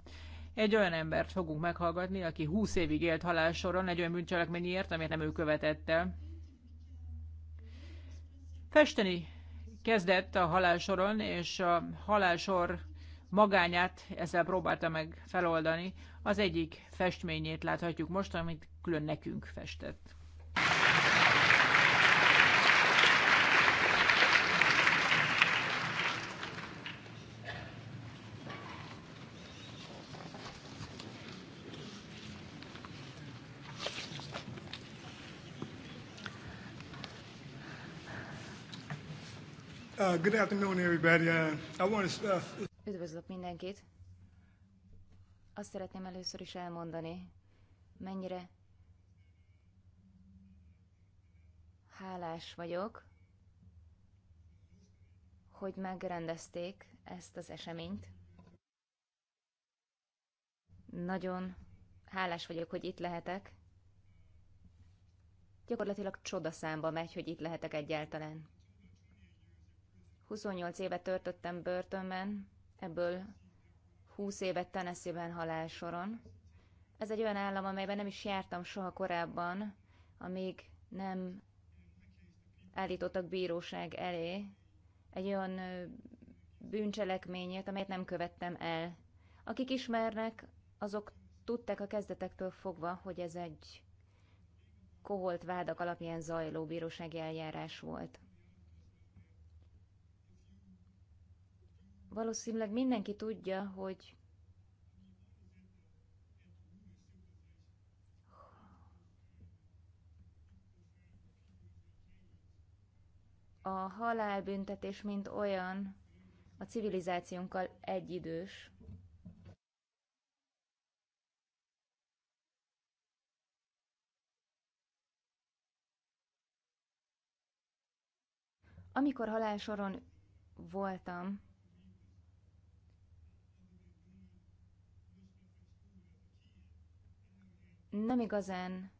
Egy olyan embert fogunk meghallgatni, aki 20 évig élt halálsoron egy olyan bűncselekményért, amit nem ő követett el. Festeni kezdett a halálsoron, és a halálsor magányát ezzel próbálta meg feloldani. Az egyik festményét láthatjuk most, amit külön nekünk festett. good afternoon, everybody. Uh, I want to... Uh, Üdvözlök mindenkit. Azt szeretném először is elmondani, mennyire hálás vagyok, hogy megrendezték ezt az eseményt. Nagyon hálás vagyok, hogy itt lehetek. Gyakorlatilag csodaszámba megy, hogy itt lehetek egyáltalán. 28 évet törtöttem börtönben, ebből 20 évet Tennessee-ben halálsoron. Ez egy olyan állam, amelyben nem is jártam soha korábban, amíg nem állítottak bíróság elé egy olyan bűncselekményét, amelyet nem követtem el. Akik ismernek, azok tudták a kezdetektől fogva, hogy ez egy koholt vádak alapján zajló bírósági eljárás volt. Valószínűleg mindenki tudja, hogy a halálbüntetés, mint olyan, a civilizációnkkal egyidős. Amikor halálsoron voltam, nem igazán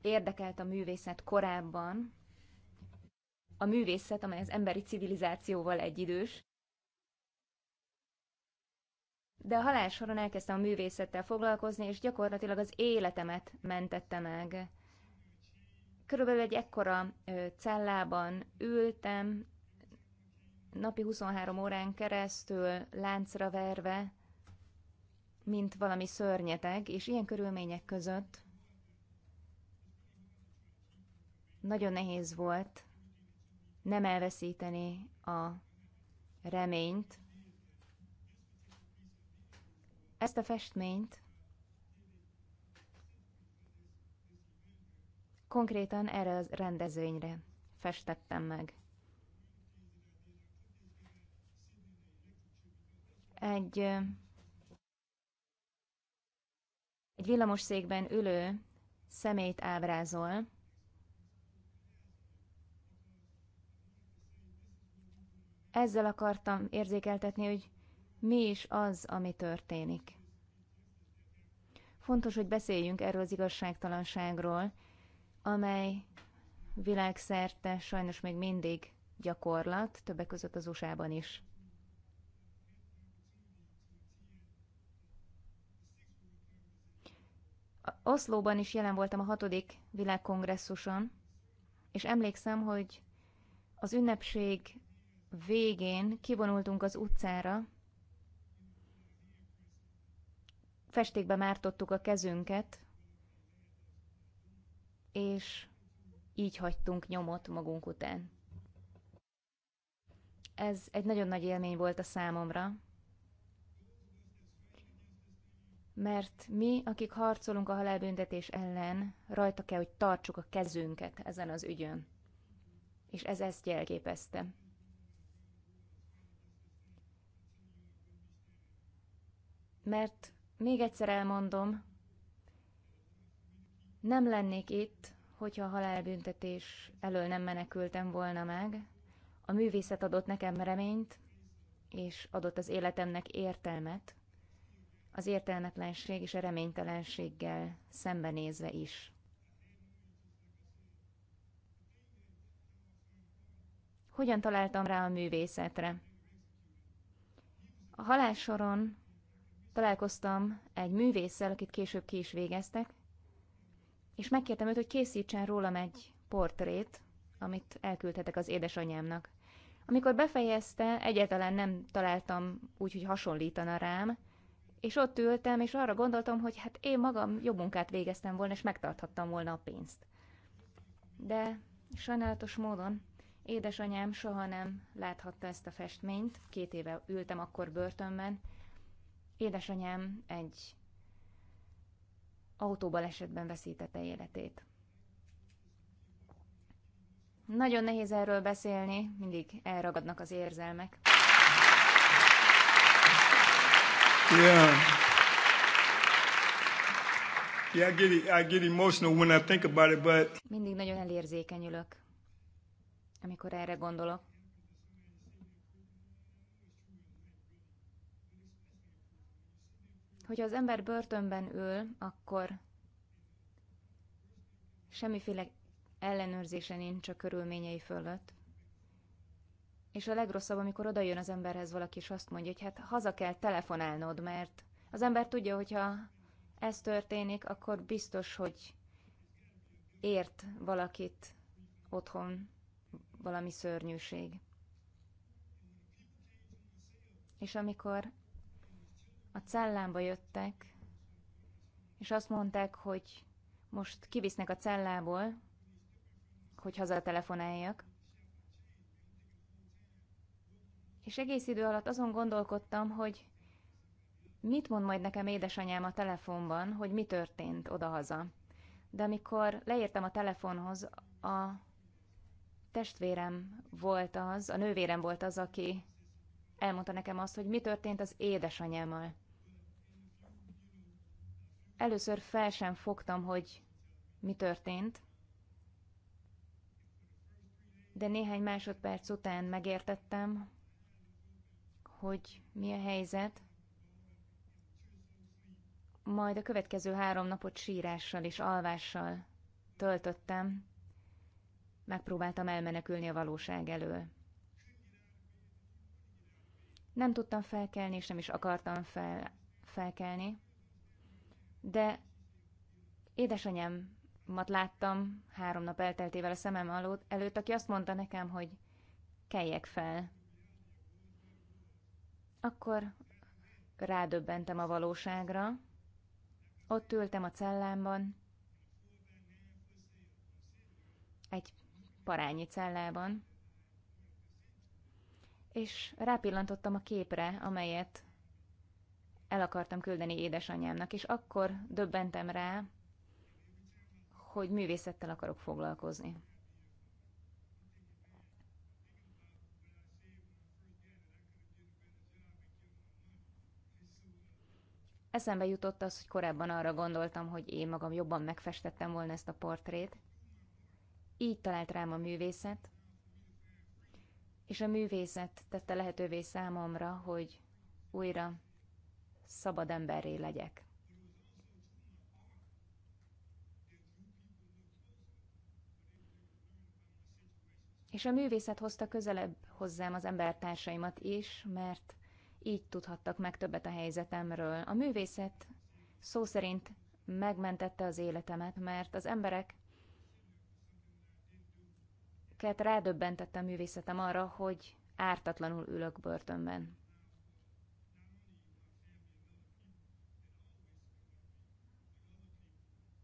érdekelt a művészet korábban, a művészet, amely az emberi civilizációval egyidős, de a halál soron elkezdtem a művészettel foglalkozni, és gyakorlatilag az életemet mentette meg. Körülbelül egy ekkora cellában ültem, napi 23 órán keresztül láncra verve, mint valami szörnyeteg, és ilyen körülmények között nagyon nehéz volt nem elveszíteni a reményt. Ezt a festményt konkrétan erre a rendezvényre festettem meg. Egy egy villamosszékben ülő szemét ábrázol, ezzel akartam érzékeltetni, hogy mi is az, ami történik. Fontos, hogy beszéljünk erről az igazságtalanságról, amely világszerte sajnos még mindig gyakorlat, többek között az USA-ban is. Oszlóban is jelen voltam a hatodik világkongresszuson, és emlékszem, hogy az ünnepség végén kivonultunk az utcára, festékbe mártottuk a kezünket, és így hagytunk nyomot magunk után. Ez egy nagyon nagy élmény volt a számomra, mert mi, akik harcolunk a halálbüntetés ellen, rajta kell, hogy tartsuk a kezünket ezen az ügyön. És ez ezt jelképezte. Mert még egyszer elmondom, nem lennék itt, hogyha a halálbüntetés elől nem menekültem volna meg. A művészet adott nekem reményt, és adott az életemnek értelmet, az értelmetlenség és a reménytelenséggel szembenézve is. Hogyan találtam rá a művészetre? A halálsoron találkoztam egy művésszel, akit később ki is végeztek, és megkértem őt, hogy készítsen rólam egy portrét, amit elküldhetek az édesanyámnak. Amikor befejezte, egyáltalán nem találtam úgy, hogy hasonlítana rám, és ott ültem, és arra gondoltam, hogy hát én magam jobb munkát végeztem volna, és megtarthattam volna a pénzt. De sajnálatos módon édesanyám soha nem láthatta ezt a festményt, két éve ültem akkor börtönben. Édesanyám egy autóbalesetben veszítette életét. Nagyon nehéz erről beszélni, mindig elragadnak az érzelmek. Yeah. Yeah, I get, it, I get emotional when I think about it, but... Mindig nagyon elérzékenyülök, amikor erre gondolok. Hogyha az ember börtönben ül, akkor semmiféle ellenőrzése nincs a körülményei fölött. És a legrosszabb, amikor oda jön az emberhez valaki, és azt mondja, hogy hát haza kell telefonálnod, mert az ember tudja, hogyha ez történik, akkor biztos, hogy ért valakit otthon valami szörnyűség. És amikor a cellámba jöttek, és azt mondták, hogy most kivisznek a cellából, hogy hazatelefonáljak, és egész idő alatt azon gondolkodtam, hogy mit mond majd nekem édesanyám a telefonban, hogy mi történt odahaza. De amikor leértem a telefonhoz, a testvérem volt az, a nővérem volt az, aki elmondta nekem azt, hogy mi történt az édesanyámmal. Először fel sem fogtam, hogy mi történt, de néhány másodperc után megértettem, hogy mi a helyzet, majd a következő három napot sírással és alvással töltöttem, megpróbáltam elmenekülni a valóság elől. Nem tudtam felkelni, és nem is akartam fel, felkelni, de édesanyámat láttam három nap elteltével a szemem előtt, aki azt mondta nekem, hogy keljek fel, akkor rádöbbentem a valóságra. Ott ültem a cellámban, egy parányi cellában, és rápillantottam a képre, amelyet el akartam küldeni édesanyámnak, és akkor döbbentem rá, hogy művészettel akarok foglalkozni. Eszembe jutott az, hogy korábban arra gondoltam, hogy én magam jobban megfestettem volna ezt a portrét. Így talált rám a művészet, és a művészet tette lehetővé számomra, hogy újra szabad emberré legyek. És a művészet hozta közelebb hozzám az embertársaimat is, mert így tudhattak meg többet a helyzetemről. A művészet szó szerint megmentette az életemet, mert az emberek ket rádöbbentette a művészetem arra, hogy ártatlanul ülök börtönben.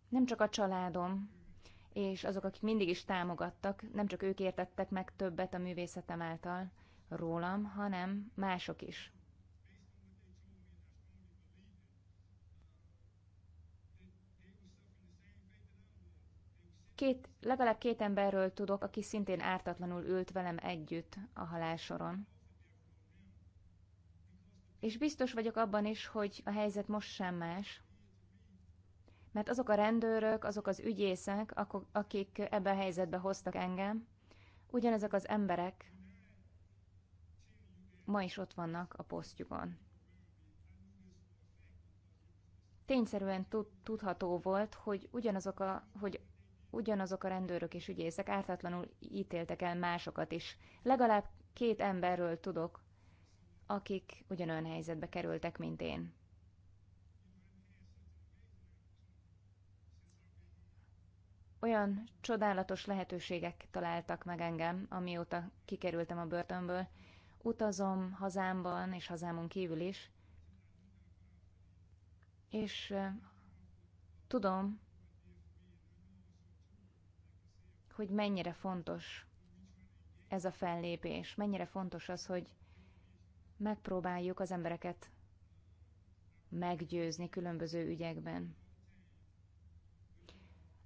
Nem csak a családom, és azok, akik mindig is támogattak, nem csak ők értettek meg többet a művészetem által rólam, hanem mások is. Két, legalább két emberről tudok, aki szintén ártatlanul ült velem együtt a halálsoron. És biztos vagyok abban is, hogy a helyzet most sem más. Mert azok a rendőrök, azok az ügyészek, akik ebbe a helyzetbe hoztak engem, ugyanezek az emberek ma is ott vannak a posztjukon. Tényszerűen tud, tudható volt, hogy ugyanazok a, hogy ugyanazok a rendőrök és ügyészek ártatlanul ítéltek el másokat is. Legalább két emberről tudok, akik ugyanolyan helyzetbe kerültek, mint én. Olyan csodálatos lehetőségek találtak meg engem, amióta kikerültem a börtönből. Utazom hazámban és hazámon kívül is, és tudom, hogy mennyire fontos ez a fellépés, mennyire fontos az, hogy megpróbáljuk az embereket meggyőzni különböző ügyekben.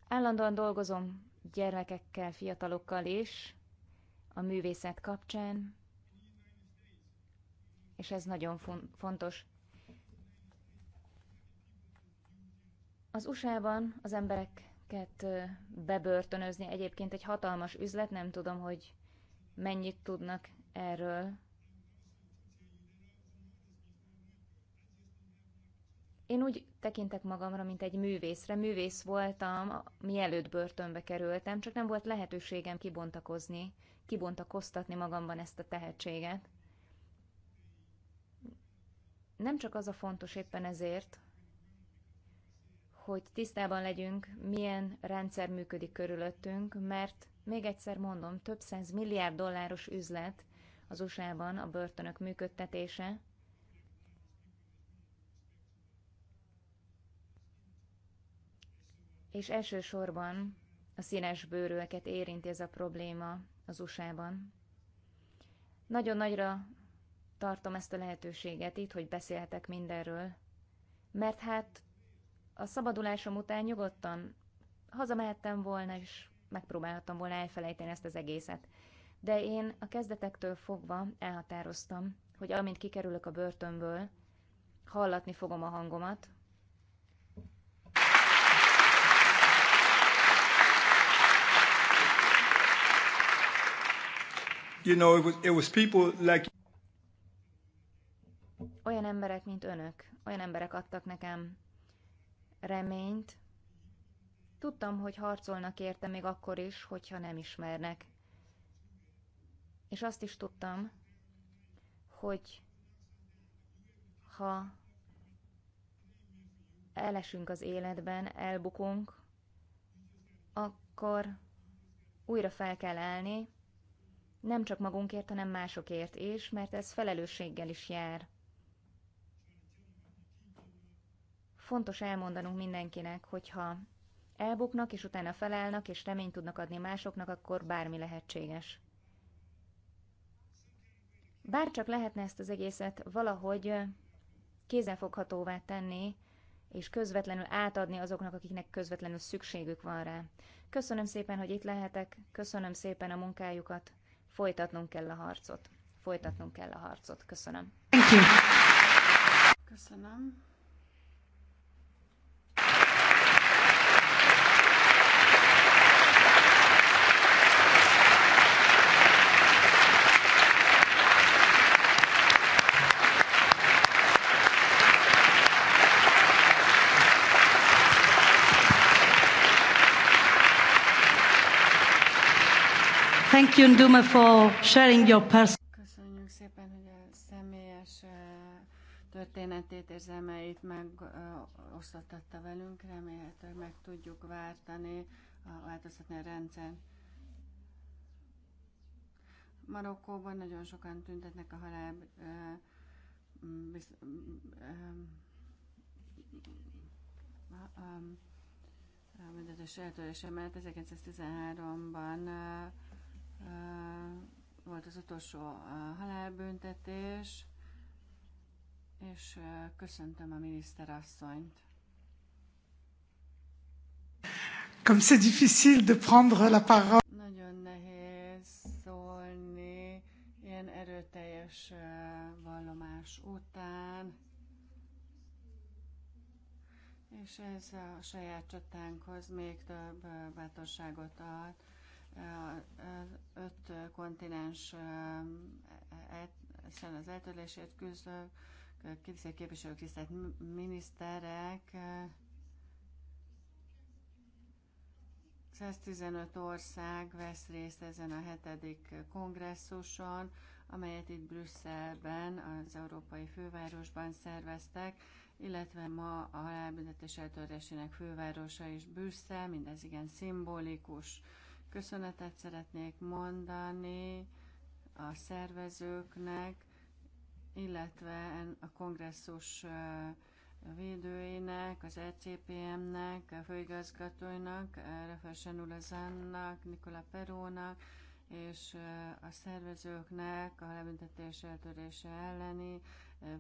Állandóan dolgozom gyermekekkel, fiatalokkal is, a művészet kapcsán, és ez nagyon fontos. Az USA-ban az emberek őket bebörtönözni. Egyébként egy hatalmas üzlet, nem tudom, hogy mennyit tudnak erről. Én úgy tekintek magamra, mint egy művészre. Művész voltam, mielőtt börtönbe kerültem, csak nem volt lehetőségem kibontakozni, kibontakoztatni magamban ezt a tehetséget. Nem csak az a fontos éppen ezért, hogy tisztában legyünk, milyen rendszer működik körülöttünk, mert még egyszer mondom, több száz milliárd dolláros üzlet az USA-ban a börtönök működtetése, és elsősorban a színes bőrűeket érinti ez a probléma az USA-ban. Nagyon nagyra tartom ezt a lehetőséget itt, hogy beszélhetek mindenről, mert hát a szabadulásom után nyugodtan hazamehettem volna, és megpróbálhattam volna elfelejteni ezt az egészet. De én a kezdetektől fogva elhatároztam, hogy amint kikerülök a börtönből, hallatni fogom a hangomat. You know, it was, it was people like... Olyan emberek, mint önök, olyan emberek adtak nekem reményt. Tudtam, hogy harcolnak érte még akkor is, hogyha nem ismernek. És azt is tudtam, hogy ha elesünk az életben, elbukunk, akkor újra fel kell állni, nem csak magunkért, hanem másokért is, mert ez felelősséggel is jár. Fontos elmondanunk mindenkinek, hogyha elbuknak, és utána felállnak, és reményt tudnak adni másoknak, akkor bármi lehetséges. Bár csak lehetne ezt az egészet valahogy kézenfoghatóvá tenni, és közvetlenül átadni azoknak, akiknek közvetlenül szükségük van rá. Köszönöm szépen, hogy itt lehetek, köszönöm szépen a munkájukat, folytatnunk kell a harcot. Folytatnunk kell a harcot. Köszönöm. Köszönöm. Thank you, Nduma, for sharing your personal Köszönjük szépen, hogy a személyes történetét, zemeit megosztotta velünk. Remélhetőleg meg tudjuk váltani, változtatni a rendszer. Marokkóban nagyon sokan tüntetnek a halál büntetés eltörése mellett 1913-ban volt az utolsó halálbüntetés, és köszöntöm a miniszterasszonyt. Comme c'est difficile de prendre la parole. Nagyon nehéz szólni ilyen erőteljes vallomás után. És ez a saját csatánkhoz még több bátorságot ad öt kontinens e, e, hiszen az eltörlését küzdők, tisztelt képviselők, tisztelt miniszterek, 115 ország vesz részt ezen a hetedik kongresszuson, amelyet itt Brüsszelben, az európai fővárosban szerveztek, illetve ma a halálbüntetés eltörlésének fővárosa is Brüsszel, mindez igen szimbolikus. Köszönetet szeretnék mondani a szervezőknek, illetve a kongresszus védőinek, az ECPM-nek, a főigazgatóinak, Refersen Ulazánnak, Nikola Perónak, és a szervezőknek, a halálbüntetés eltörése elleni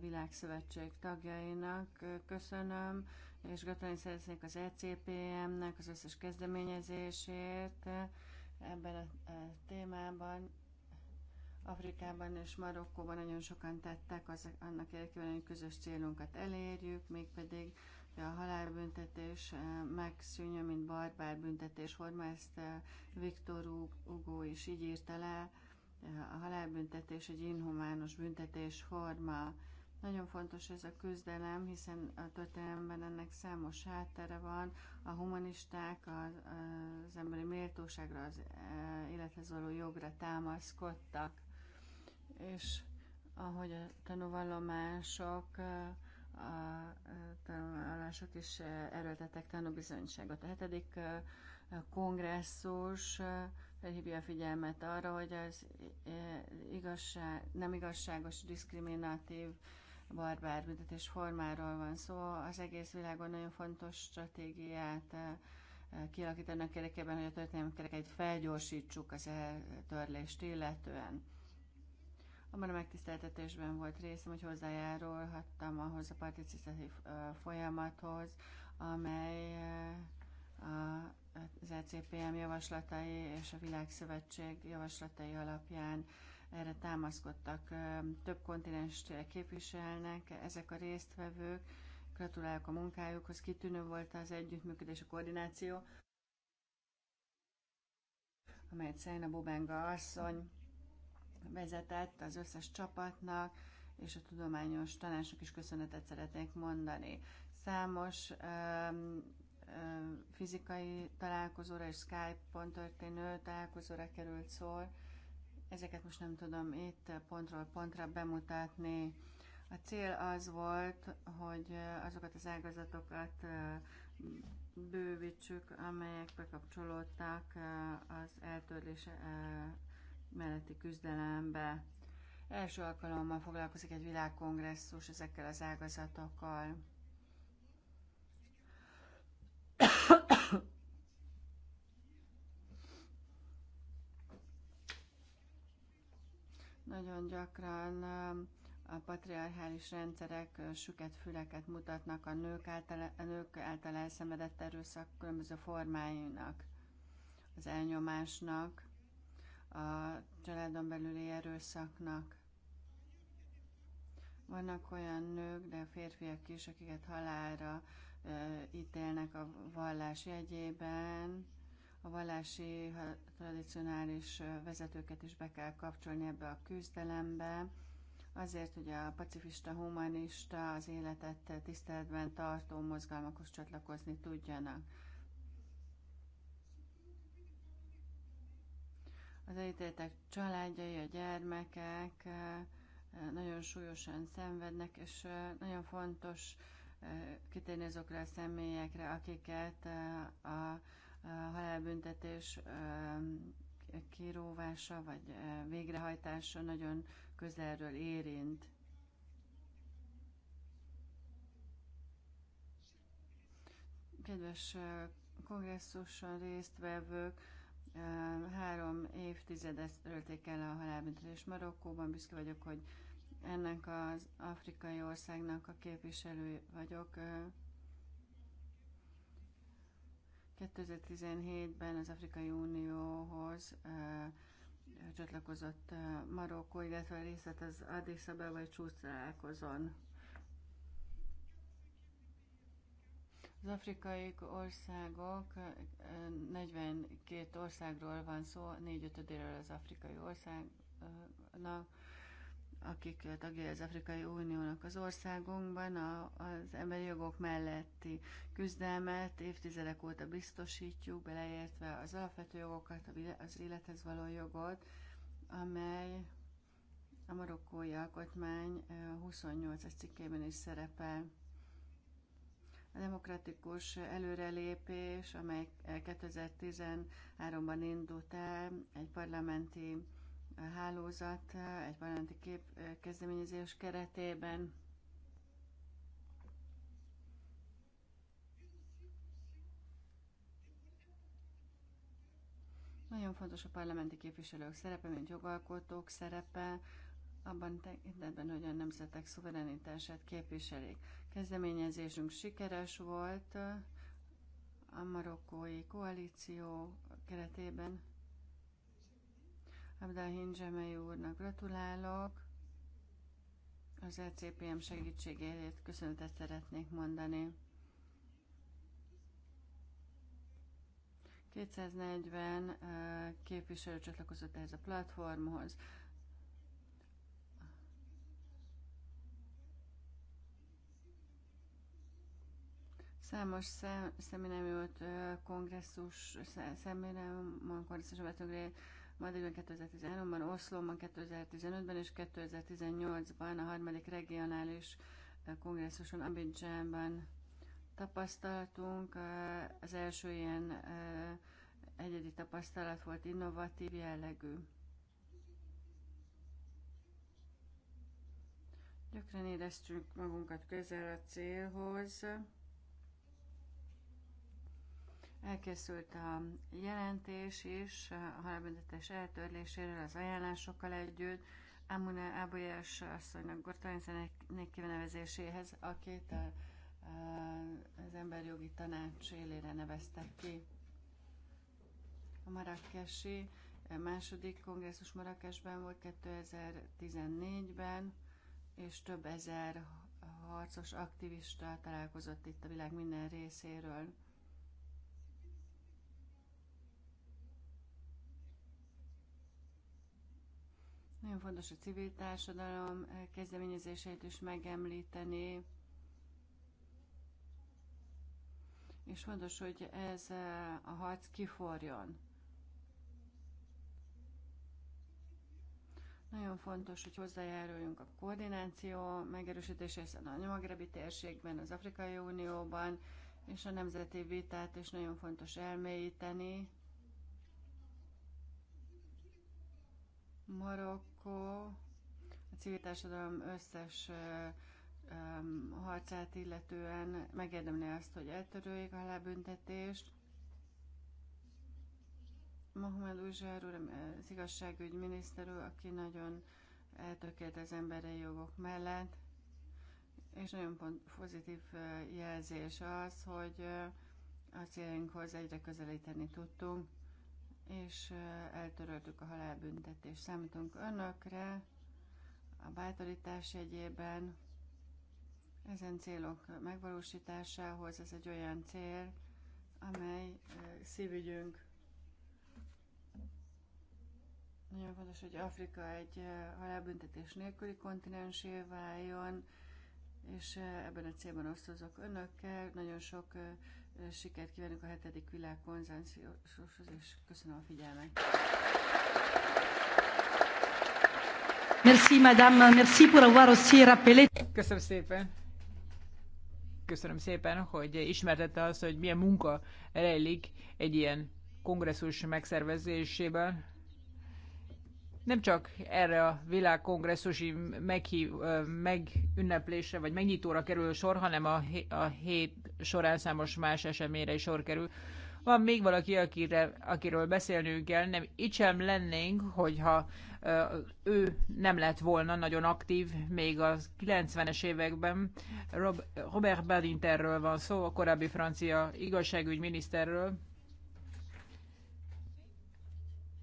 világszövetség tagjainak köszönöm és gratulálni szeretnék az ECPM-nek az összes kezdeményezését ebben a témában. Afrikában és Marokkóban nagyon sokan tettek az, annak érdekében, hogy közös célunkat elérjük, mégpedig a halálbüntetés eh, megszűnjön, mint barbár büntetés forma, ezt eh, Viktor Hugo is így írta le. Eh, a halálbüntetés egy inhumános büntetés forma, nagyon fontos ez a küzdelem, hiszen a történelemben ennek számos háttere van. A humanisták az, az emberi méltóságra, az eh, élethez való jogra támaszkodtak, és ahogy a tanúvallomások, eh, a tanulások is eh, erőltetek tanúbizonyságot. A hetedik kongresszus felhívja a figyelmet arra, hogy az igazság, nem igazságos, diszkriminatív barbárbüntetés formáról van szó. Az egész világon nagyon fontos stratégiát eh, eh, kialakítani érdekében, hogy a történelmi kerekeit felgyorsítsuk az eltörlést illetően. Abban a megtiszteltetésben volt részem, hogy hozzájárulhattam ahhoz a participatív eh, folyamathoz, amely az ECPM javaslatai és a Világszövetség javaslatai alapján erre támaszkodtak. Több kontinens képviselnek ezek a résztvevők. Gratulálok a munkájukhoz, kitűnő volt az együttműködés, a koordináció, amelyet Szeina Bobenga asszony vezetett az összes csapatnak, és a tudományos tanácsnak is köszönetet szeretnék mondani. Számos um, fizikai találkozóra és Skype-on történő találkozóra került szor, Ezeket most nem tudom itt pontról pontra bemutatni. A cél az volt, hogy azokat az ágazatokat bővítsük, amelyek bekapcsolódtak az eltörlés melletti küzdelembe. Első alkalommal foglalkozik egy világkongresszus ezekkel az ágazatokkal. Nagyon gyakran um, a patriarchális rendszerek uh, süket füleket mutatnak a nők által, a nők által elszenvedett erőszak különböző formáinak, az elnyomásnak, a családon belüli erőszaknak. Vannak olyan nők, de férfiak is, akiket halálra uh, ítélnek a vallás jegyében, a vallási tradicionális vezetőket is be kell kapcsolni ebbe a küzdelembe, azért, hogy a pacifista, humanista, az életet tiszteletben tartó mozgalmakhoz csatlakozni tudjanak. Az elítéltek családjai, a gyermekek nagyon súlyosan szenvednek, és nagyon fontos kitérni azokra a személyekre, akiket a halálbüntetés kiróvása vagy végrehajtása nagyon közelről érint. Kedves kongresszuson résztvevők, három évtizedet ölték el a halálbüntetés Marokkóban. Büszke vagyok, hogy ennek az afrikai országnak a képviselő vagyok. 2017-ben az Afrikai Unióhoz csatlakozott Marokkó, illetve részt vett az Addis Abebai csúcsalálkozón. Az afrikai országok 42 országról van szó, 4 ötödéről az afrikai országnak, akik tagjai az Afrikai Uniónak az országunkban, a, az emberi jogok melletti küzdelmet évtizedek óta biztosítjuk, beleértve az alapvető jogokat, az élethez való jogot, amely a marokkói alkotmány 28-as cikkében is szerepel. A demokratikus előrelépés, amely 2013-ban indult el, egy parlamenti hálózat egy parlamenti kép kezdeményezés keretében. Nagyon fontos a parlamenti képviselők szerepe, mint jogalkotók szerepe, abban tekintetben, hogy a nemzetek szuverenitását képviselik. Kezdeményezésünk sikeres volt a marokkói koalíció keretében. Abdelhin Zsemei úrnak gratulálok. Az ECPM segítségéért köszönetet szeretnék mondani. 240 képviselő csatlakozott ehhez a platformhoz. Számos szem, szemináriumot, kongresszus, szemináriumon, kongresszuson vettünk részt, Madridban 2013-ban, Oszlóban 2015-ben és 2018-ban a harmadik regionális kongresszuson Abidjanban tapasztaltunk. Az első ilyen egyedi tapasztalat volt innovatív jellegű. Gyakran éreztünk magunkat közel a célhoz. Elkészült a jelentés is a halálbüntetés eltörléséről az ajánlásokkal együtt, Amuna Ábolyás asszonynak Gortalanszenek kinevezéséhez, akit a, a, az emberjogi tanács élére neveztek ki. A marakesi második kongresszus Marrakesben volt 2014-ben, és több ezer harcos aktivista találkozott itt a világ minden részéről. Nagyon fontos a civil társadalom kezdeményezéseit is megemlíteni, és fontos, hogy ez eh, a harc kiforjon. Nagyon fontos, hogy hozzájáruljunk a koordináció megerősítéséhez a Nagy-Magrebi térségben, az Afrikai Unióban, és a nemzeti vitát is nagyon fontos elmélyíteni, Marokkó a civil társadalom összes um, harcát illetően megérdemli azt, hogy eltöröljék a halálbüntetést. Mohamed Uzsár úr, az igazságügy miniszter úr, aki nagyon eltökélt az emberi jogok mellett, és nagyon pont pozitív jelzés az, hogy a célunkhoz egyre közelíteni tudtunk és eltöröltük a halálbüntetést. Számítunk önökre, a bátorítás jegyében, ezen célok megvalósításához. Ez egy olyan cél, amely szívügyünk. Nagyon fontos, hogy Afrika egy halálbüntetés nélküli kontinensé váljon, és ebben a célban osztozok önökkel. Nagyon sok sikert kívánok a hetedik világ konzenzushoz, és köszönöm a figyelmet. Merci, madame, merci pour avoir aussi rappelé. Köszönöm szépen. Köszönöm szépen, hogy ismertette azt, hogy milyen munka rejlik egy ilyen kongresszus megszervezésében nem csak erre a világkongresszusi meghív, megünneplésre vagy megnyitóra kerül sor, hanem a, a hét során számos más eseményre is sor kerül. Van még valaki, akire, akiről beszélnünk kell, nem itt sem lennénk, hogyha ő nem lett volna nagyon aktív még a 90-es években. Robert Badinterről van szó, a korábbi francia igazságügyminiszterről,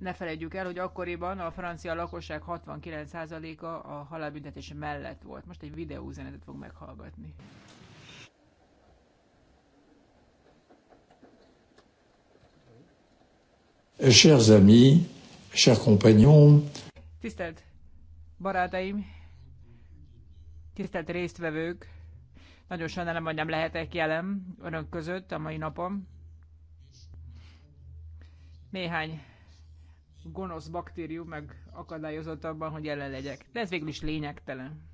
ne felejtjük el, hogy akkoriban a francia lakosság 69%-a a halálbüntetés mellett volt. Most egy videóüzenetet fog meghallgatni. Chers amis, chers compagnons, Tisztelt barátaim, tisztelt résztvevők, nagyon sajnálom, hogy nem lehetek jelen önök között a mai napon. Néhány gonosz baktérium meg akadályozott abban, hogy jelen legyek. De ez végül is lényegtelen.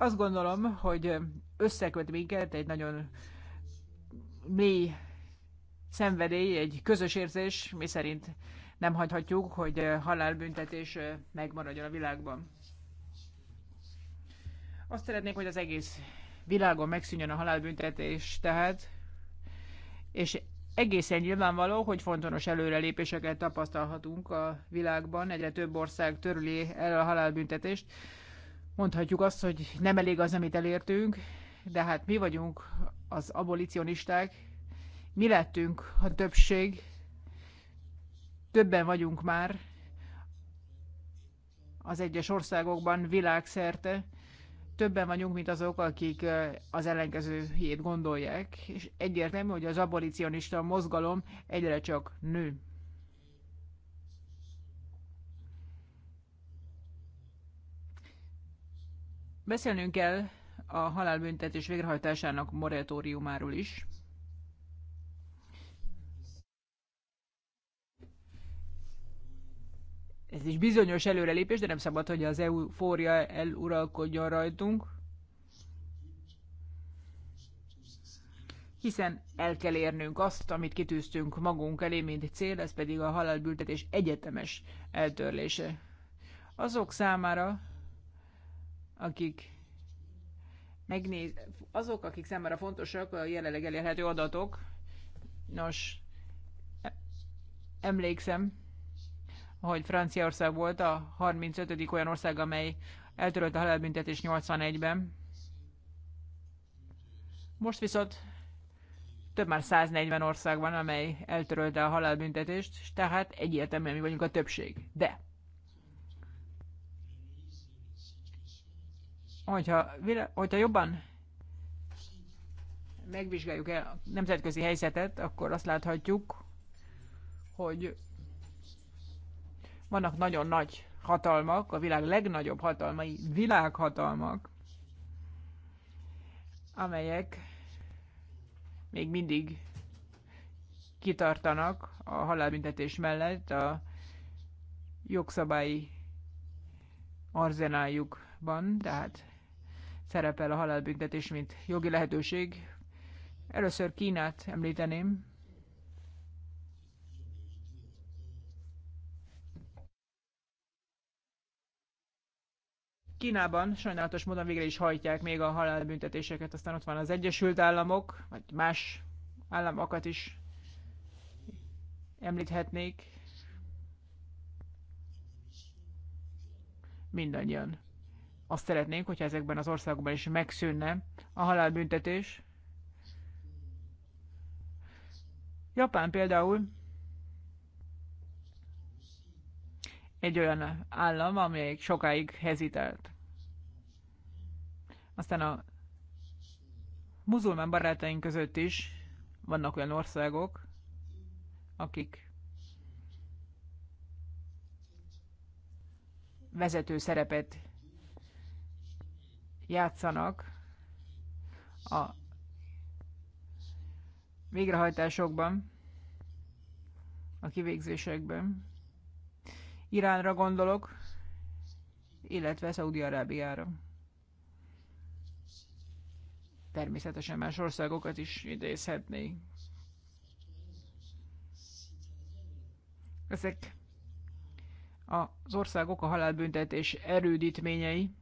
Azt gondolom, hogy összeköt minket egy nagyon mély szenvedély, egy közös érzés, mi szerint nem hagyhatjuk, hogy halálbüntetés megmaradjon a világban. Azt szeretnék, hogy az egész világon megszűnjön a halálbüntetés, tehát, és egészen nyilvánvaló, hogy fontos előrelépéseket tapasztalhatunk a világban, egyre több ország törli el a halálbüntetést. Mondhatjuk azt, hogy nem elég az, amit elértünk, de hát mi vagyunk az abolicionisták, mi lettünk a többség, többen vagyunk már az egyes országokban világszerte, többen vagyunk, mint azok, akik az ellenkező hét gondolják, és egyértelmű, hogy az abolicionista mozgalom egyre csak nő. Beszélnünk kell a halálbüntetés végrehajtásának moratóriumáról is. ez is bizonyos előrelépés, de nem szabad, hogy az eufória eluralkodjon rajtunk. Hiszen el kell érnünk azt, amit kitűztünk magunk elé, mint cél, ez pedig a halálbüntetés egyetemes eltörlése. Azok számára, akik megnéz, azok, akik számára fontosak a jelenleg elérhető adatok, nos, emlékszem, hogy Franciaország volt a 35. olyan ország, amely eltörölt a halálbüntetés 81-ben. Most viszont több már 140 ország van, amely eltörölte a halálbüntetést, és tehát egyértelműen mi vagyunk a többség. De hogyha, hogyha jobban megvizsgáljuk el a nemzetközi helyzetet, akkor azt láthatjuk, hogy vannak nagyon nagy hatalmak, a világ legnagyobb hatalmai, világhatalmak, amelyek még mindig kitartanak a halálbüntetés mellett a jogszabályi arzenájukban. tehát szerepel a halálbüntetés, mint jogi lehetőség. Először Kínát említeném. Kínában sajnálatos módon végre is hajtják még a halálbüntetéseket, aztán ott van az Egyesült Államok, vagy más államokat is említhetnék. Mindannyian. Azt szeretnénk, hogyha ezekben az országokban is megszűnne a halálbüntetés. Japán például egy olyan állam, amelyik sokáig hezitelt. Aztán a muzulmán barátaink között is vannak olyan országok, akik vezető szerepet játszanak a végrehajtásokban, a kivégzésekben. Iránra gondolok, illetve Szaudi-Arábiára. Természetesen más országokat is idézhetné. Ezek az országok a halálbüntetés erődítményei.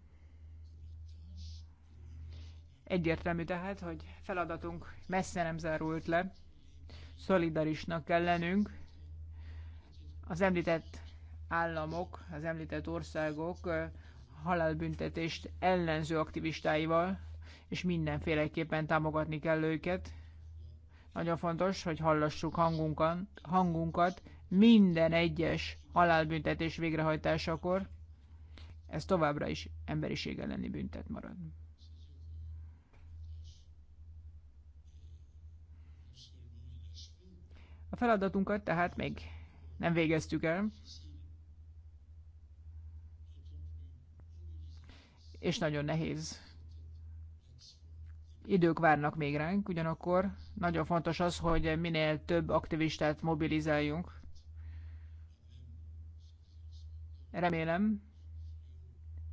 Egyértelmű tehát, hogy feladatunk messze nem zárult le, szolidarisnak kell lennünk. Az említett államok, az említett országok halálbüntetést ellenző aktivistáival, és mindenféleképpen támogatni kell őket. Nagyon fontos, hogy hallassuk hangunkan, hangunkat minden egyes halálbüntetés végrehajtásakor. Ez továbbra is emberiség elleni büntet marad. A feladatunkat tehát még nem végeztük el. és nagyon nehéz idők várnak még ránk, ugyanakkor nagyon fontos az, hogy minél több aktivistát mobilizáljunk. Remélem,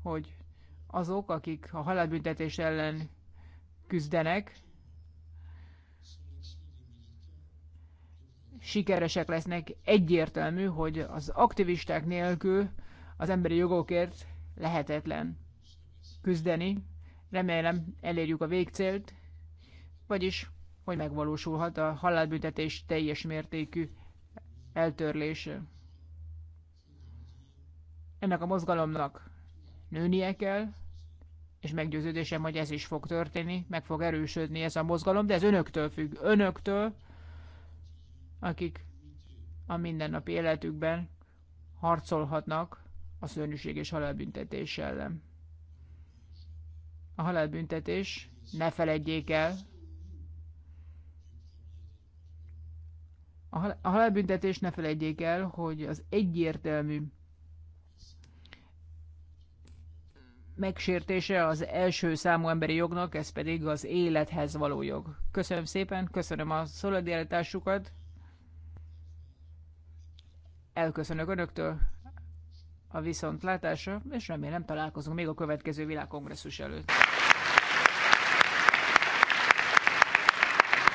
hogy azok, akik a halálbüntetés ellen küzdenek, sikeresek lesznek. Egyértelmű, hogy az aktivisták nélkül az emberi jogokért lehetetlen küzdeni. Remélem elérjük a végcélt, vagyis hogy megvalósulhat a halálbüntetés teljes mértékű eltörlése. Ennek a mozgalomnak nőnie kell, és meggyőződésem, hogy ez is fog történni, meg fog erősödni ez a mozgalom, de ez önöktől függ, önöktől, akik a mindennapi életükben harcolhatnak a szörnyűség és halálbüntetés ellen a halálbüntetés, ne feledjék el. A halálbüntetés ne feledjék el, hogy az egyértelmű megsértése az első számú emberi jognak, ez pedig az élethez való jog. Köszönöm szépen, köszönöm a szolidaritásukat. Elköszönök önöktől a viszontlátásra, és remélem találkozunk még a következő világkongresszus előtt.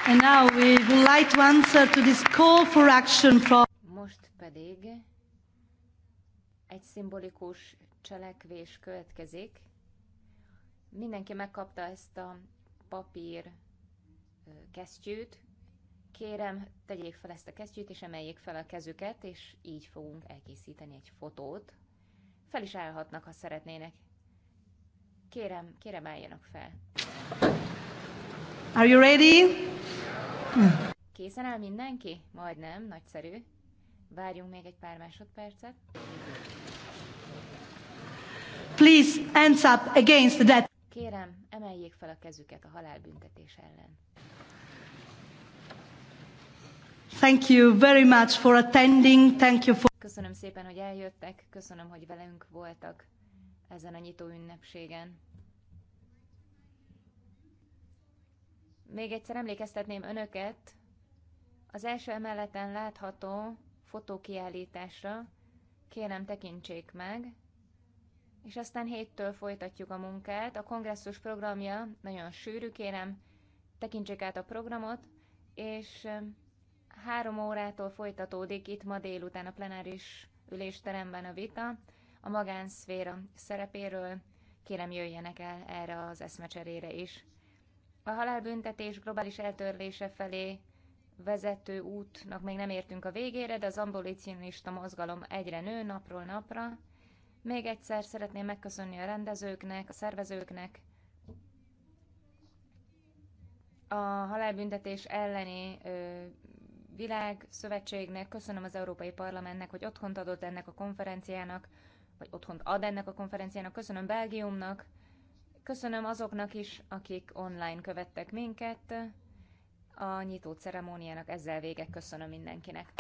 And now we would like to answer to this call for action from... Most pedig egy szimbolikus cselekvés következik. Mindenki megkapta ezt a papír kesztyűt. Kérem, tegyék fel ezt a kesztyűt, és emeljék fel a kezüket, és így fogunk elkészíteni egy fotót fel is állhatnak, ha szeretnének. Kérem, kérem álljanak fel. Are you ready? Készen áll mindenki? Majdnem, nagyszerű. Várjunk még egy pár másodpercet. Please, hands up against that. Kérem, emeljék fel a kezüket a halálbüntetés ellen. Thank you very much for attending. Thank you for... Köszönöm szépen, hogy eljöttek, köszönöm, hogy velünk voltak ezen a nyitó ünnepségen. Még egyszer emlékeztetném önöket, az első emeleten látható fotókiállításra kérem tekintsék meg, és aztán héttől folytatjuk a munkát. A kongresszus programja nagyon sűrű, kérem tekintsék át a programot, és Három órától folytatódik itt ma délután a plenáris ülésteremben a vita a magánszféra szerepéről. Kérem jöjjenek el erre az eszmecserére is. A halálbüntetés globális eltörlése felé vezető útnak még nem értünk a végére, de az ambulicionista mozgalom egyre nő napról napra. Még egyszer szeretném megköszönni a rendezőknek, a szervezőknek, a halálbüntetés elleni ö, Világ szövetségnek, köszönöm az Európai Parlamentnek, hogy otthont adott ennek a konferenciának, vagy otthont ad ennek a konferenciának, köszönöm Belgiumnak, köszönöm azoknak is, akik online követtek minket. A nyitó ceremóniának ezzel vége. Köszönöm mindenkinek.